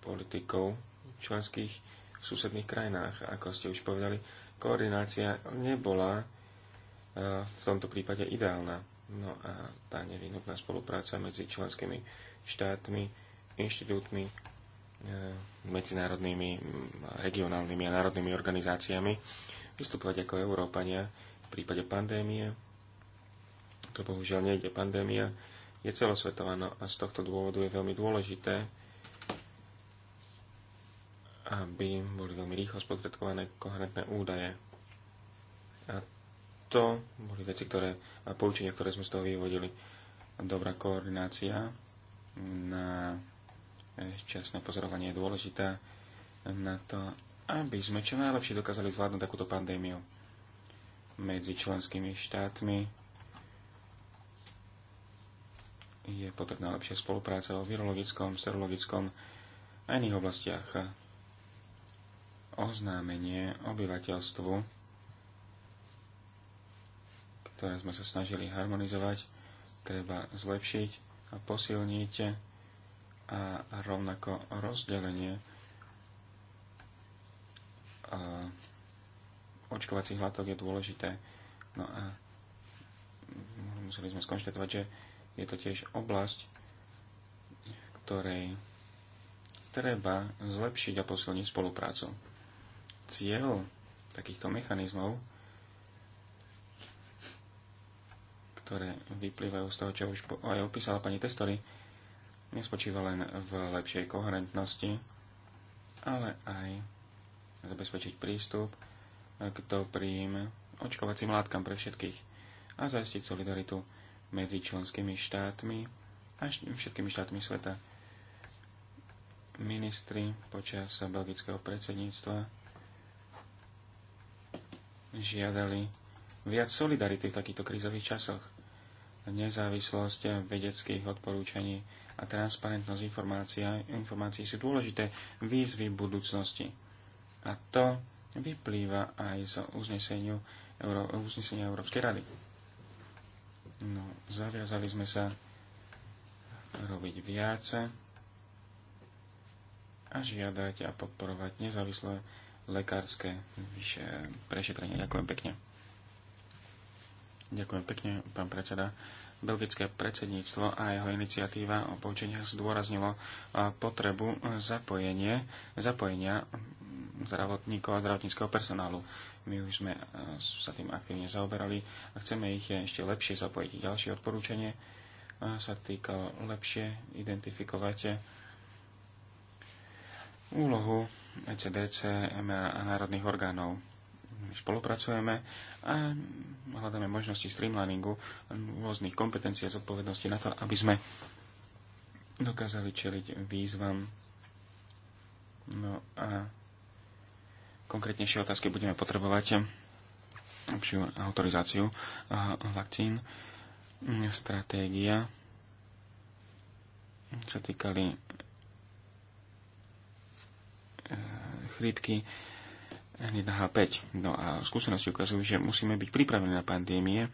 politikou v členských v susedných krajinách. Ako ste už povedali, koordinácia nebola v tomto prípade ideálna. No a tá nevyhnutná spolupráca medzi členskými štátmi, inštitútmi, e, medzinárodnými, regionálnymi a národnými organizáciami, vystupovať ako Európania v prípade pandémie. To bohužiaľ nejde. Pandémia je celosvetová no a z tohto dôvodu je veľmi dôležité, aby boli veľmi rýchlo spotredkované koherentné údaje. A to boli veci, ktoré, a poučenia, ktoré sme z toho vyvodili. Dobrá koordinácia na e, čas na pozorovanie je dôležitá na to, aby sme čo najlepšie dokázali zvládnuť takúto pandémiu medzi členskými štátmi. Je potrebná lepšia spolupráca o virologickom, serologickom a iných oblastiach. Oznámenie obyvateľstvu ktoré sme sa snažili harmonizovať, treba zlepšiť a posilniť a rovnako rozdelenie A očkovacích látok je dôležité. No a museli sme skonštatovať, že je to tiež oblasť, ktorej treba zlepšiť a posilniť spoluprácu. Cieľ takýchto mechanizmov ktoré vyplývajú z toho, čo už aj opísala pani Testory, nespočíva len v lepšej koherentnosti, ale aj zabezpečiť prístup k dobrým očkovacím látkam pre všetkých a zaistiť solidaritu medzi členskými štátmi a všetkými štátmi sveta. Ministri počas belgického predsedníctva žiadali viac solidarity v takýchto krízových časoch nezávislosť vedeckých odporúčaní a transparentnosť informácií, informácií sú dôležité výzvy budúcnosti. A to vyplýva aj z uzneseniu Euró- uznesenia Európskej rady. No, zaviazali sme sa robiť viac a žiadať a podporovať nezávislé lekárske prešetrenie. Ďakujem pekne. Ďakujem pekne, pán predseda belgické predsedníctvo a jeho iniciatíva o poučeniach zdôraznilo potrebu zapojenie, zapojenia zdravotníkov a zdravotníckého personálu. My už sme sa tým aktívne zaoberali a chceme ich ešte lepšie zapojiť. Ďalšie odporúčanie sa týkalo lepšie identifikovať úlohu ECDC a národných orgánov spolupracujeme a hľadáme možnosti streamliningu rôznych kompetencií a zodpovedností na to, aby sme dokázali čeliť výzvam. No a konkrétnejšie otázky budeme potrebovať lepšiu autorizáciu vakcín. Stratégia sa týkali e, chrípky 1H5. No a skúsenosti ukazujú, že musíme byť pripravení na pandémie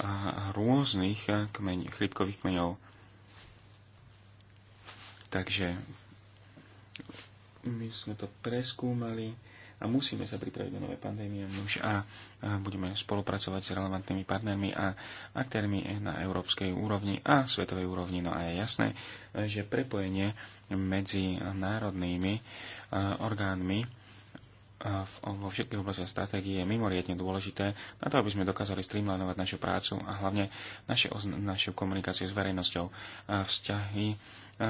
a rôznych kmeň, chrypkových kmeňov. Takže my sme to preskúmali a musíme sa pripraviť na nové pandémie už a, a budeme spolupracovať s relevantnými partnermi a aktérmi na európskej úrovni a svetovej úrovni. No a je jasné, že prepojenie medzi národnými orgánmi vo všetkých oblastiach stratégie je mimoriadne dôležité na to, aby sme dokázali streamlinovať našu prácu a hlavne naše, našu komunikáciu s verejnosťou, vzťahy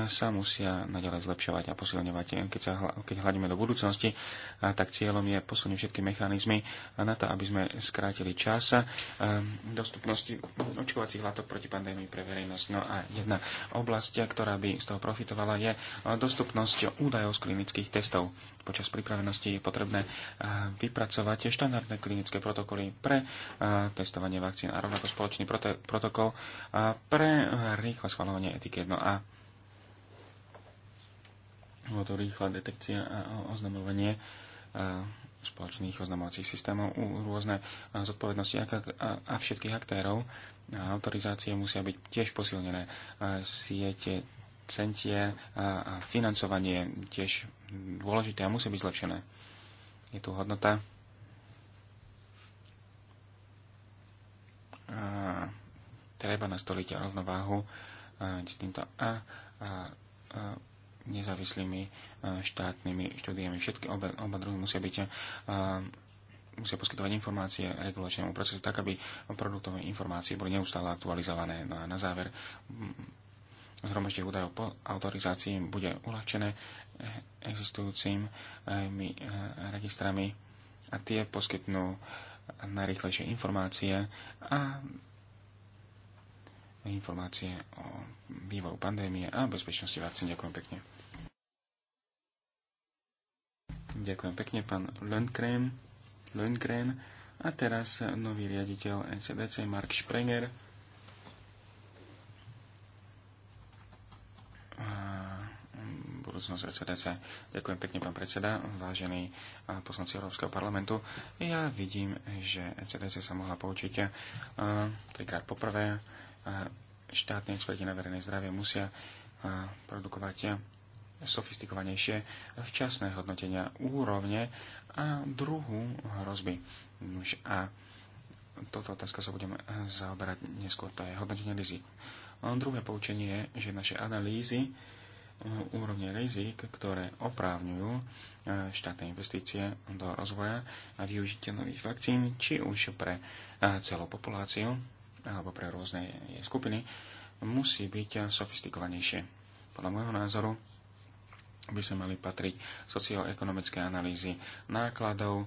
sa musia naďalej zlepšovať a posilňovať. Keď, sa, keď hľadíme do budúcnosti, tak cieľom je posunúť všetky mechanizmy na to, aby sme skrátili čas ehm, dostupnosti očkovacích látok proti pandémii pre verejnosť. No a jedna oblasť, ktorá by z toho profitovala, je dostupnosť údajov z klinických testov. Počas pripravenosti je potrebné vypracovať štandardné klinické protokoly pre testovanie vakcín a rovnako spoločný protokol pre rýchle schvalovanie etiket. No a bolo to rýchla detekcia a oznamovanie spoločných oznamovacích systémov, rôzne zodpovednosti a všetkých aktérov. A autorizácie musia byť tiež posilnené. Siete, centier a financovanie tiež dôležité a musí byť zlepšené. Je tu hodnota a treba nastoliť rovnováhu s týmto a, a, a nezávislými e, štátnymi štúdiami. Všetky oba, oba druhy musia byť e, musia poskytovať informácie regulačnému procesu tak, aby produktové informácie boli neustále aktualizované. No a na záver mm, zhromaždenie údajov po autorizácii bude uľahčené e, existujúcimi registrami a tie poskytnú najrychlejšie informácie a informácie o vývoju pandémie a bezpečnosti vakcín. Ďakujem pekne. Ďakujem pekne, pán Lundgren. Lundgren. A teraz nový riaditeľ NCDC Mark Sprenger. Mm, budúcnosť ECDC. Ďakujem pekne, pán predseda, vážení poslanci Európskeho parlamentu. Ja vidím, že NCDC sa mohla poučiť trikrát poprvé štátne experti na verejné zdravie musia produkovať sofistikovanejšie včasné hodnotenia úrovne a druhu hrozby. A toto otázka sa budeme zaoberať neskôr, to je hodnotenie rizik. Druhé poučenie je, že naše analýzy e, úrovne rizik, ktoré oprávňujú e, štátne investície do rozvoja a využitia nových vakcín, či už pre e, celú populáciu, alebo pre rôzne jej skupiny, musí byť sofistikovanejšie. Podľa môjho názoru by sa mali patriť socioekonomické analýzy nákladov,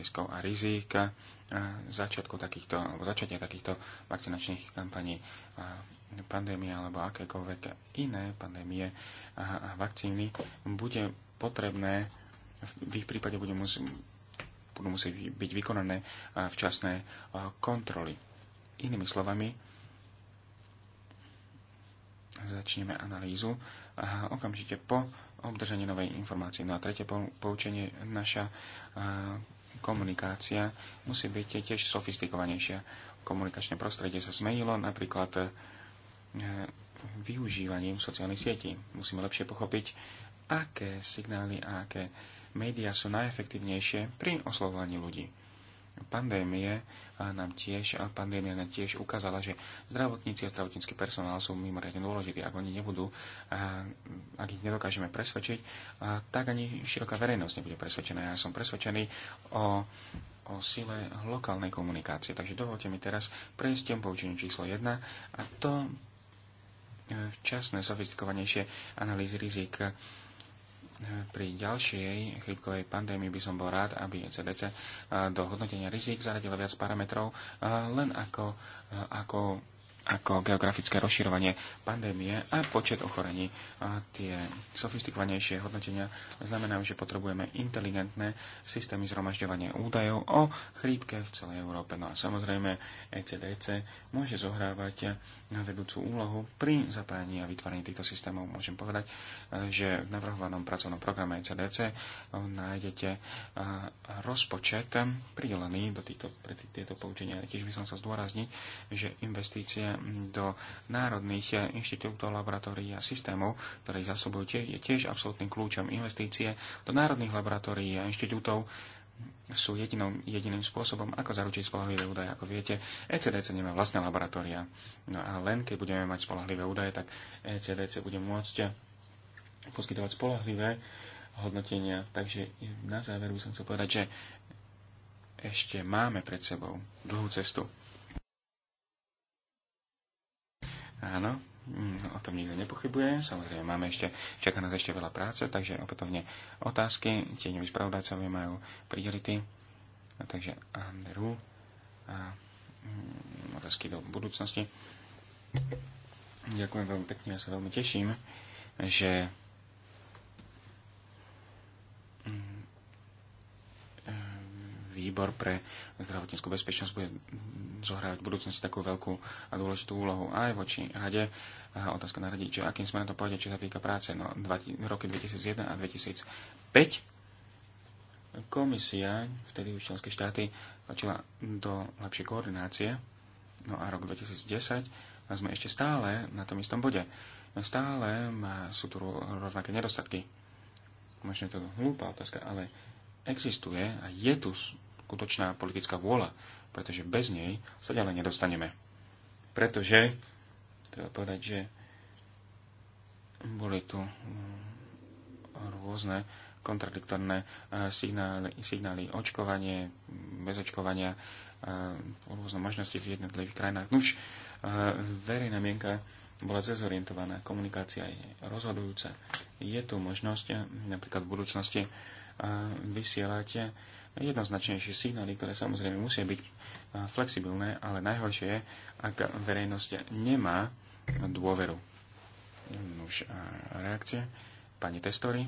ziskov a rizík začiatku takýchto, alebo začiatia takýchto vakcinačných kampaní pandémie alebo akékoľvek iné pandémie a, vakcíny bude potrebné, v ich prípade bude budú musieť byť vykonané včasné kontroly. Inými slovami, začneme analýzu a okamžite po obdržaní novej informácie. No a tretie poučenie, naša komunikácia musí byť tiež sofistikovanejšia. Komunikačné prostredie sa zmenilo napríklad e, využívaním sociálnych sietí. Musíme lepšie pochopiť, aké signály a aké médiá sú najefektívnejšie pri oslovovaní ľudí pandémie nám tiež, pandémia nám tiež ukázala, že zdravotníci a zdravotnícky personál sú mimoriadne dôležití. Ak oni nebudú, ak ich nedokážeme presvedčiť, tak ani široká verejnosť nebude presvedčená. Ja som presvedčený o, o sile lokálnej komunikácie. Takže dovolte mi teraz prejsť tým poučeniu číslo 1 a to e, včasné, sofistikovanejšie analýzy rizik pri ďalšej chrípkovej pandémii by som bol rád, aby CDC e eh, do hodnotenia rizik zaradila viac parametrov eh, len ako, eh, ako ako geografické rozširovanie pandémie a počet ochorení. A tie sofistikovanejšie hodnotenia znamenajú, že potrebujeme inteligentné systémy zhromažďovania údajov o chrípke v celej Európe. No a samozrejme ECDC môže zohrávať vedúcu úlohu pri zapájaní a vytváraní týchto systémov. Môžem povedať, že v navrhovanom pracovnom programe ECDC nájdete rozpočet pridelený do týchto, pre tieto poučenia. Tiež by som sa zdôrazniť, že investície do národných inštitútov, laboratórií a systémov, ktoré zasobujú, je tiež absolútnym kľúčom. Investície do národných laboratórií a inštitútov sú jedinou, jediným spôsobom, ako zaručiť spolahlivé údaje. Ako viete, ECDC nemá vlastné laboratória. No a len keď budeme mať spolahlivé údaje, tak ECDC bude môcť poskytovať spolahlivé hodnotenia. Takže na záver by som chcel povedať, že ešte máme pred sebou dlhú cestu. Áno, mm, o tom nikto nepochybuje. Samozrejme, máme ešte, čaká nás ešte veľa práce, takže opätovne otázky. Tieňoví spravodajcovia majú priority. Takže Andrew, A, mm, otázky do budúcnosti. Ďakujem veľmi pekne, ja sa veľmi teším, že mm, e, výbor pre zdravotníckú bezpečnosť bude zohrávať v budúcnosti takú veľkú a dôležitú úlohu aj voči rade. A otázka na rade, čo, akým smerom to pôjde, čo sa týka práce. No, dva, roky 2001 a 2005 komisia, vtedy už členské štáty, tlačila do lepšej koordinácie. No a rok 2010 a sme ešte stále na tom istom bode. No stále má, sú tu rovnaké nedostatky. Možno je to hlúpa otázka, ale existuje a je tu skutočná politická vôľa pretože bez nej sa ďalej nedostaneme. Pretože, treba povedať, že boli tu mm, rôzne kontradiktorné eh, signály, signály očkovanie, bez očkovania, eh, rôzne možnosti v jednotlivých krajinách. Nuž, eh, verejná mienka bola zezorientovaná, komunikácia je rozhodujúca. Je tu možnosť napríklad v budúcnosti vysielať jednoznačnejšie signály, ktoré samozrejme musia byť e, flexibilné, ale najhoršie je, ak verejnosť nemá dôveru. Už reakcie. Pani testori.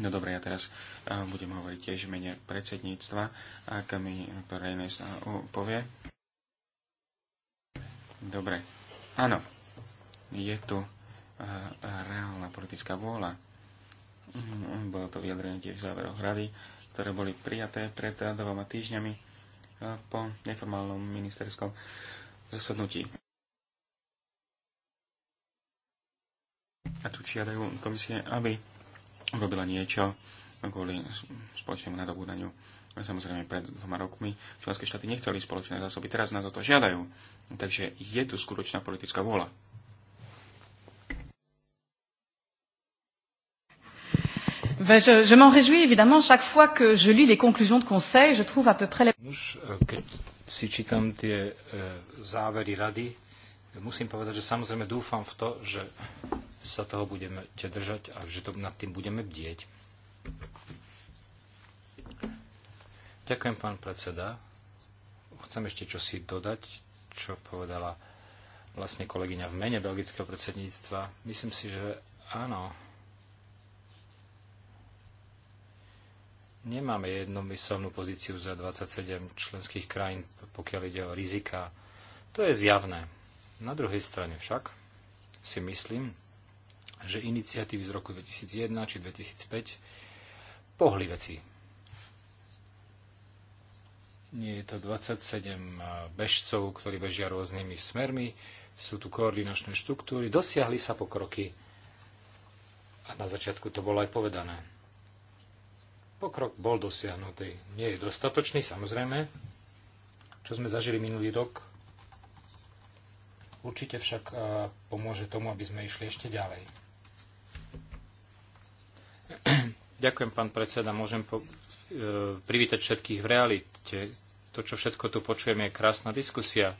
No dobre, ja teraz e, budem hovoriť tiež v mene predsedníctva, ak mi to Reynes povie. Dobre. Áno, je tu e, reálna politická vôľa. Mm, bolo to vyjadrenie tiež v záveroch rady ktoré boli prijaté pred dvoma týždňami e, po neformálnom ministerskom zasadnutí. A tu žiadajú komisie, aby robila niečo kvôli spoločnému nadobúdaniu. Samozrejme, pred dvoma rokmi členské štáty nechceli spoločné zásoby, teraz nás o to žiadajú. Takže je tu skutočná politická vôľa. Ben je je m'en réjouis évidemment. Chaque fois que je lis les conclusions de conseil, je trouve à peu près les... Eh, keď si čítam tie e, závery rady, eh, musím povedať, že samozrejme dúfam v to, že sa toho budeme držať a že to nad tým budeme bdieť. Ďakujem, pán predseda. Chcem ešte čosi dodať, čo povedala vlastne kolegyňa v mene belgického predsedníctva. Myslím si, že áno, nemáme jednomyselnú pozíciu za 27 členských krajín, pokiaľ ide o rizika. To je zjavné. Na druhej strane však si myslím, že iniciatívy z roku 2001 či 2005 pohli veci. Nie je to 27 eh, bežcov, ktorí bežia rôznymi smermi, sú tu koordinačné štruktúry, dosiahli sa pokroky a na začiatku to bolo aj povedané Pokrok bol dosiahnutý. Nie je dostatočný, samozrejme, čo sme zažili minulý rok. Určite však e, pomôže tomu, aby sme išli ešte ďalej. Ďakujem, pán predseda. Môžem po, e, privítať všetkých v realite. To, čo všetko tu počujem, je krásna diskusia.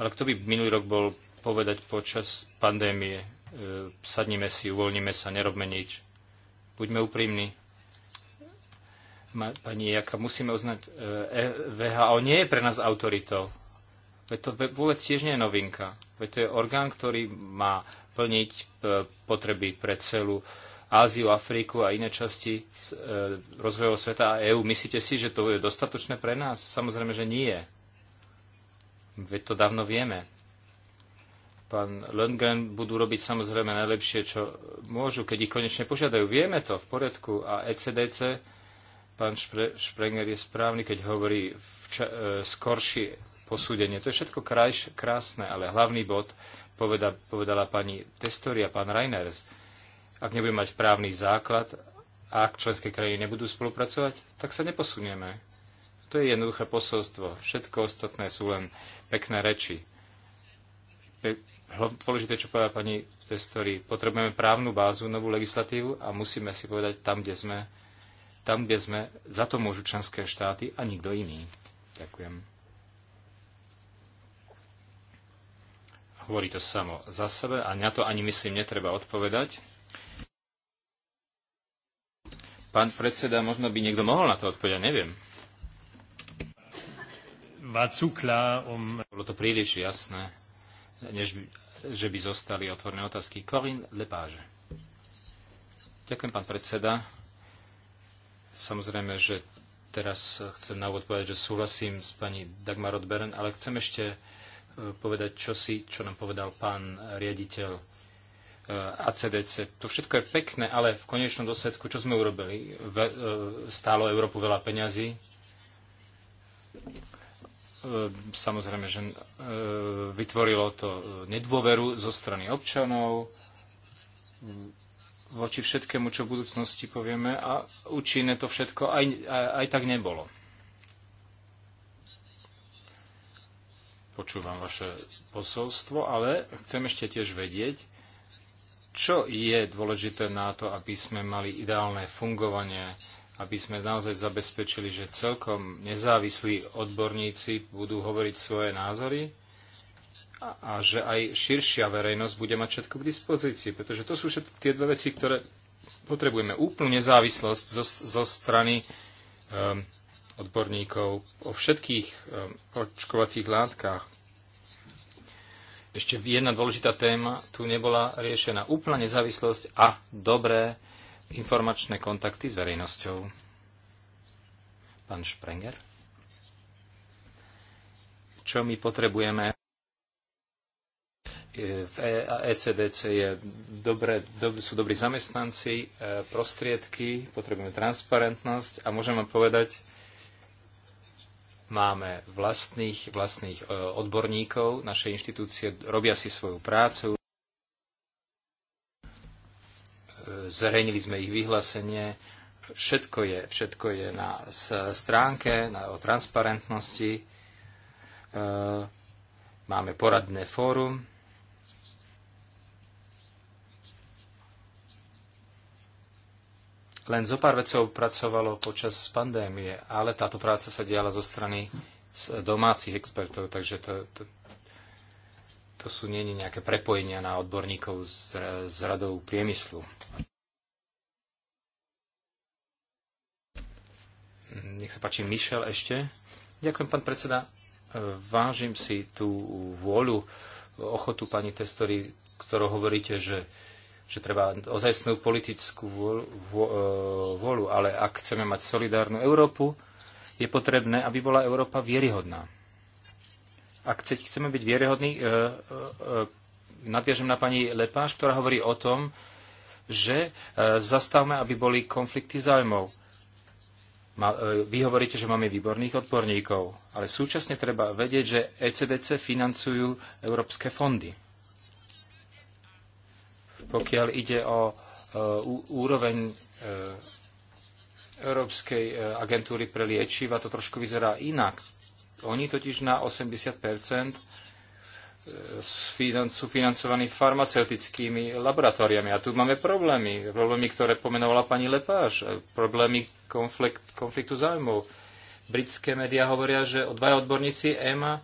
Ale kto by minulý rok bol povedať počas pandémie? E, sadnime si, uvoľníme sa, nerobme nič. Buďme úprimní pani Jaka, musíme uznať, e, e, VHO nie je pre nás autoritou. Veď to vôbec tiež nie je novinka. Veď to je orgán, ktorý má plniť e, potreby pre celú Áziu, Afriku a iné časti rozvojového sveta a EÚ. Myslíte si, že to je dostatočné pre nás? Samozrejme, že nie. Veď to dávno vieme. Pán Lundgren budú robiť samozrejme najlepšie, čo môžu, keď ich konečne požiadajú. Vieme to, v poriadku. A ECDC Pán Sprenger je správny, keď hovorí vča- e, skoršie posúdenie. To je všetko krajš, krásne, ale hlavný bod poveda, povedala pani Testori a pán Reiners. Ak nebudeme mať právny základ a ak členské krajiny nebudú spolupracovať, tak sa neposunieme. To je jednoduché posolstvo. Všetko ostatné sú len pekné reči. Pe- dôležité, čo povedala pani Testori, potrebujeme právnu bázu, novú legislatívu a musíme si povedať tam, kde sme tam, kde sme, za to môžu členské štáty a nikto iný. Ďakujem. Hovorí to samo za sebe a na to ani myslím netreba odpovedať. Pán predseda, možno by niekto mohol na to odpovedať, neviem. Um- Bolo to príliš jasné, než by, že by zostali otvorené otázky. Corinne Lepage. Ďakujem, pán predseda. Samozrejme, že teraz chcem na úvod povedať, že súhlasím s pani Dagmar Odberen, ale chcem ešte e, povedať čo si, čo nám povedal pán riaditeľ e, ACDC. To všetko je pekné, ale v konečnom dôsledku, čo sme urobili? E, stálo Európu veľa peňazí. Samozrejme, že vytvorilo to nedôveru zo strany občanov voči všetkému, čo v budúcnosti povieme a účinné to všetko aj, aj, aj tak nebolo. Počúvam vaše posolstvo, ale chcem ešte tiež vedieť, čo je dôležité na to, aby sme mali ideálne fungovanie, aby sme naozaj zabezpečili, že celkom nezávislí odborníci budú hovoriť svoje názory a že aj širšia verejnosť bude mať všetko k dispozícii, pretože to sú všetky tie dve veci, ktoré potrebujeme. Úplnú nezávislosť zo, zo strany um, odborníkov o všetkých um, očkovacích látkach. Ešte jedna dôležitá téma tu nebola riešená. Úplná nezávislosť a dobré informačné kontakty s verejnosťou. Pán Sprenger? Čo my potrebujeme? v ECDC e je dobré, sú dobrí zamestnanci, e, prostriedky, potrebujeme transparentnosť a môžem vám povedať, máme vlastných, vlastných e, odborníkov, naše inštitúcie robia si svoju prácu. Zverejnili sme ich vyhlásenie. Všetko je, všetko je na stránke na, o transparentnosti. Máme poradné fórum Len zo pár vecov pracovalo počas pandémie, ale táto práca sa diala zo strany domácich expertov, takže to, to, to sú nie nejaké prepojenia na odborníkov z, z radou priemyslu. Nech sa páči, Mišel ešte. Ďakujem, pán predseda. Vážim si tú vôľu, ochotu pani Testory, ktorou hovoríte, že že treba ozajstnú politickú e, vôľu, ale ak chceme mať solidárnu Európu, je potrebné, aby bola Európa vieryhodná. Ak chceme byť vieryhodní, e, e, nadviažem na pani Lepáš, ktorá hovorí o tom, že zastavme, aby boli konflikty zájmov. Vy hovoríte, že máme výborných odborníkov, ale súčasne treba vedieť, že ECDC financujú európske fondy. Pokiaľ ide o e, úroveň e, Európskej e, agentúry pre liečiva, to trošku vyzerá inak. Oni totiž na 80 sú financovaní farmaceutickými laboratóriami. A tu máme problémy. Problémy, ktoré pomenovala pani Lepáš. Problémy konflikt, konfliktu záujmov. Britské médiá hovoria, že dvaja odborníci EMA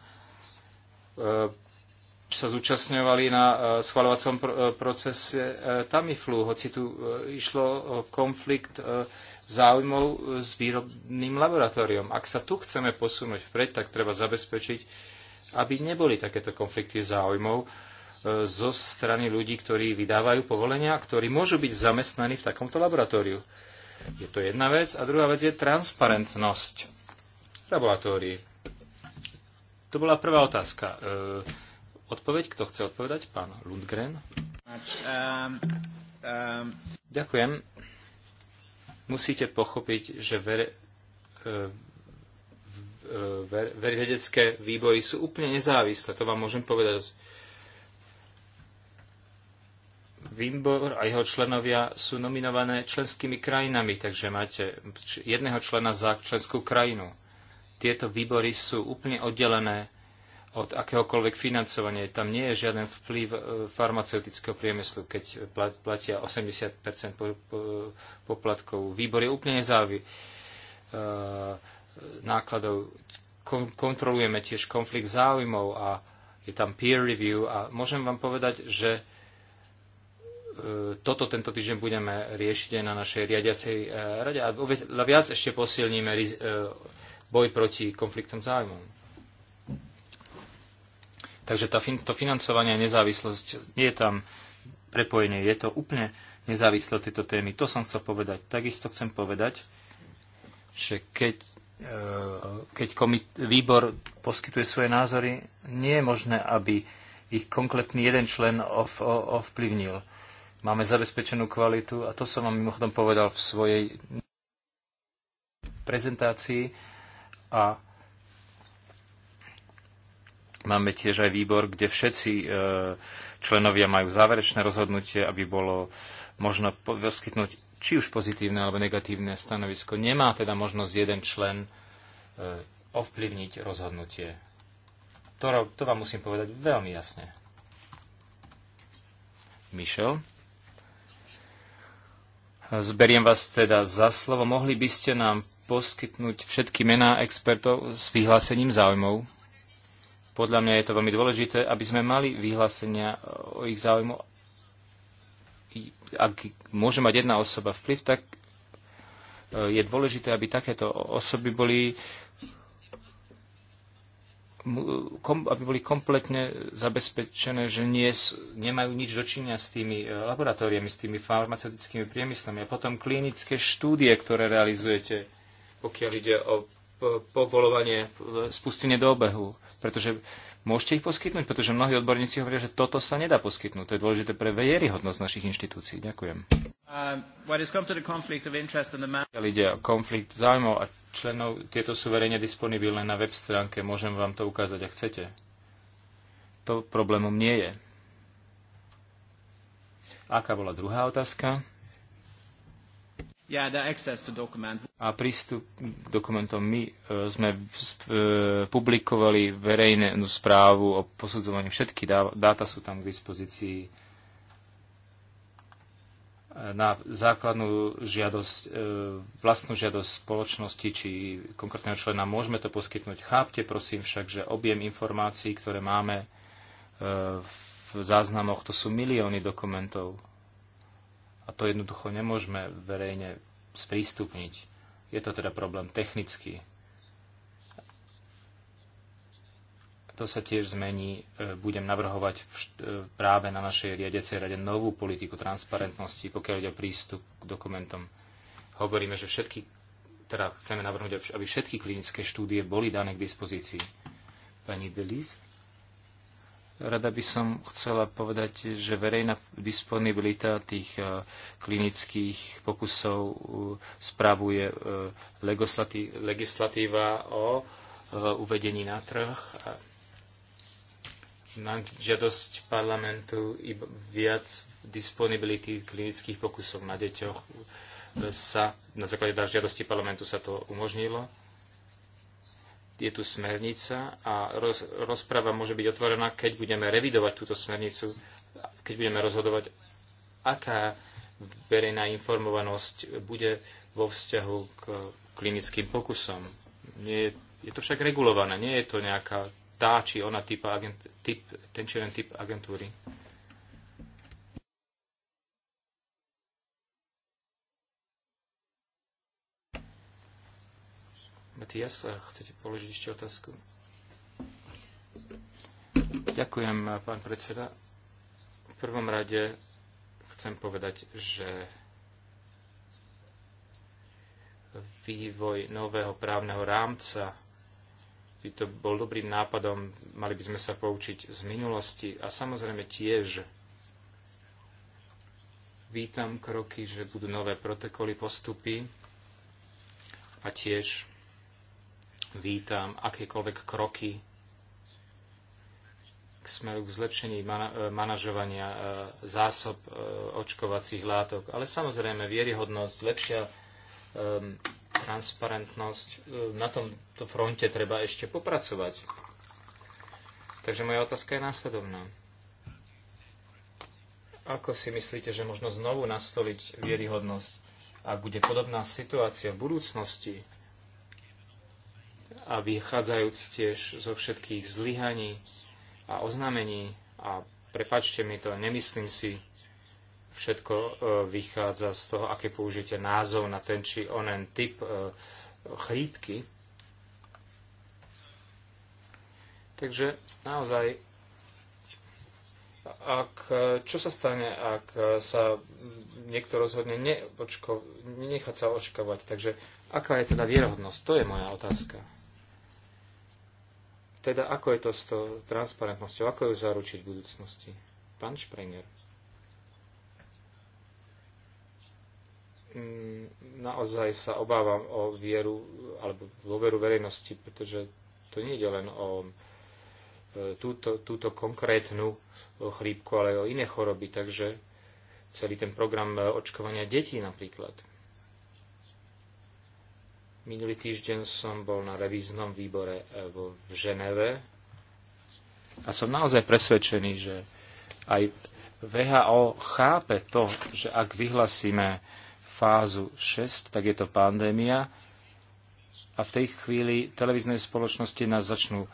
sa zúčastňovali na e, schvaľovacom e, procese e, Tamiflu, hoci tu išlo o konflikt záujmov s výrobným laboratóriom. Ak sa tu chceme posunúť vpred, tak treba zabezpečiť, aby neboli takéto konflikty záujmov zo strany ľudí, ktorí vydávajú povolenia, ktorí môžu byť zamestnaní v takomto laboratóriu. Je to jedna vec. A druhá vec je transparentnosť laboratórií. To bola prvá otázka. E, Odpoveď, kto chce odpovedať? Pán Lundgren. Um, um, Ďakujem. Musíte pochopiť, že e, e, ver, ver, ver, vedecké výbory sú úplne nezávislé, to vám môžem povedať. Výbor a jeho členovia sú nominované členskými krajinami, takže máte jedného člena za členskú krajinu. Tieto výbory sú úplne oddelené od akéhokoľvek financovania. Tam nie je žiaden vplyv e, farmaceutického priemyslu, keď platia 80 poplatkov. Výbor je úplne nezávi e, nákladov. Kontrolujeme tiež konflikt záujmov a je tam peer review a môžem vám povedať, že e, toto tento týždeň budeme riešiť aj na našej riadiacej rade a viac ešte posilníme boj proti konfliktom záujmov. Takže tá, to financovanie a nezávislosť nie je tam prepojenie, je to úplne nezávislé od tejto témy. To som chcel povedať. Takisto chcem povedať, že keď, e, keď komit- výbor poskytuje svoje názory, nie je možné, aby ich konkrétny jeden člen ov- ovplyvnil. Máme zabezpečenú kvalitu a to som vám mimochodom povedal v svojej prezentácii a Máme tiež aj výbor, kde všetci e, členovia majú záverečné rozhodnutie, aby bolo možno poskytnúť či už pozitívne alebo negatívne stanovisko. Nemá teda možnosť jeden člen e, ovplyvniť rozhodnutie. To, to vám musím povedať veľmi jasne. Mišel. Zberiem vás teda za slovo. Mohli by ste nám poskytnúť všetky mená expertov s vyhlásením záujmov? Podľa mňa je to veľmi dôležité, aby sme mali vyhlásenia o ich záujmu. Ak môže mať jedna osoba vplyv, tak e, je dôležité, aby takéto osoby boli aby boli kompletne zabezpečené, že nie, nemajú nič dočinia s tými e, laboratóriami, s tými farmaceutickými priemyslami. A potom klinické štúdie, ktoré realizujete, pokiaľ ide o povolovanie, e, spustenie do obehu pretože môžete ich poskytnúť, pretože mnohí odborníci hovoria, že toto sa nedá poskytnúť. To je dôležité pre vieryhodnosť našich inštitúcií. Ďakujem. Um, ide o konflikt záujmov a členov, tieto sú verejne disponibilné na web stránke. Môžem vám to ukázať, ak chcete. To problémom nie je. Aká bola druhá otázka? A prístup k dokumentom. My e, sme e, publikovali verejnú no, správu o posudzovaní. Všetky dáta sú tam k dispozícii. E, na základnú žiadosť, vlastnú žiadosť spoločnosti či konkrétneho člena môžeme to poskytnúť. Chápte prosím však, že objem informácií, ktoré máme v záznamoch, to sú milióny dokumentov a to jednoducho nemôžeme verejne sprístupniť. Je to teda problém technický. To sa tiež zmení. E, budem navrhovať e, práve na našej riadecej rade novú politiku transparentnosti, pokiaľ ide o prístup k dokumentom. Hovoríme, že všetky, teda chceme navrhnúť, aby všetky klinické štúdie boli dané k dispozícii. Pani Delis? Rada by som chcela povedať, že verejná disponibilita tých e, klinických pokusov e, spravuje e, legislatíva o uvedení na trh. Na žiadosť parlamentu i viac disponibility klinických pokusov na deťoch sa na základe žiadosti parlamentu sa to umožnilo je tu smernica a roz, rozpráva môže byť otvorená, keď budeme revidovať túto smernicu, keď budeme rozhodovať, aká verejná informovanosť bude vo vzťahu k klinickým pokusom. Nie, je to však regulované, nie je to nejaká tá či ona typ, agent, typ, ten či len typ agentúry. Matias, chcete položiť ešte otázku? Ďakujem, pán predseda. V prvom rade chcem povedať, že vývoj nového právneho rámca by to bol dobrým nápadom, mali by sme sa poučiť z minulosti a samozrejme tiež vítam kroky, že budú nové protokoly, postupy a tiež Vítam akékoľvek kroky k smeru k zlepšení mana- e, manažovania e, zásob e, očkovacích látok. Ale samozrejme vieryhodnosť, lepšia um, transparentnosť. Na tomto fronte treba ešte popracovať. Takže moja otázka je následovná. Ako si myslíte, že možno znovu nastoliť vieryhodnosť, ak bude podobná situácia v budúcnosti, a vychádzajúc tiež zo všetkých zlyhaní a oznámení a prepačte mi to, nemyslím si, všetko e, vychádza z toho, aké použijete názov na ten či onen typ e, chrípky. Takže naozaj, ak, e, čo sa stane, ak sa niekto rozhodne neočko, sa očkovať? Takže aká je teda vierohodnosť? To je moja otázka. Teda ako je to s to transparentnosťou? Ako ju zaručiť v budúcnosti? Pán Šprenger. Mm, naozaj sa obávam o vieru alebo veru verejnosti, pretože to nie je len o e, túto, túto konkrétnu e, chrípku, ale aj o iné choroby. Takže celý ten program e, očkovania detí napríklad. Minulý týždeň som bol na revíznom výbore e, v Ženeve a som naozaj presvedčený, že aj VHO chápe to, že ak vyhlasíme fázu 6, tak je to pandémia a v tej chvíli televízne spoločnosti nás začnú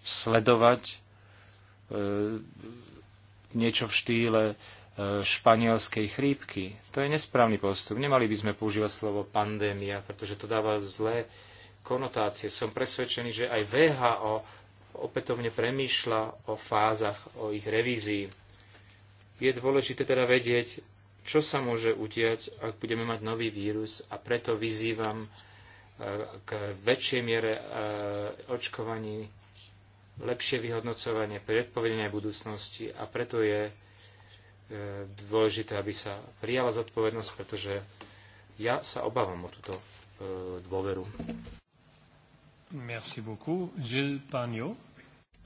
sledovať e, niečo v štýle španielskej chrípky. To je nesprávny postup. Nemali by sme používať slovo pandémia, pretože to dáva zlé konotácie. Som presvedčený, že aj VHO opätovne premýšľa o fázach, o ich revízii. Je dôležité teda vedieť, čo sa môže udiať, ak budeme mať nový vírus a preto vyzývam e, k väčšej miere e, očkovaní, lepšie vyhodnocovanie, predpovedenie budúcnosti a preto je E, dôležité, aby sa prijala zodpovednosť, pretože ja sa obávam o túto e, dôveru. Merci beaucoup. Gilles Pagno.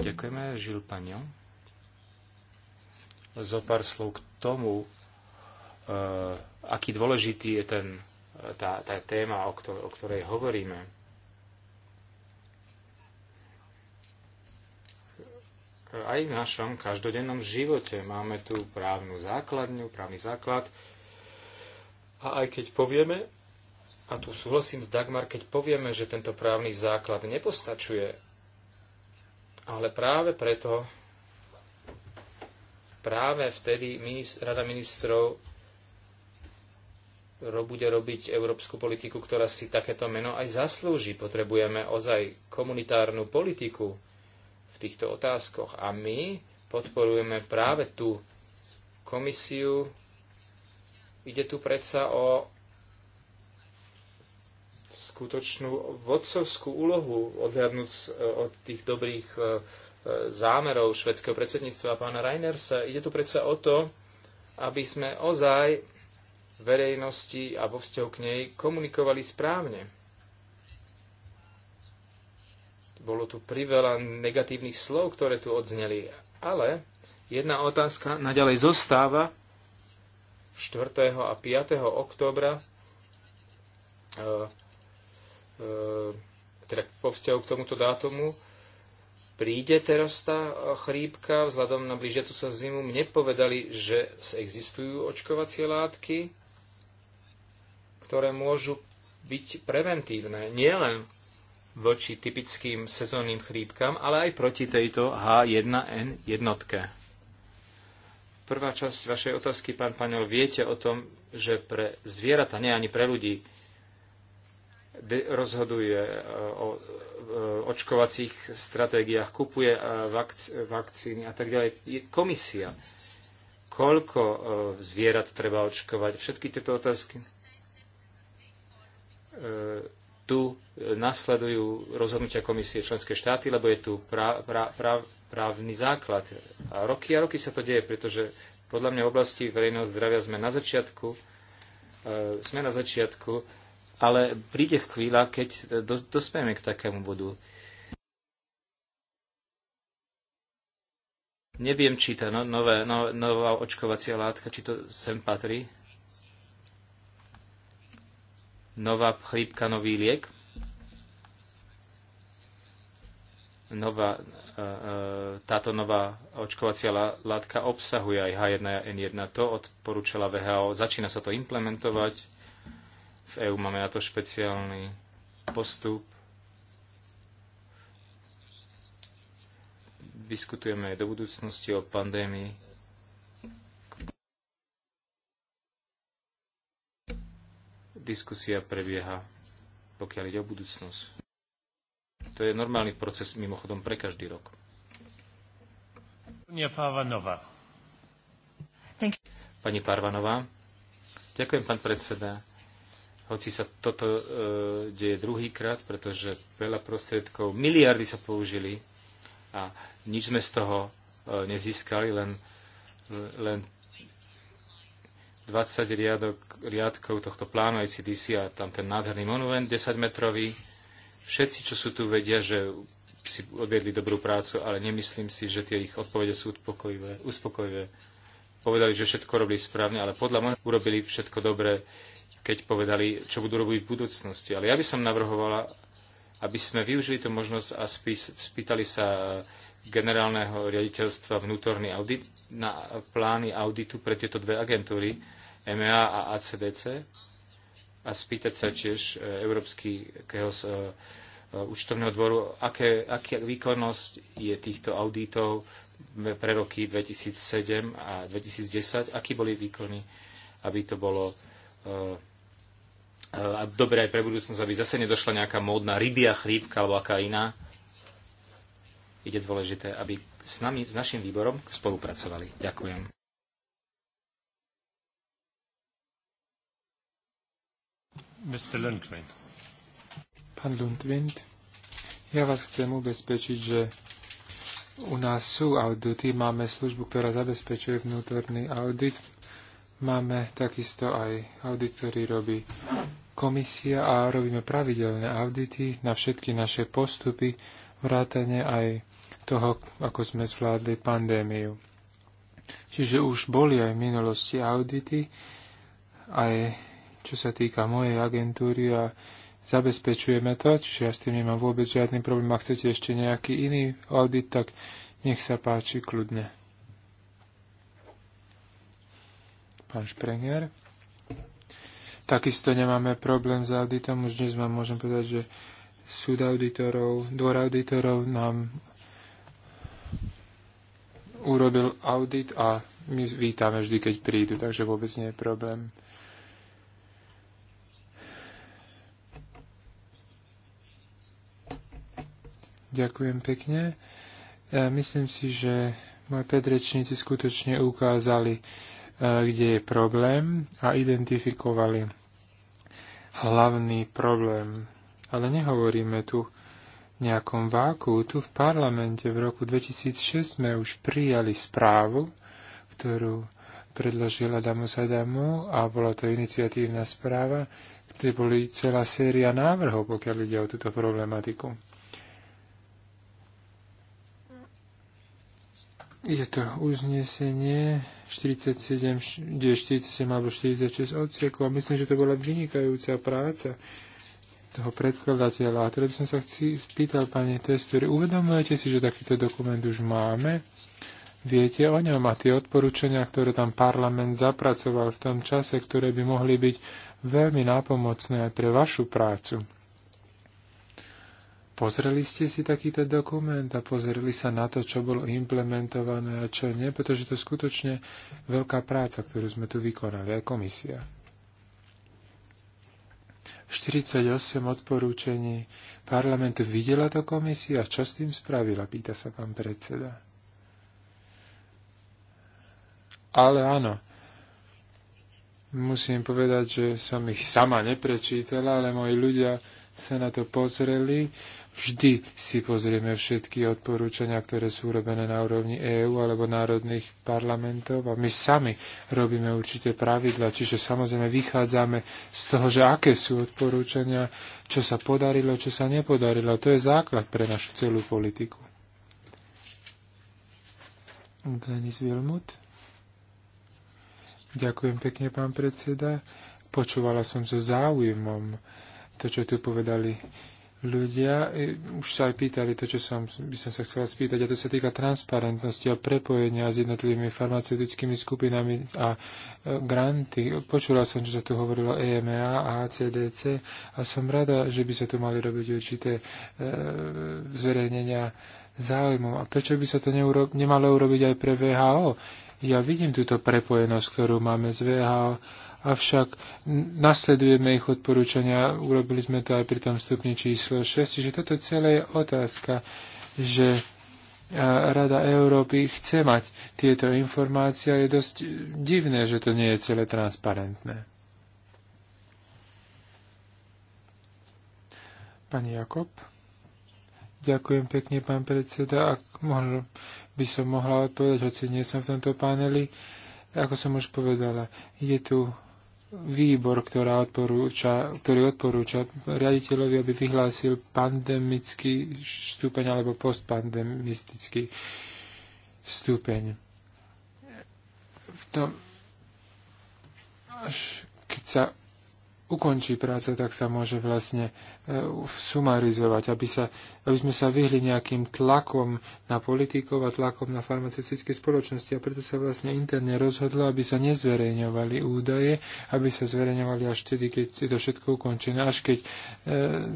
Ďakujeme, Gilles Pagno. Zo pár slov k tomu, e, aký dôležitý je ten, tá, tá téma, o, o ktorej hovoríme aj v našom každodennom živote. Máme tu právnu základňu, právny základ. A aj keď povieme, a tu súhlasím s Dagmar, keď povieme, že tento právny základ nepostačuje, ale práve preto, práve vtedy Rada ministrov bude robiť európsku politiku, ktorá si takéto meno aj zaslúži. Potrebujeme ozaj komunitárnu politiku, v týchto otázkoch. A my podporujeme práve tú komisiu. Ide tu predsa o skutočnú vodcovskú úlohu, odhľadnúť e, od tých dobrých e, e, zámerov švedského predsedníctva pána Reinersa. Ide tu predsa o to, aby sme ozaj verejnosti a vo vzťahu k nej komunikovali správne. bolo tu priveľa negatívnych slov, ktoré tu odzneli. Ale jedna otázka naďalej zostáva. 4. a 5. oktobra e, e, teda vzťahu k tomuto dátumu príde teraz tá chrípka vzhľadom na blížiacu sa zimu. Mne povedali, že existujú očkovacie látky, ktoré môžu byť preventívne, nielen voči typickým sezónnym chrípkam, ale aj proti tejto H1N jednotke. Prvá časť vašej otázky, pán Paňov, viete o tom, že pre zvieratá, nie ani pre ľudí, rozhoduje e, o e, očkovacích stratégiách, kupuje e, vakc- vakcíny a tak ďalej. Je komisia. Koľko zvierat treba očkovať? Všetky tieto otázky tu e, nasledujú rozhodnutia komisie členské štáty, lebo je tu právny základ. A roky a roky sa to deje, pretože podľa mňa v oblasti verejného zdravia sme na začiatku, e, sme na začiatku, ale príde chvíľa, keď e, do, dospieme k takému bodu. Neviem, či tá no, nové, no, nová očkovacia látka, či to sem patrí, nová chrípka, nový liek, nová, e, e, táto nová očkovacia látka obsahuje aj H1N1. To odporúčala VHO. Začína sa to implementovať. V EÚ máme na to špeciálny postup. Diskutujeme aj do budúcnosti o pandémii diskusia prebieha, pokiaľ ide o budúcnosť. To je normálny proces mimochodom pre každý rok. Pani Parvanová. Ďakujem, pán predseda. Hoci sa toto e, deje druhýkrát, pretože veľa prostriedkov, miliardy sa použili a nič sme z toho e, nezískali, len, len 20 riadok, riadkov tohto plánu ICDC a tam ten nádherný monument 10-metrový. Všetci, čo sú tu, vedia, že si odviedli dobrú prácu, ale nemyslím si, že tie ich odpovede sú uspokojivé. uspokojivé. Povedali, že všetko robili správne, ale podľa mňa urobili všetko dobre, keď povedali, čo budú robiť v budúcnosti. Ale ja by som navrhovala, aby sme využili tú možnosť a spýtali sa generálneho riaditeľstva vnútorný audit na plány auditu pre tieto dve agentúry, EMEA a ACDC a spýtať sa tiež e, Európskeho e, e, účtovného dvoru, aké, aká výkonnosť je týchto auditov pre roky 2007 a 2010, Aký boli výkony, aby to bolo a dobre aj pre budúcnosť, aby zase nedošla nejaká módna rybia chrípka alebo aká iná. Ide dôležité, aby s nami, s našim výborom spolupracovali. Ďakujem. Mr. Lundgren. Pán ja vás chcem ubezpečiť, že u nás sú audity, máme službu, ktorá zabezpečuje vnútorný audit. Máme takisto aj audit, ktorý robí komisia a robíme pravidelné audity na všetky naše postupy, vrátane aj toho, ako sme zvládli pandémiu. Čiže už boli aj v minulosti audity, aj čo sa týka mojej agentúry a zabezpečujeme to, čiže ja s tým nemám vôbec žiadny problém. Ak chcete ešte nejaký iný audit, tak nech sa páči kľudne. Pán Šprenger. Takisto nemáme problém s auditom, už dnes vám môžem povedať, že súd auditorov, dvor auditorov nám urobil audit a my vítame vždy, keď prídu, takže vôbec nie je problém. Ďakujem pekne. Ja myslím si, že moji predrečníci skutočne ukázali, eh, kde je problém a identifikovali hlavný problém. Ale nehovoríme tu nejakom váku. Tu v parlamente v roku 2006 sme už prijali správu, ktorú predložila Damu Sadamu a bola to iniciatívna správa, kde boli celá séria návrhov, pokiaľ ide o túto problematiku. Je to uznesenie 47, 47 alebo 46 odsieklo. Myslím, že to bola vynikajúca práca toho predkladateľa. A teda by som sa chci, spýtal, pani testori, uvedomujete si, že takýto dokument už máme? Viete o ňom a tie odporúčania, ktoré tam parlament zapracoval v tom čase, ktoré by mohli byť veľmi nápomocné aj pre vašu prácu. Pozreli ste si takýto dokument a pozreli sa na to, čo bolo implementované a čo nie, pretože to je skutočne veľká práca, ktorú sme tu vykonali, aj komisia. 48 odporúčení parlamentu. Videla to komisia? Čo s tým spravila? Pýta sa pán predseda. Ale áno, musím povedať, že som ich sama neprečítala, ale moji ľudia sa na to pozreli vždy si pozrieme všetky odporúčania, ktoré sú urobené na úrovni EÚ alebo národných parlamentov a my sami robíme určité pravidla, čiže samozrejme vychádzame z toho, že aké sú odporúčania, čo sa podarilo, čo sa nepodarilo. To je základ pre našu celú politiku. Glenis Wilmut. Ďakujem pekne, pán predseda. Počúvala som so záujmom to, čo tu povedali ľudia už sa aj pýtali to, čo som, by som sa chcela spýtať, a to sa týka transparentnosti a prepojenia s jednotlivými farmaceutickými skupinami a e, granty. Počula som, čo sa tu hovorilo EMA a ACDC a som rada, že by sa tu mali robiť určité e, zverejnenia záujmom. A prečo by sa to neuro- nemalo urobiť aj pre VHO? Ja vidím túto prepojenosť, ktorú máme z VHO avšak nasledujeme ich odporúčania, urobili sme to aj pri tom stupni číslo 6, čiže toto celé je otázka, že e, Rada Európy chce mať tieto informácie a je dosť divné, že to nie je celé transparentné. Pani Jakob. Ďakujem pekne, pán predseda. Ak možno by som mohla odpovedať, hoci nie som v tomto paneli. Ako som už povedala, je tu výbor, ktorá odporúča, ktorý odporúča riaditeľovi, aby vyhlásil pandemický stupeň alebo postpandemistický stupeň. V tom, až keď sa ukončí práca, tak sa môže vlastne E, sumarizovať, aby, sa, aby sme sa vyhli nejakým tlakom na politikov a tlakom na farmaceutické spoločnosti. A preto sa vlastne interne rozhodlo, aby sa nezverejňovali údaje, aby sa zverejňovali až vtedy, keď je to všetko ukončené. Až keď e,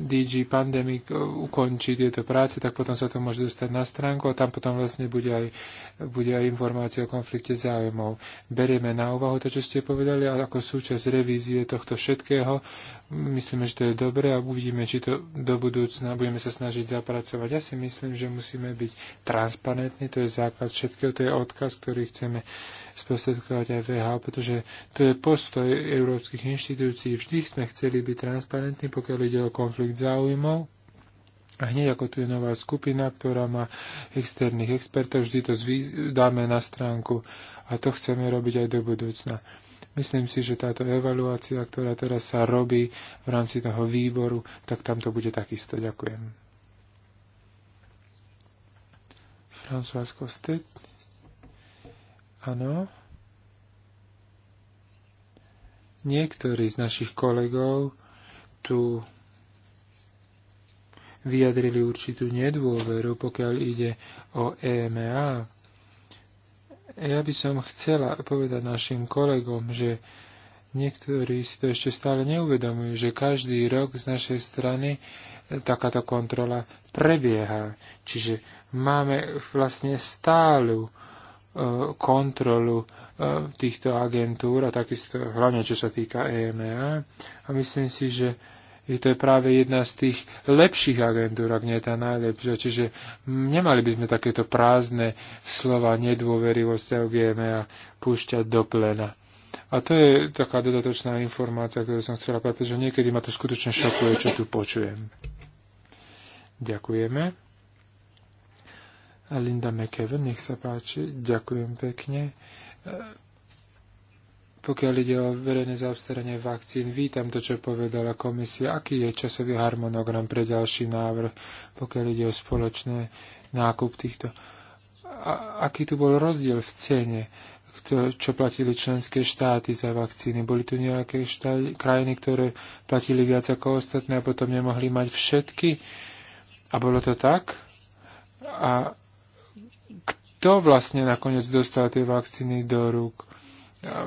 DG Pandemic ukončí tieto práce, tak potom sa to môže dostať na stránku a tam potom vlastne bude aj, bude aj informácia o konflikte záujmov. Berieme na úvahu to, čo ste povedali, ale ako súčasť revízie tohto všetkého, myslíme, že to je dobré a uvidíme, uvidíme, či to do budúcna budeme sa snažiť zapracovať. Ja si myslím, že musíme byť transparentní, to je základ všetkého, to je odkaz, ktorý chceme sprostredkovať aj VH, pretože to je postoj európskych inštitúcií. Vždy sme chceli byť transparentní, pokiaľ ide o konflikt záujmov. A hneď ako tu je nová skupina, ktorá má externých expertov, vždy to dáme na stránku. A to chceme robiť aj do budúcna. Myslím si, že táto evaluácia, ktorá teraz sa robí v rámci toho výboru, tak tam to bude takisto. Ďakujem. François Kostet. Áno. Niektorí z našich kolegov tu vyjadrili určitú nedôveru, pokiaľ ide o EMA. Ja by som chcela povedať našim kolegom, že niektorí si to ešte stále neuvedomujú, že každý rok z našej strany e, takáto kontrola prebieha. Čiže máme vlastne stálu e, kontrolu e, týchto agentúr a takisto hlavne čo sa týka EMEA. A myslím si, že je to je práve jedna z tých lepších agentúr, ak nie je tá najlepšia. Čiže nemali by sme takéto prázdne slova nedôvery vo a púšťať do plena. A to je taká dodatočná informácia, ktorú som chcela povedať, pretože niekedy ma to skutočne šokuje, čo tu počujem. Ďakujeme. Linda McKeven, nech sa páči. Ďakujem pekne. Pokiaľ ide o verejné zaobstaranie vakcín, vítam to, čo povedala komisia. Aký je časový harmonogram pre ďalší návrh, pokiaľ ide o spoločné nákup týchto? A, aký tu bol rozdiel v cene, kto, čo platili členské štáty za vakcíny? Boli tu nejaké štáty, krajiny, ktoré platili viac ako ostatné a potom nemohli mať všetky? A bolo to tak? A kto vlastne nakoniec dostal tie vakcíny do rúk?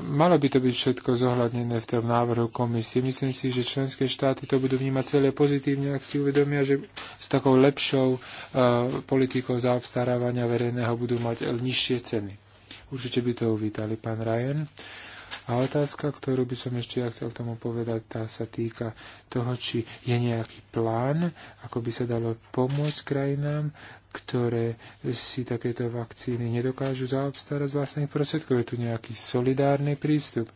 Malo by to byť všetko zohľadnené v tom návrhu komisie. Myslím si, že členské štáty to budú vnímať celé pozitívne, ak si uvedomia, že s takou lepšou uh, politikou zaobstarávania verejného budú mať nižšie ceny. Určite by to uvítali, pán Ryan. A otázka, ktorú by som ešte ja chcel tomu povedať, tá sa týka toho, či je nejaký plán, ako by sa dalo pomôcť krajinám, ktoré si takéto vakcíny nedokážu zaobstarať z vlastných prostriedkov. Je tu nejaký solidárny prístup.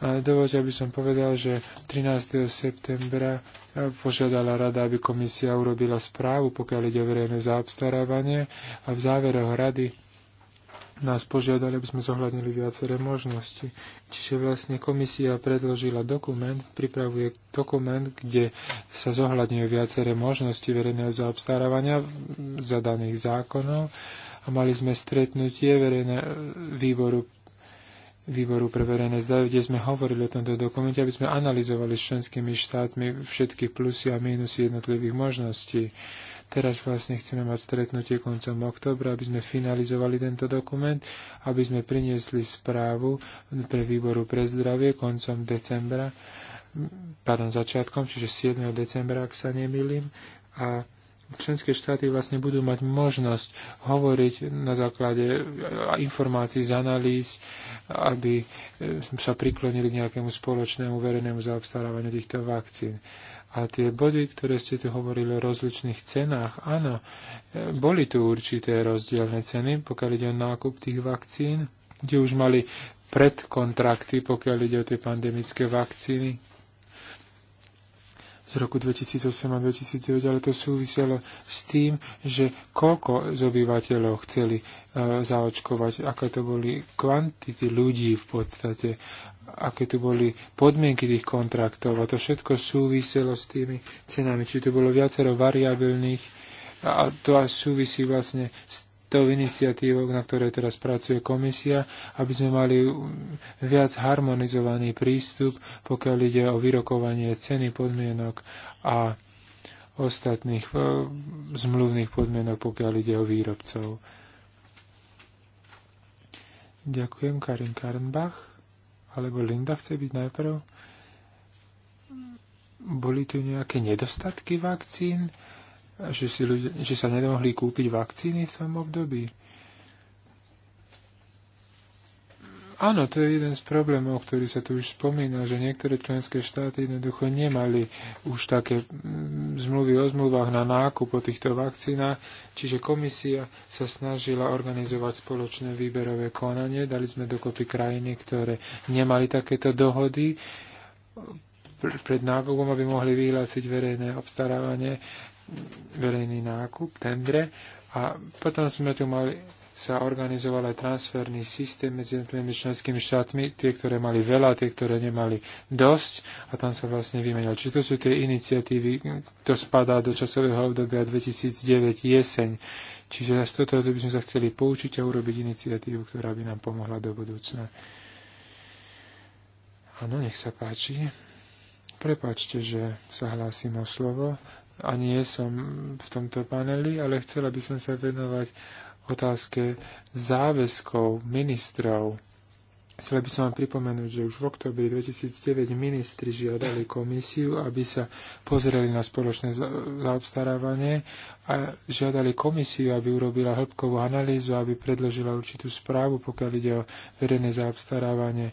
A aby som povedal, že 13. septembra požiadala rada, aby komisia urobila správu, pokiaľ ide o verejné zaobstarávanie a v záveroch rady nás požiadali, aby sme zohľadnili viaceré možnosti. Čiže vlastne komisia predložila dokument, pripravuje dokument, kde sa zohľadňujú viaceré možnosti verejného zaobstarávania za daných zákonov a mali sme stretnutie verejné výboru výboru pre verejné zdravie, kde sme hovorili o tomto dokumente, aby sme analyzovali s členskými štátmi všetky plusy a mínusy jednotlivých možností. Uh, Teraz vlastne chceme mať stretnutie koncom oktobra, aby sme finalizovali tento dokument, aby sme priniesli správu pre výboru pre zdravie koncom decembra, pardon, začiatkom, čiže 7. decembra, ak sa nemýlim. A členské štáty vlastne budú mať možnosť hovoriť na základe informácií z analýz, aby sa priklonili k nejakému spoločnému verejnému zaobstarávaniu týchto vakcín. A tie body, ktoré ste tu hovorili o rozličných cenách, áno, boli tu určité rozdielne ceny, pokiaľ ide o nákup tých vakcín, kde už mali predkontrakty, pokiaľ ide o tie pandemické vakcíny z roku 2008 a 2009, ale to súviselo s tým, že koľko z obyvateľov chceli e, zaočkovať, aké to boli kvantity ľudí v podstate aké tu boli podmienky tých kontraktov a to všetko súviselo s tými cenami. Či tu bolo viacero variabilných a to aj súvisí vlastne s tou iniciatívou, na ktorej teraz pracuje komisia, aby sme mali viac harmonizovaný prístup, pokiaľ ide o vyrokovanie ceny podmienok a ostatných e, zmluvných podmienok, pokiaľ ide o výrobcov. Ďakujem, Karin Karnbach. Alebo Linda chce byť najprv? Boli tu nejaké nedostatky vakcín? Že, si ľudia, že sa nemohli kúpiť vakcíny v tom období? Áno, to je jeden z problémov, ktorý sa tu už spomínal, že niektoré členské štáty jednoducho nemali už také mm, zmluvy o zmluvách na nákup o týchto vakcínach, čiže komisia sa snažila organizovať spoločné výberové konanie. Dali sme dokopy krajiny, ktoré nemali takéto dohody pred nákupom, aby mohli vyhlásiť verejné obstarávanie, verejný nákup, tendre. A potom sme tu mali sa organizoval aj transferný systém medzi jednotlivými členskými štátmi, tie, ktoré mali veľa, tie, ktoré nemali dosť a tam sa vlastne vymenil. Či to sú tie iniciatívy, to spadá do časového obdobia 2009 jeseň. Čiže z toto by sme sa chceli poučiť a urobiť iniciatívu, ktorá by nám pomohla do budúcna. Áno, nech sa páči. Prepačte, že sa hlásim o slovo a nie som v tomto paneli, ale chcela by som sa venovať otázke záväzkov ministrov. Chcel by som vám pripomenúť, že už v oktobri 2009 ministri žiadali komisiu, aby sa pozreli na spoločné zaobstarávanie a žiadali komisiu, aby urobila hĺbkovú analýzu, aby predložila určitú správu, pokiaľ ide o verejné zaobstarávanie.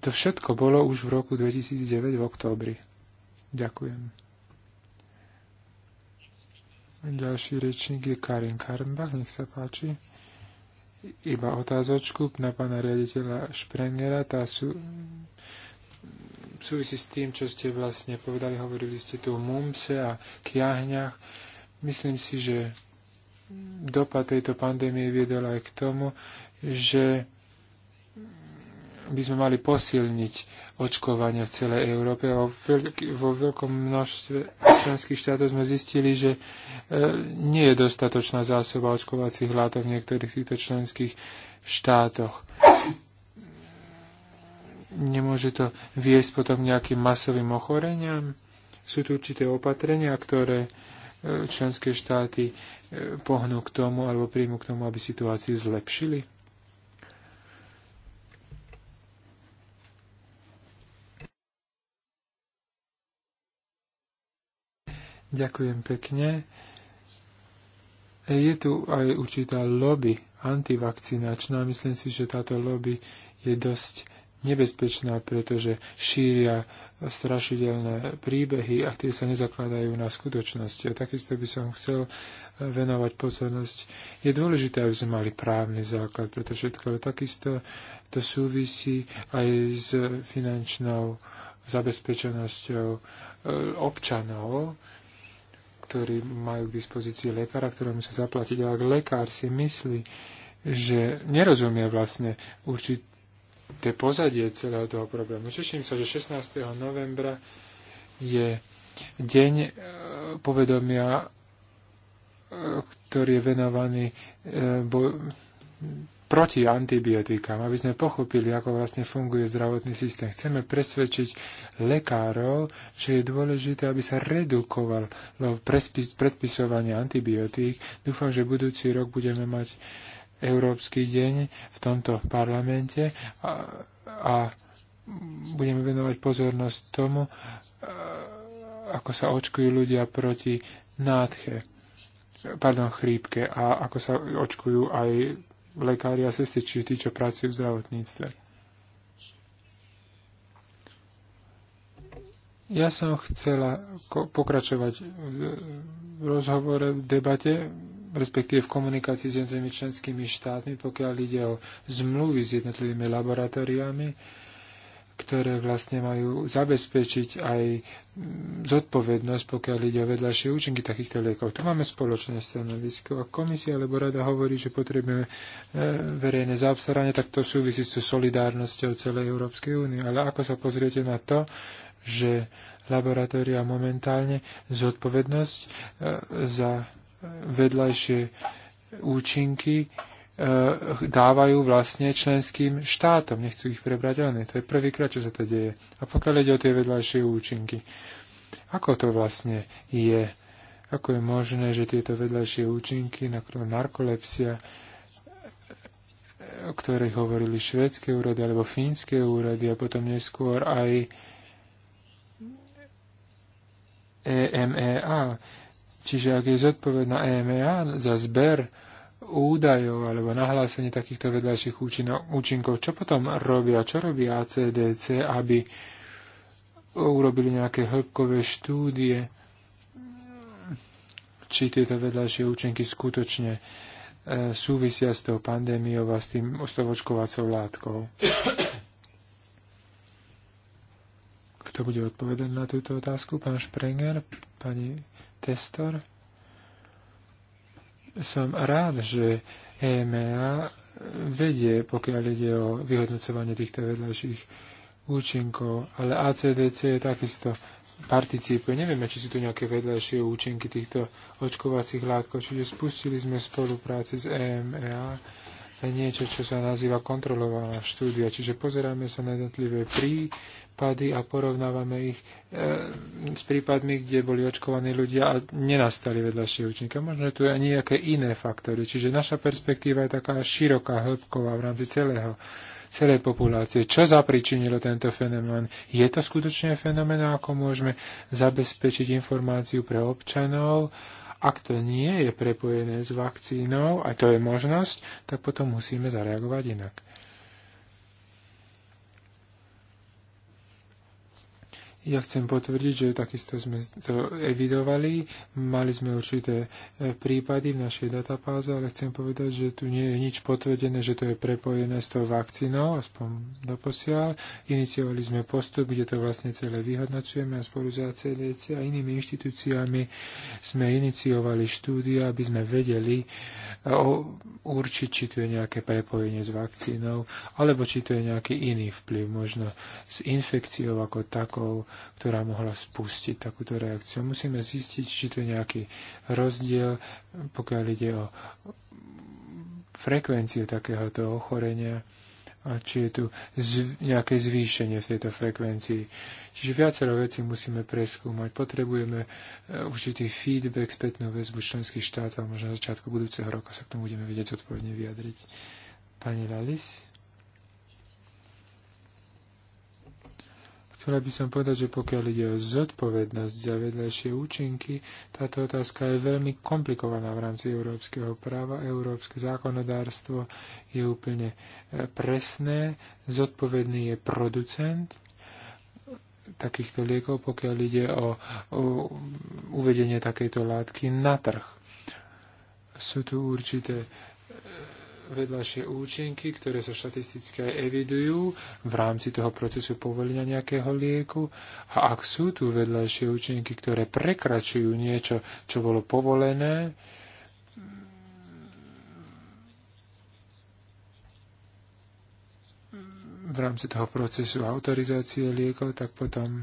To všetko bolo už v roku 2009 v oktobri. Ďakujem. Ďalší rečník je Karin Karnbach, nech sa páči. Iba otázočku na pána riaditeľa Šprengera, tá sú súvisí s tým, čo ste vlastne povedali, hovorili ste tu o mumse a kiahňach. Myslím si, že dopad tejto pandémie viedol aj k tomu, že by sme mali posilniť očkovanie v celej Európe. A vo veľkom množstve členských štátov sme zistili, že e, nie je dostatočná zásoba očkovacích látok v niektorých týchto členských štátoch. Nemôže to viesť potom nejakým masovým ochoreniam? Sú tu určité opatrenia, ktoré e, členské štáty e, pohnú k tomu alebo príjmu k tomu, aby situáciu zlepšili? Ďakujem pekne. E, je tu aj určitá lobby antivakcinačná. Myslím si, že táto lobby je dosť nebezpečná, pretože šíria strašidelné príbehy a tie sa nezakladajú na skutočnosti. A takisto by som chcel venovať pozornosť. Je dôležité, aby sme mali právny základ, pretože všetko, ale takisto to súvisí aj s finančnou zabezpečenosťou e, občanov, ktorí majú k dispozícii lekára, ktoré musia zaplatiť. A ak lekár si myslí, že nerozumie vlastne určité pozadie celého toho problému. Teším sa, že 16. novembra je deň e, povedomia, e, ktorý je venovaný e, proti antibiotikám, aby sme pochopili, ako vlastne funguje zdravotný systém. Chceme presvedčiť lekárov, že je dôležité, aby sa redukovalo predpisovanie antibiotík. Dúfam, že budúci rok budeme mať Európsky deň v tomto parlamente a, a budeme venovať pozornosť tomu, ako sa očkujú ľudia proti nádche, pardon, chrípke a ako sa očkujú aj lekári a sestry, či tí, čo pracujú v zdravotníctve. Ja som chcela pokračovať v rozhovore, v debate, respektíve v komunikácii s jednotlivými členskými štátmi, pokiaľ ide o zmluvy s jednotlivými laboratóriami ktoré vlastne majú zabezpečiť aj zodpovednosť, pokiaľ ide o vedľajšie účinky takýchto liekov. Tu máme spoločné stanovisko. A komisia alebo rada hovorí, že potrebujeme e, verejné zaobstaranie, tak to súvisí so solidárnosťou celej Európskej únie. Ale ako sa pozriete na to, že laboratória momentálne zodpovednosť e, za vedľajšie účinky Eh, dávajú vlastne členským štátom. Nechcú ich prebrať oni. To je prvýkrát, čo sa to deje. A pokiaľ ide o tie vedľajšie účinky, ako to vlastne je? Ako je možné, že tieto vedľajšie účinky, napríklad narkolepsia, o ktorých hovorili švédske úrady alebo fínske úrady a potom neskôr aj EMEA. Čiže ak je zodpovedná EMEA za zber údajov alebo nahlásenie takýchto vedľajších účinkov. Čo potom robia? Čo robí ACDC, aby urobili nejaké hĺbkové štúdie, či tieto vedľajšie účinky skutočne e, súvisia s tou pandémiou a s tým ostovočkovacou látkou. Kto bude odpovedať na túto otázku? Pán Sprenger? Pani Testor? som rád, že EMA e vedie, pokiaľ ide o vyhodnocovanie týchto vedľajších účinkov, ale ACDC je takisto participuje. Nevieme, či sú tu nejaké vedľajšie účinky týchto očkovacích látkov, čiže spustili sme spolupráci s EMEA niečo, čo sa nazýva kontrolovaná štúdia. Čiže pozeráme sa na jednotlivé prí, prípady a porovnávame ich e, s prípadmi, kde boli očkovaní ľudia a nenastali vedľajšie účinky. Možno tu aj nejaké iné faktory. Čiže naša perspektíva je taká široká, hĺbková v rámci celého celej populácie. Čo zapričinilo tento fenomén? Je to skutočne fenomén, ako môžeme zabezpečiť informáciu pre občanov? Ak to nie je prepojené s vakcínou, a to je možnosť, tak potom musíme zareagovať inak. Ja chcem potvrdiť, že takisto sme to evidovali. Mali sme určité e, prípady v našej databáze, ale chcem povedať, že tu nie je nič potvrdené, že to je prepojené s tou vakcínou, aspoň doposiaľ. Iniciovali sme postup, kde to vlastne celé vyhodnocujeme a spolu s ACDC a inými inštitúciami sme iniciovali štúdia, aby sme vedeli e, o, určiť, či tu je nejaké prepojenie s vakcínou, alebo či to je nejaký iný vplyv, možno s infekciou ako takou, ktorá mohla spustiť takúto reakciu. Musíme zistiť, či tu je nejaký rozdiel, pokiaľ ide o frekvenciu takéhoto ochorenia a či je tu zv- nejaké zvýšenie v tejto frekvencii. Čiže viacero vecí musíme preskúmať. Potrebujeme e, určitý feedback, spätnú väzbu členských štátov, možno na začiatku budúceho roka sa k tomu budeme vedieť zodpovedne vyjadriť. Pani Lalis? Chcela by som povedať, že pokiaľ ide o zodpovednosť za vedľajšie účinky, táto otázka je veľmi komplikovaná v rámci európskeho práva. Európske zákonodárstvo je úplne e, presné. Zodpovedný je producent takýchto liekov, pokiaľ ide o, o uvedenie takejto látky na trh. Sú tu určité vedľajšie účinky, ktoré sa štatisticky aj evidujú v rámci toho procesu povolenia nejakého lieku. A ak sú tu vedľajšie účinky, ktoré prekračujú niečo, čo bolo povolené, v rámci toho procesu autorizácie liekov, tak potom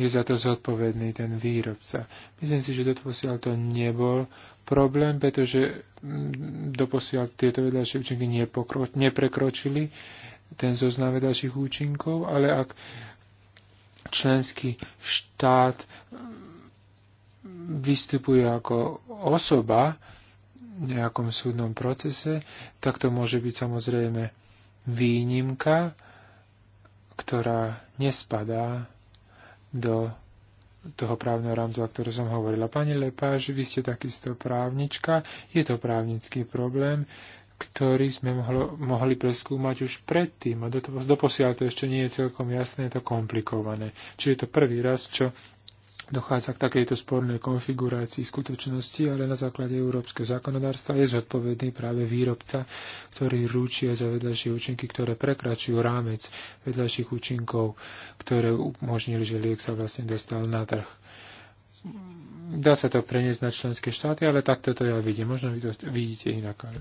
je za to zodpovedný ten výrobca. Myslím si, že doposiaľ to nebol problém, pretože mm, doposiaľ tieto vedľajšie účinky neprekročili ten zoznam vedľajších účinkov, ale ak členský štát mm, vystupuje ako osoba v nejakom súdnom procese, tak to môže byť samozrejme výnimka, ktorá nespadá do toho právneho rámca, o ktorom som hovorila. Pani Lepáš, vy ste takisto právnička, je to právnický problém, ktorý sme mohlo, mohli preskúmať už predtým a doposiaľ do to ešte nie je celkom jasné, je to komplikované. Čiže je to prvý raz, čo dochádza k takejto spornej konfigurácii skutočnosti, ale na základe európskeho zákonodárstva je zodpovedný práve výrobca, ktorý rúčia za vedľajšie účinky, ktoré prekračujú rámec vedľajších účinkov, ktoré umožnili, že liek sa vlastne dostal na trh. Dá sa to preniesť na členské štáty, ale takto to ja vidím. Možno vy to vidíte inak. Ale...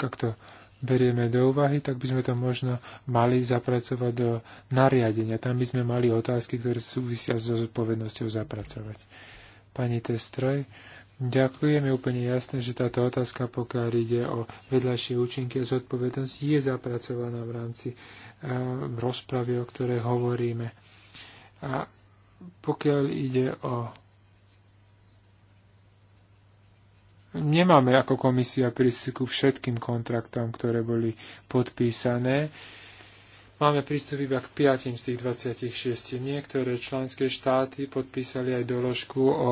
Как to berieme do úvahy, tak by sme to možno mali zapracovať do nariadenia. Tam by sme mali otázky, ktoré súvisia so zodpovednosťou zapracovať. Pani Testroj, ďakujem. Je úplne jasné, že táto otázka, pokiaľ ide o vedľajšie účinky a zodpovednosť, je zapracovaná v rámci uh, rozpravy, o ktorej hovoríme. A pokiaľ ide o nemáme ako komisia prístup ku všetkým kontraktom, ktoré boli podpísané. Máme prístup iba k 5 z tých 26. Niektoré členské štáty podpísali aj doložku o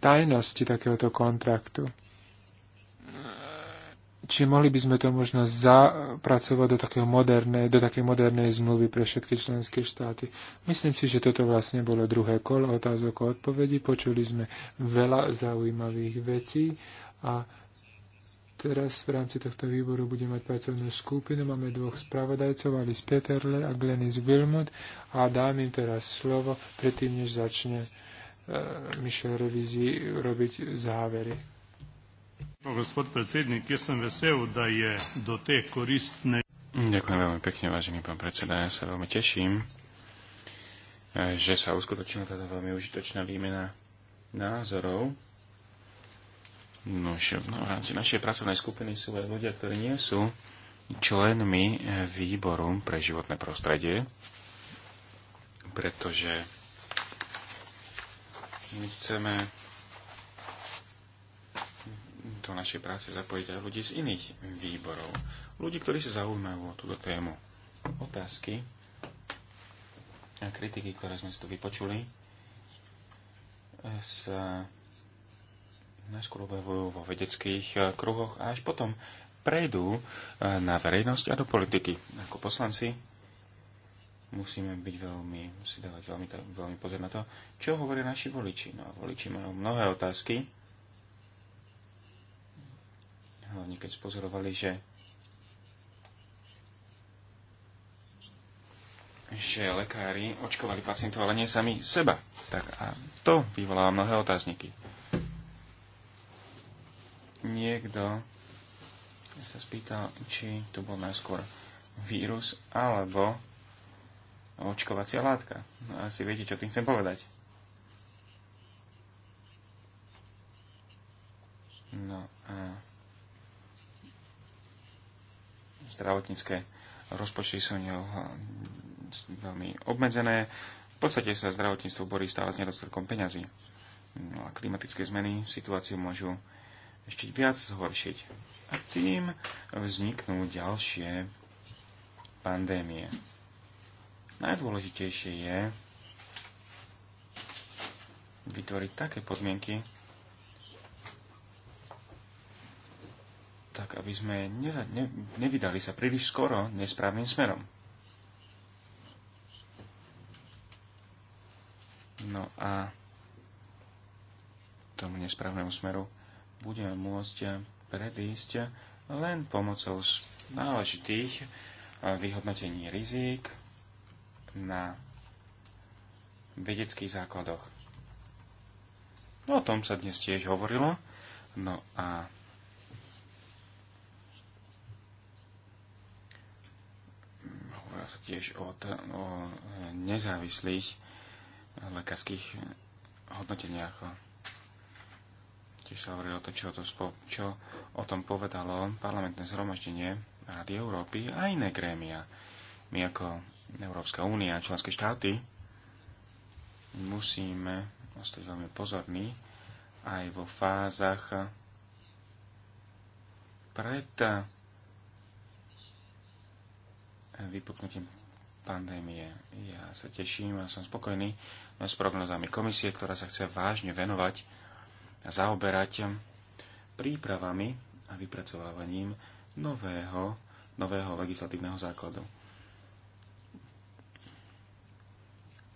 tajnosti takéhoto kontraktu či mohli by sme to možno zapracovať do, takého moderné, do takej modernej zmluvy pre všetky členské štáty. Myslím si, že toto vlastne bolo druhé kolo otázok a odpovedí. Počuli sme veľa zaujímavých vecí a teraz v rámci tohto výboru budeme mať pracovnú skupinu. Máme dvoch spravodajcov, Alice Peterle a Glenis Wilmot a dám im teraz slovo predtým, než začne e, Michel Revizi robiť závery. Gospod predsednik, ja som vesel, da je do te koristne... Ďakujem veľmi pekne, vážený pán predseda. Ja sa veľmi teším, eh, že sa uskutočnila táto veľmi užitočná výmena názorov. Nož, no, v rámci našej pracovnej skupiny sú aj ľudia, ktorí nie sú členmi eh, výboru pre životné prostredie, pretože my chceme do našej práce zapojiť aj ľudí z iných výborov. Ľudí, ktorí sa zaujímajú o túto tému. Otázky a kritiky, ktoré sme si tu vypočuli, eh, sa najskôr objavujú vo vedeckých eh, kruhoch a až potom prejdú eh, na verejnosť a do politiky. Ako poslanci musíme byť veľmi, musí dávať veľmi, veľmi pozor na to, čo hovoria naši voliči. No a voliči majú mnohé otázky, hlavne keď spozorovali, že že lekári očkovali pacientov, ale nie sami seba. Tak a to vyvoláva mnohé otázniky. Niekto sa spýtal, či to bol najskôr vírus alebo očkovacia látka. No asi viete, čo tým chcem povedať. No a zdravotnícke rozpočty sú ňou veľmi obmedzené. V podstate sa zdravotníctvo borí stále s nedostatkom peňazí. No a klimatické zmeny situáciu môžu ešte viac zhoršiť. A tým vzniknú ďalšie pandémie. Najdôležitejšie je vytvoriť také podmienky, tak aby sme neza, ne, nevydali sa príliš skoro nesprávnym smerom. No a tomu nesprávnemu smeru budeme môcť predísť len pomocou náležitých eh, vyhodnotení rizik na vedeckých základoch. No O tom sa dnes tiež hovorilo. No a sa tiež o, o nezávislých lekárskych hodnoteniach. Tiež sa hovorilo o to, čo, to spo, čo o tom povedalo parlamentné zhromaždenie Rady Európy a iné grémia. My ako Európska únia a členské štáty musíme ostať veľmi pozorní aj vo fázach pred vypuknutím pandémie. Ja sa teším a som spokojný no, s prognozami komisie, ktorá sa chce vážne venovať a zaoberať prípravami a vypracovávaním nového, nového legislatívneho základu.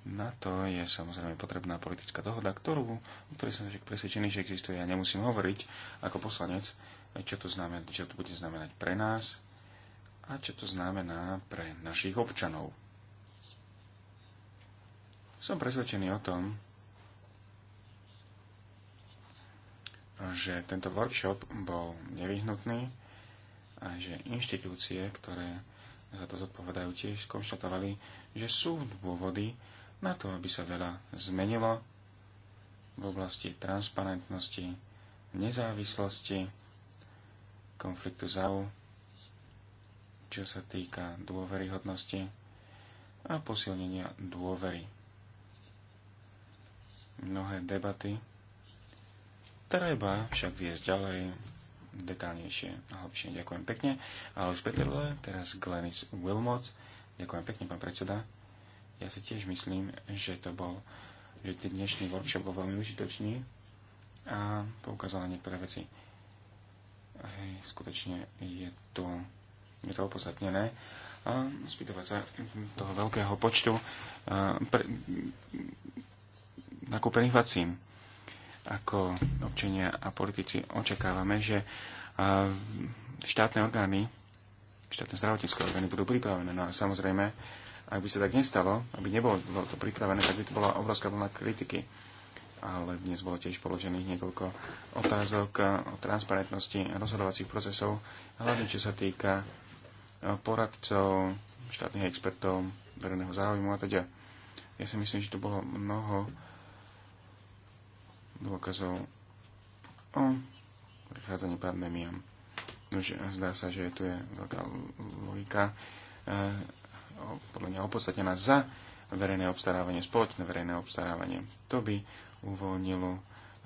Na to je samozrejme potrebná politická dohoda, ktorú, o ktorej som však presvedčený, že existuje. Ja nemusím hovoriť ako poslanec, čo to, znamená, čo to bude znamenať pre nás, a čo to znamená pre našich občanov. Som presvedčený o tom, že tento workshop bol nevyhnutný a že inštitúcie, ktoré za to zodpovedajú, tiež skonštatovali, že sú dôvody na to, aby sa veľa zmenilo v oblasti transparentnosti, nezávislosti, konfliktu záujmu čo sa týka dôveryhodnosti a posilnenia dôvery. Mnohé debaty treba však viesť ďalej detálnejšie a hlbšie. Ďakujem pekne. Ale už Peterle, teraz Glenis Wilmot. Ďakujem pekne, pán predseda. Ja si tiež myslím, že to bol, že ten dnešný workshop bol veľmi užitočný a poukázala niektoré veci. Hej, skutočne je tu je to opodstatnené, a spýtovať sa toho veľkého počtu pre, nakúpených vacín. Ako občania a politici očakávame, že štátne orgány, štátne zdravotnícke orgány budú pripravené. No a samozrejme, ak by sa tak nestalo, aby nebolo to pripravené, tak by to bola obrovská vlna kritiky. Ale dnes bolo tiež položených niekoľko otázok o transparentnosti rozhodovacích procesov, hlavne čo sa týka poradcov, štátnych expertov, verejného záujmu a teda. Ja si myslím, že to bolo mnoho dôkazov o prechádzaní pandémiám. Už zdá sa, že tu je veľká logika, eh, podľa mňa opodstatnená za verejné obstarávanie, spoločné verejné obstarávanie. To by uvoľnilo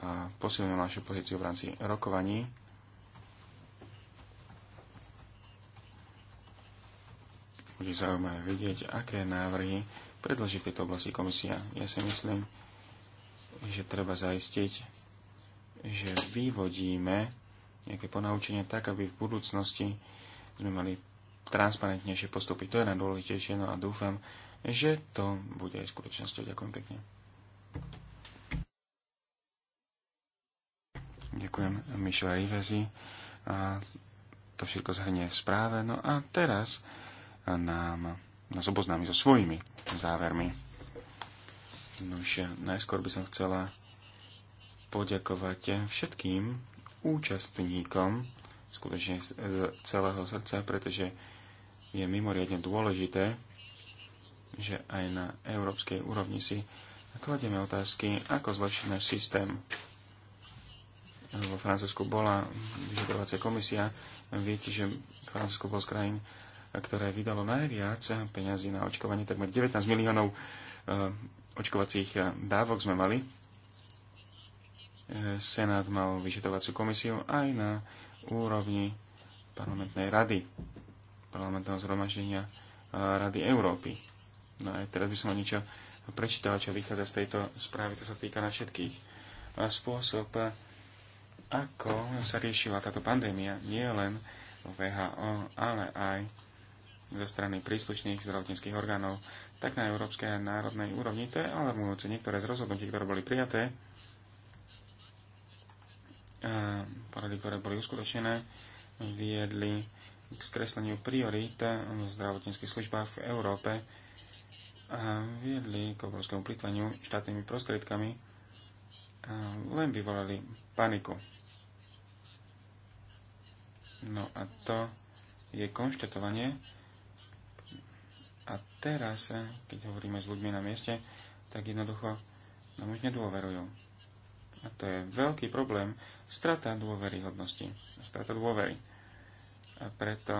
a posilnilo našu pozíciu v rámci rokovaní Bude zaujímavé vidieť, aké návrhy predloží v tejto oblasti komisia. Ja si myslím, že treba zaistiť, že vyvodíme nejaké ponaučenie tak, aby v budúcnosti sme mali transparentnejšie postupy. To je najdôležitejšie, no a dúfam, že to bude aj skutočnosťou. Ďakujem pekne. Ďakujem Mišela Rivezi. A to všetko zhrnie v správe. No a teraz nám, nás oboznámi so svojimi závermi. Nož, najskôr by som chcela poďakovať všetkým účastníkom skutočne z celého srdca, pretože je mimoriadne dôležité, že aj na európskej úrovni si kladieme otázky, ako zlepšiť náš systém. Vo Francúzsku bola vyšetrovacia komisia. Viete, že Francúzsko bol z krajín, ktoré vydalo najviac peňazí na očkovanie, takmer 19 miliónov eh, očkovacích eh, dávok sme mali. Eh, Senát mal vyšetovaciu komisiu aj na úrovni parlamentnej rady, parlamentného zhromaždenia Rady Európy. No aj teraz by som niečo prečítal, čo vychádza z tejto správy, to sa týka na všetkých. A spôsob, ako sa riešila táto pandémia, nie len VHO, ale aj zo strany príslušných zdravotníckých orgánov, tak na európskej a národnej úrovni. To je alarmujúce. Niektoré z rozhodnutí, ktoré boli prijaté, a porady, ktoré boli uskutočnené, viedli k skresleniu priorít v zdravotníckých službách v Európe a viedli k obrovskému plitvaniu štátnymi prostriedkami a len vyvolali paniku. No a to je konštatovanie, a teraz, eh, keď hovoríme s ľuďmi na mieste, tak jednoducho nám už nedôverujú. A to je veľký problém, strata hodnosti. strata dôvery. A preto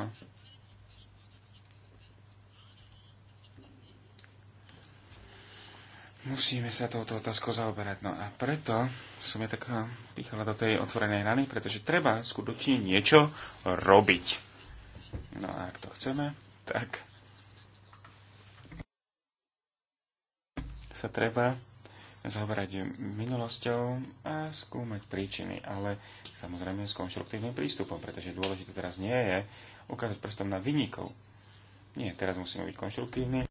musíme sa touto otázkou zaoberať. No a preto som ja tak eh, pýchala do tej otvorenej rany, pretože treba skutočne niečo robiť. No a ak to chceme, tak sa treba zaoberať minulosťou a skúmať príčiny, ale samozrejme s konštruktívnym prístupom, pretože dôležité teraz nie je ukázať prstom na vynikov. Nie, teraz musíme byť konštruktívni,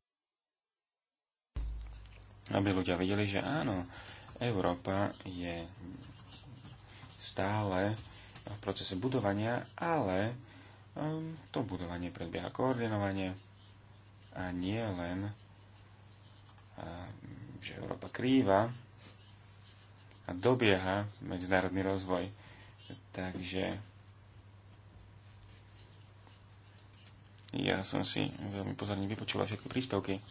aby ľudia videli, že áno, Európa je stále v procese budovania, ale um, to budovanie predbieha koordinovanie a nie len Ehm, že Európa krýva a dobieha medzinárodný rozvoj. Takže ja som si veľmi pozorne vypočula všetky príspevky.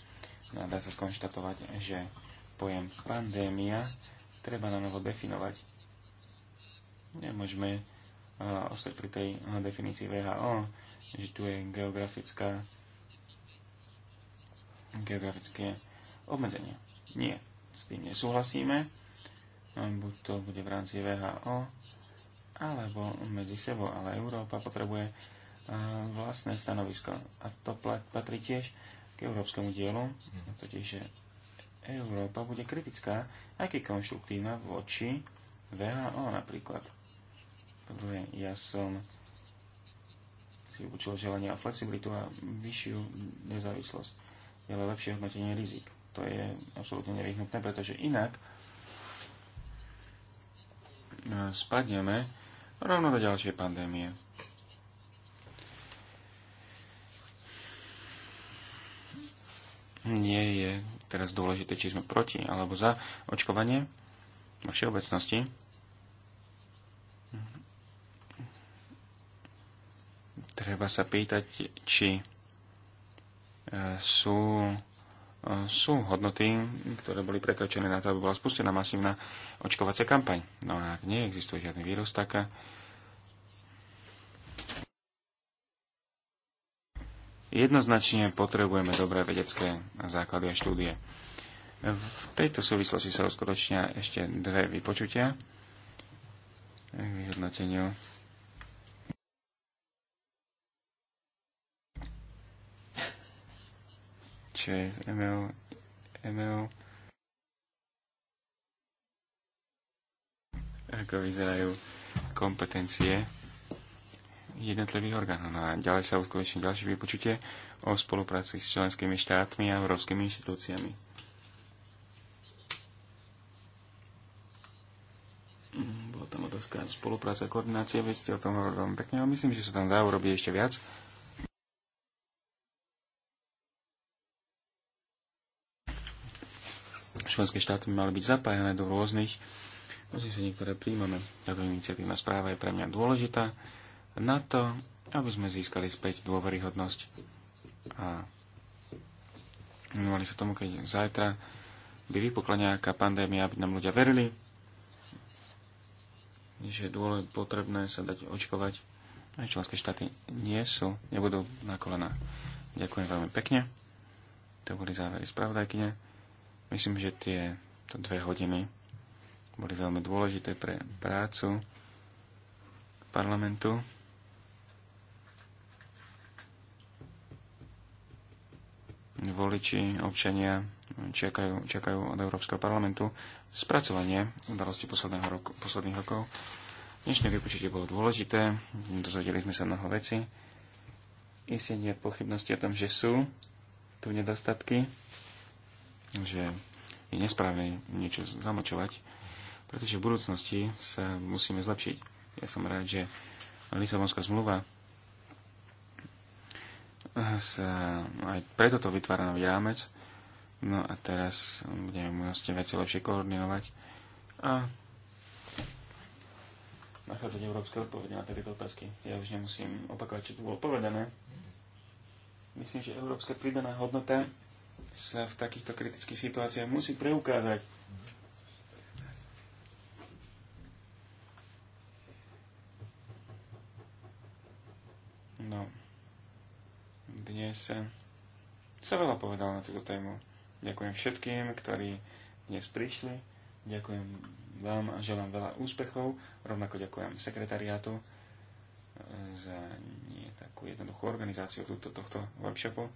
No a dá sa skonštatovať, že pojem pandémia treba na novo definovať. Nemôžeme e, ostať pri tej definícii VHO, že tu je geografická geografické obmedzenie. Nie, s tým nesúhlasíme, buď to bude v rámci VHO, alebo medzi sebou, ale Európa potrebuje e, vlastné stanovisko. A to patrí tiež k európskemu dielu, mhm. totiž, že Európa bude kritická, aj keď konštruktívna voči VHO napríklad. Po ja som si učil želanie a flexibilitu a vyššiu nezávislosť, ale lepšie hodnotenie rizik to je absolútne nevyhnutné, pretože inak e, spadneme rovno do ďalšej pandémie. Nie je teraz dôležité, či sme proti alebo za očkovanie vo všeobecnosti. Treba sa pýtať, či e, sú sú hodnoty, ktoré boli prekročené na to, aby bola spustená masívna očkovacia kampaň. No a ak neexistuje žiadny vírus, tak eh, jednoznačne potrebujeme dobré vedecké základy a štúdie. V tejto súvislosti sa uskutočnia ešte dve vypočutia k vyhodnoteniu čo je z ML, ML. Ako vyzerajú kompetencie jednotlivých orgánov. No a ďalej sa uskutoční ďalšie vypočutie o spolupráci s členskými štátmi a európskymi inštitúciami. Bola tam otázka spolupráca a koordinácie, veď ste o tom hovorili pekne, ale myslím, že sa tam dá urobiť ešte viac. členské štáty mali byť zapájané do rôznych uznesení, ktoré príjmame. Táto iniciatívna správa je pre mňa dôležitá na to, aby sme získali späť dôveryhodnosť. A venovali sa tomu, keď zajtra by vypukla nejaká pandémia, aby nám ľudia verili, že je dôležité potrebné sa dať očkovať. Aj členské štáty nie sú, nebudú na kolená. Ďakujem veľmi pekne. To boli závery spravodajkyne. Myslím, že tie to dve hodiny boli veľmi dôležité pre prácu parlamentu. Voliči, občania čakajú, čakajú od Európskeho parlamentu spracovanie udalosti posledného roku, posledných rokov. Dnešné vypočutie bolo dôležité, dozvedeli sme sa mnoho veci. Isté nie pochybnosti o tom, že sú tu nedostatky že je nesprávne niečo zamlčovať, pretože v budúcnosti sa musíme zlepšiť. Ja som rád, že Lisabonská zmluva sa aj preto to vytvára nový rámec. No a teraz budeme môcť veci lepšie koordinovať a nachádzať európske odpovede na takéto otázky. Ja už nemusím opakovať, čo tu bolo povedané. Myslím, že európska pridaná hodnota sa v takýchto kritických situáciách musí preukázať. No, dnes sa veľa povedal na túto tému. Ďakujem všetkým, ktorí dnes prišli. Ďakujem vám a želám veľa úspechov. Rovnako ďakujem sekretariátu eh, za nie takú jednoduchú organizáciu tohto workshopu.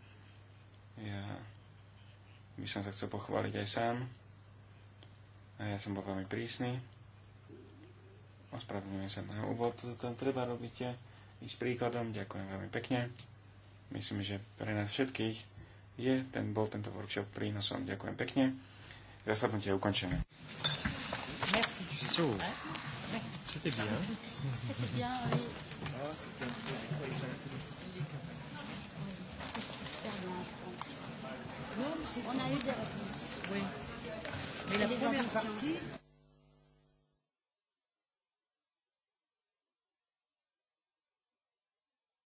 Ja by som sa chcel pochváliť aj sám. A ja som bol veľmi prísny. Ospravedlňujem sa na úvod. Toto tam treba robiť ísť príkladom. Ďakujem veľmi pekne. Myslím, že pre nás všetkých je ten, bol tento workshop prínosom. Ďakujem pekne. Zasadnutie je ukončené. Merci. So. C'était bien. C'était bien, oui. Ah, c'était un peu Non, on a eu des réponses. Oui. Mais la première partie.